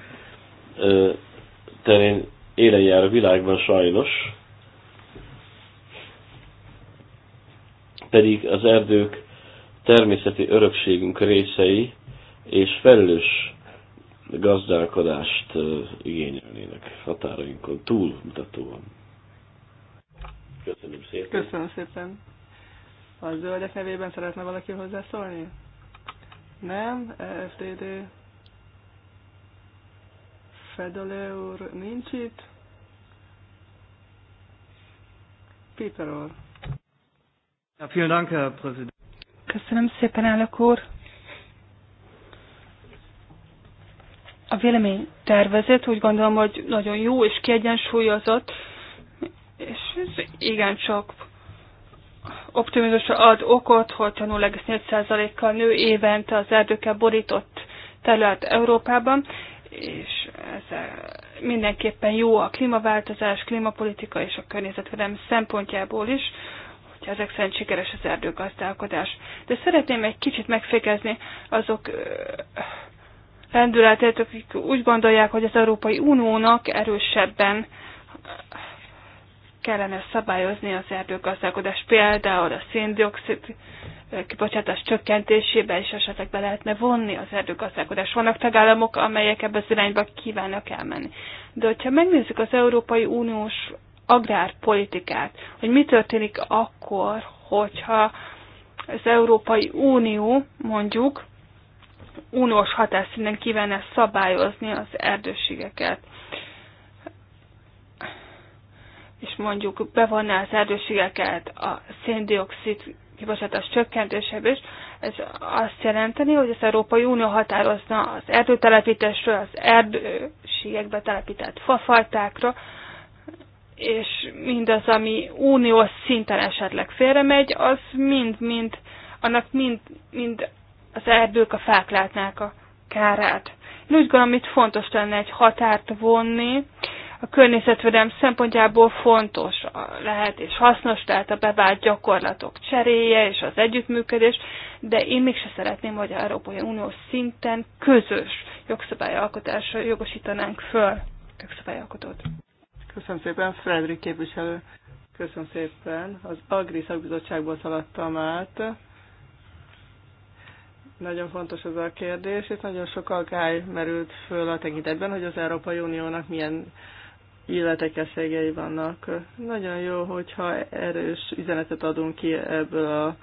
terén élen jár a világban sajnos, pedig az erdők természeti örökségünk részei, és felelős gazdálkodást igényelnének határainkon mutatóan. Köszönöm szépen. Köszönöm szépen. A zöldek nevében szeretne valaki hozzászólni? Nem, FDD. Fedele úr nincs itt. Peter úr. Köszönöm szépen, elnök úr. a vélemény tervezet úgy gondolom, hogy nagyon jó és kiegyensúlyozott, és ez igencsak optimizmusra ad okot, hogy a 0,4%-kal nő évente az erdőkkel borított terület Európában, és ez mindenképpen jó a klímaváltozás, klímapolitika és a környezetvédelem szempontjából is, hogyha ezek szerint sikeres az erdőgazdálkodás. De szeretném egy kicsit megfékezni azok lendületét, akik úgy gondolják, hogy az Európai Uniónak erősebben kellene szabályozni az erdőgazdálkodás, például a széndiokszid kibocsátás csökkentésébe is esetleg be lehetne vonni az erdőgazdálkodás. Vannak tagállamok, amelyek ebbe az irányba kívánnak elmenni. De hogyha megnézzük az Európai Uniós agrárpolitikát, hogy mi történik akkor, hogyha az Európai Unió mondjuk uniós hatásszínen kívánná szabályozni az erdőségeket. És mondjuk bevonná az erdőségeket a széndiokszid kibocsátás csökkentésebb is, ez azt jelenteni, hogy az Európai Unió határozna az erdőtelepítésről, az erdőségekbe telepített fafajtákra, és mindaz, ami uniós szinten esetleg félremegy, az mind-mind, annak mind, mind az erdők, a fák látnák a kárát. Én úgy gondolom, itt fontos lenne egy határt vonni, a környezetvédelem szempontjából fontos lehet és hasznos, tehát a bevált gyakorlatok cseréje és az együttműködés, de én mégse szeretném, hogy Európai Unió szinten közös jogszabályalkotásra jogosítanánk föl jogszabályalkotót. Köszönöm szépen, Frederik képviselő. Köszönöm szépen. Az Agri szakbizottságból szaladtam át. Nagyon fontos ez a kérdés, és nagyon sok aggály merült föl a tekintetben, hogy az Európai Uniónak milyen illetékességei vannak. Nagyon jó, hogyha erős üzenetet adunk ki ebből a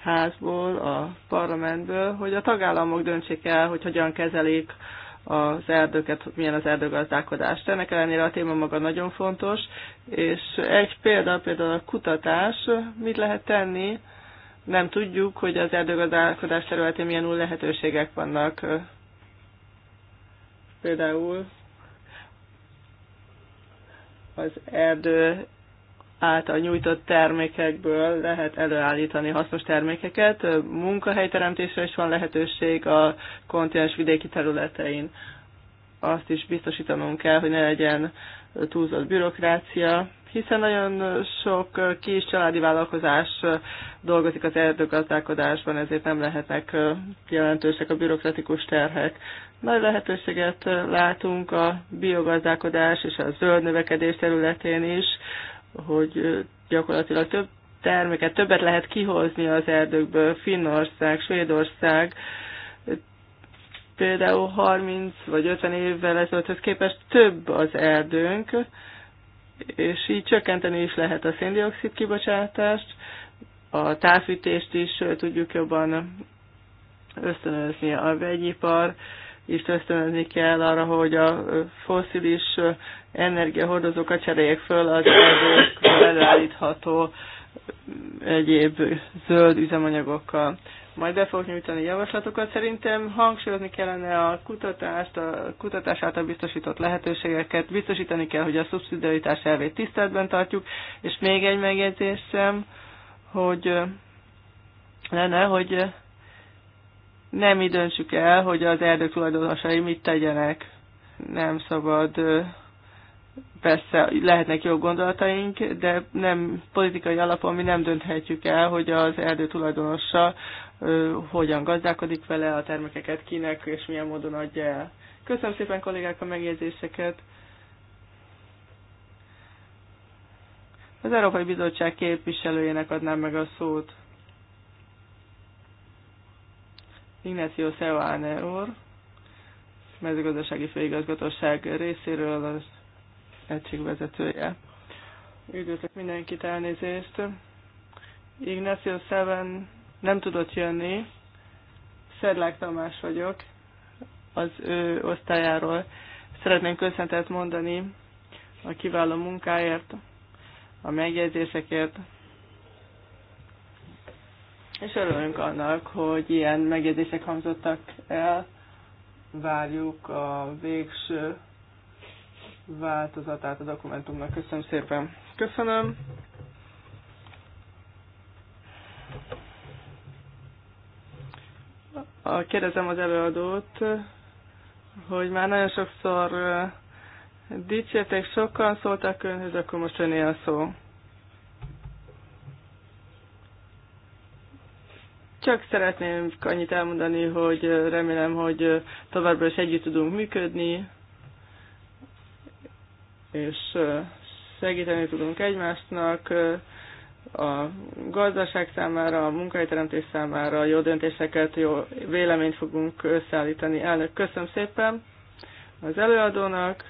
házból, a parlamentből, hogy a tagállamok döntsék el, hogy hogyan kezelik az erdőket, milyen az erdőgazdálkodást. Ennek ellenére a téma maga nagyon fontos, és egy példa, például a kutatás, mit lehet tenni nem tudjuk, hogy az erdőgazdálkodás területén milyen új lehetőségek vannak. Például az erdő által nyújtott termékekből lehet előállítani hasznos termékeket. Munkahelyteremtésre is van lehetőség a kontinens vidéki területein. Azt is biztosítanunk kell, hogy ne legyen túlzott bürokrácia, hiszen nagyon sok kis családi vállalkozás dolgozik az erdőgazdálkodásban, ezért nem lehetnek jelentősek a bürokratikus terhek. Nagy lehetőséget látunk a biogazdálkodás és a zöld növekedés területén is, hogy gyakorlatilag több terméket, többet lehet kihozni az erdőkből. Finnország, Svédország, például 30 vagy 50 évvel ezelőtthöz képest több az erdőnk, és így csökkenteni is lehet a széndiokszid kibocsátást, a távfűtést is tudjuk jobban ösztönözni a vegyipar, és ösztönözni kell arra, hogy a foszilis energiahordozókat cseréljék föl az előállítható egyéb zöld üzemanyagokkal majd be fogok nyújtani javaslatokat. Szerintem hangsúlyozni kellene a kutatást, a kutatás által biztosított lehetőségeket, biztosítani kell, hogy a szubszidiaritás elvét tiszteletben tartjuk, és még egy megjegyzésem, hogy lenne, hogy nem mi döntsük el, hogy az erdők tulajdonosai mit tegyenek. Nem szabad persze lehetnek jó gondolataink, de nem politikai alapon mi nem dönthetjük el, hogy az erdő tulajdonosa hogyan gazdálkodik vele, a termékeket kinek és milyen módon adja el. Köszönöm szépen kollégák a megjegyzéseket. Az Európai Bizottság képviselőjének adnám meg a szót. Ignácio Szeváne úr, mezőgazdasági főigazgatóság részéről az egységvezetője. Üdvözlök mindenkit, elnézést! Ignacio Seven nem tudott jönni. Szerlák Tamás vagyok, az ő osztályáról. Szeretném köszöntet mondani a kiváló munkáért, a megjegyzésekért, és örülünk annak, hogy ilyen megjegyzések hangzottak el. Várjuk a végső változatát a dokumentumnak. Köszönöm szépen. Köszönöm. A, kérdezem az előadót, hogy már nagyon sokszor dicsérték, sokan szóltak önhöz, akkor most öné a szó. Csak szeretném annyit elmondani, hogy remélem, hogy továbbra is együtt tudunk működni, és segíteni tudunk egymásnak, a gazdaság számára, a munkahelyteremtés számára jó döntéseket, jó véleményt fogunk összeállítani. Elnök, köszönöm szépen az előadónak.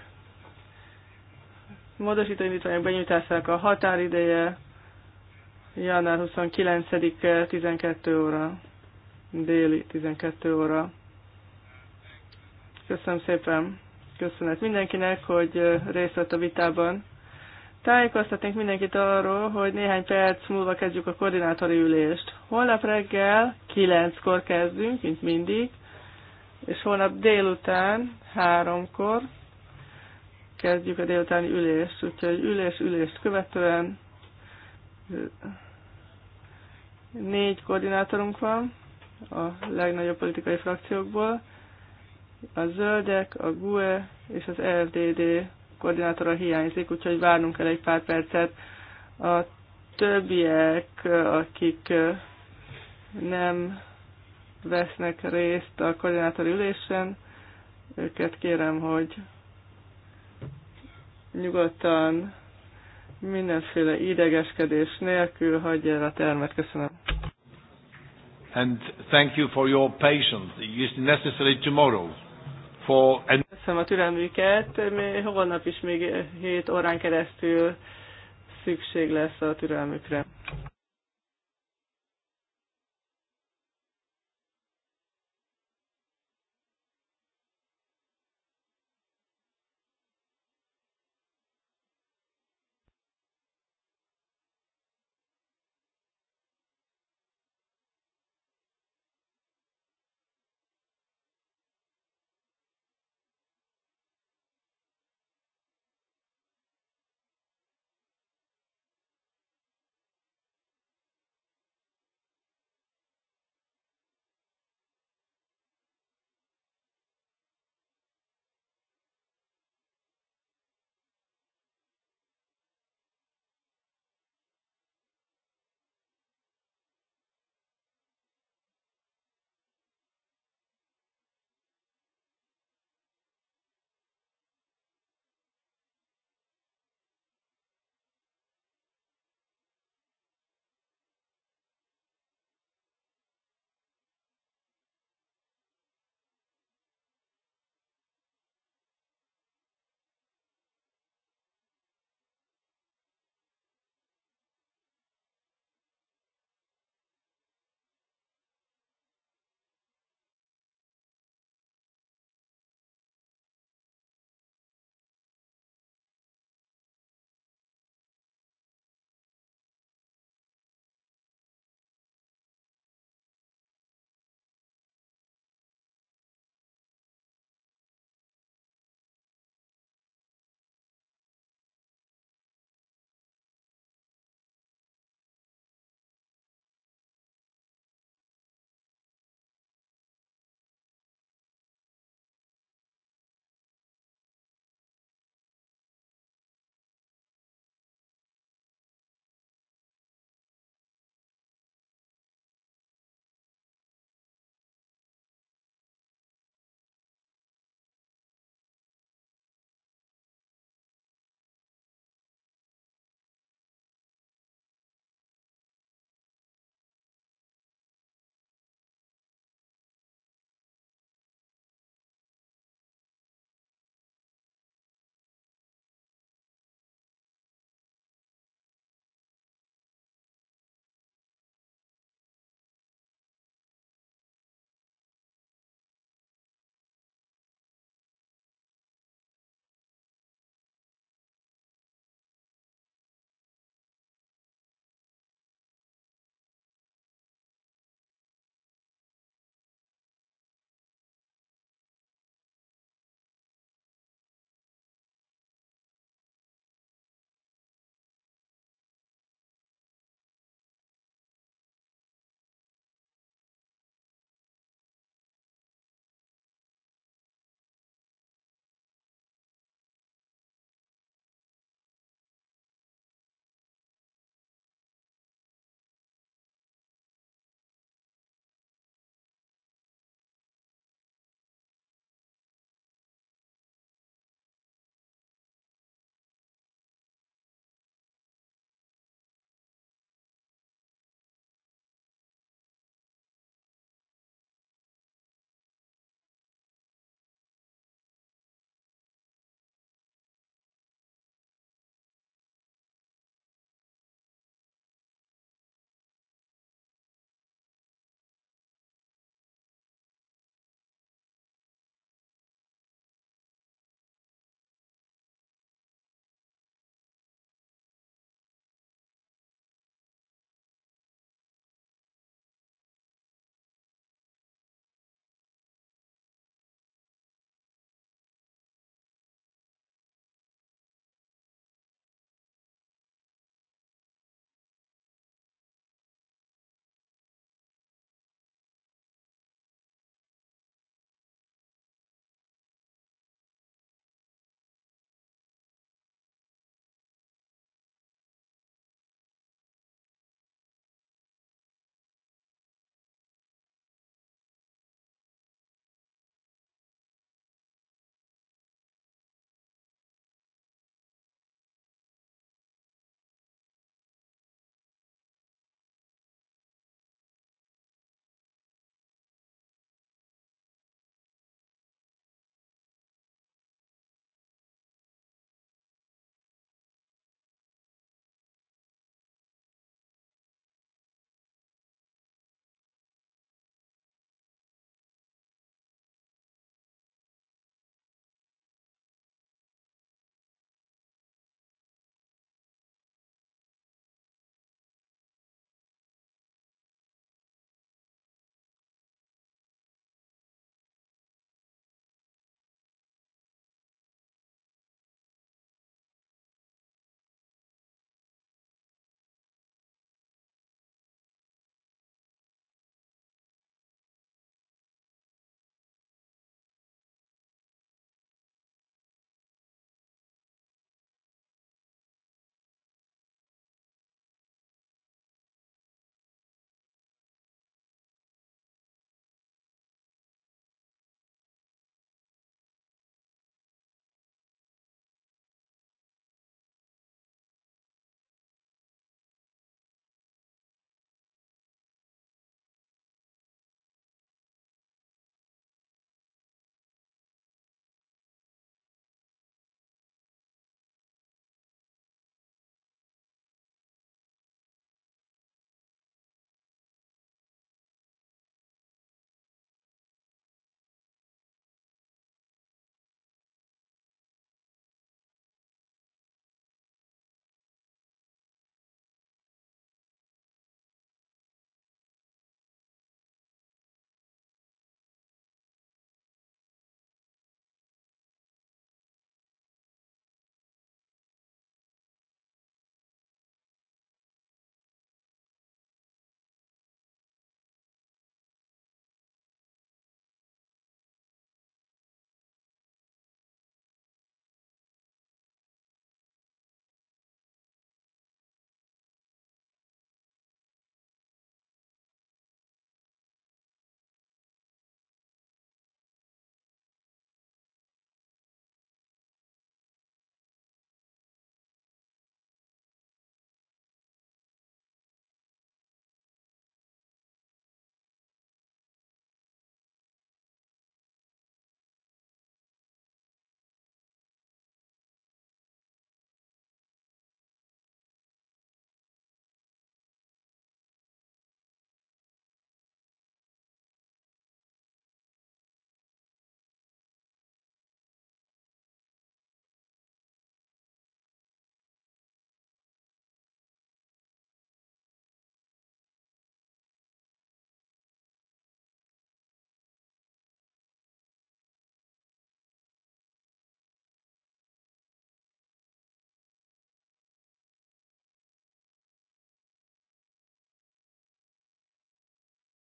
Módosító indítványok benyújtásának a határideje január 29 12 óra, déli 12 óra. Köszönöm szépen, köszönet mindenkinek, hogy részt vett a vitában. Tájékoztatnék mindenkit arról, hogy néhány perc múlva kezdjük a koordinátori ülést. Holnap reggel 9-kor kezdünk, mint mindig, és holnap délután 3-kor kezdjük a délutáni ülést, úgyhogy ülés-ülést követően négy koordinátorunk van a legnagyobb politikai frakciókból, a Zöldek, a GUE és az RDD koordinátora hiányzik, úgyhogy várnunk kell egy pár percet. A többiek, akik nem vesznek részt a koordinátor ülésen, őket kérem, hogy nyugodtan mindenféle idegeskedés nélkül hagyja el a termet. Köszönöm. And thank you for your patience. It is necessary tomorrow for... Köszönöm a türelmüket, holnap is még 7 órán keresztül szükség lesz a türelmükre.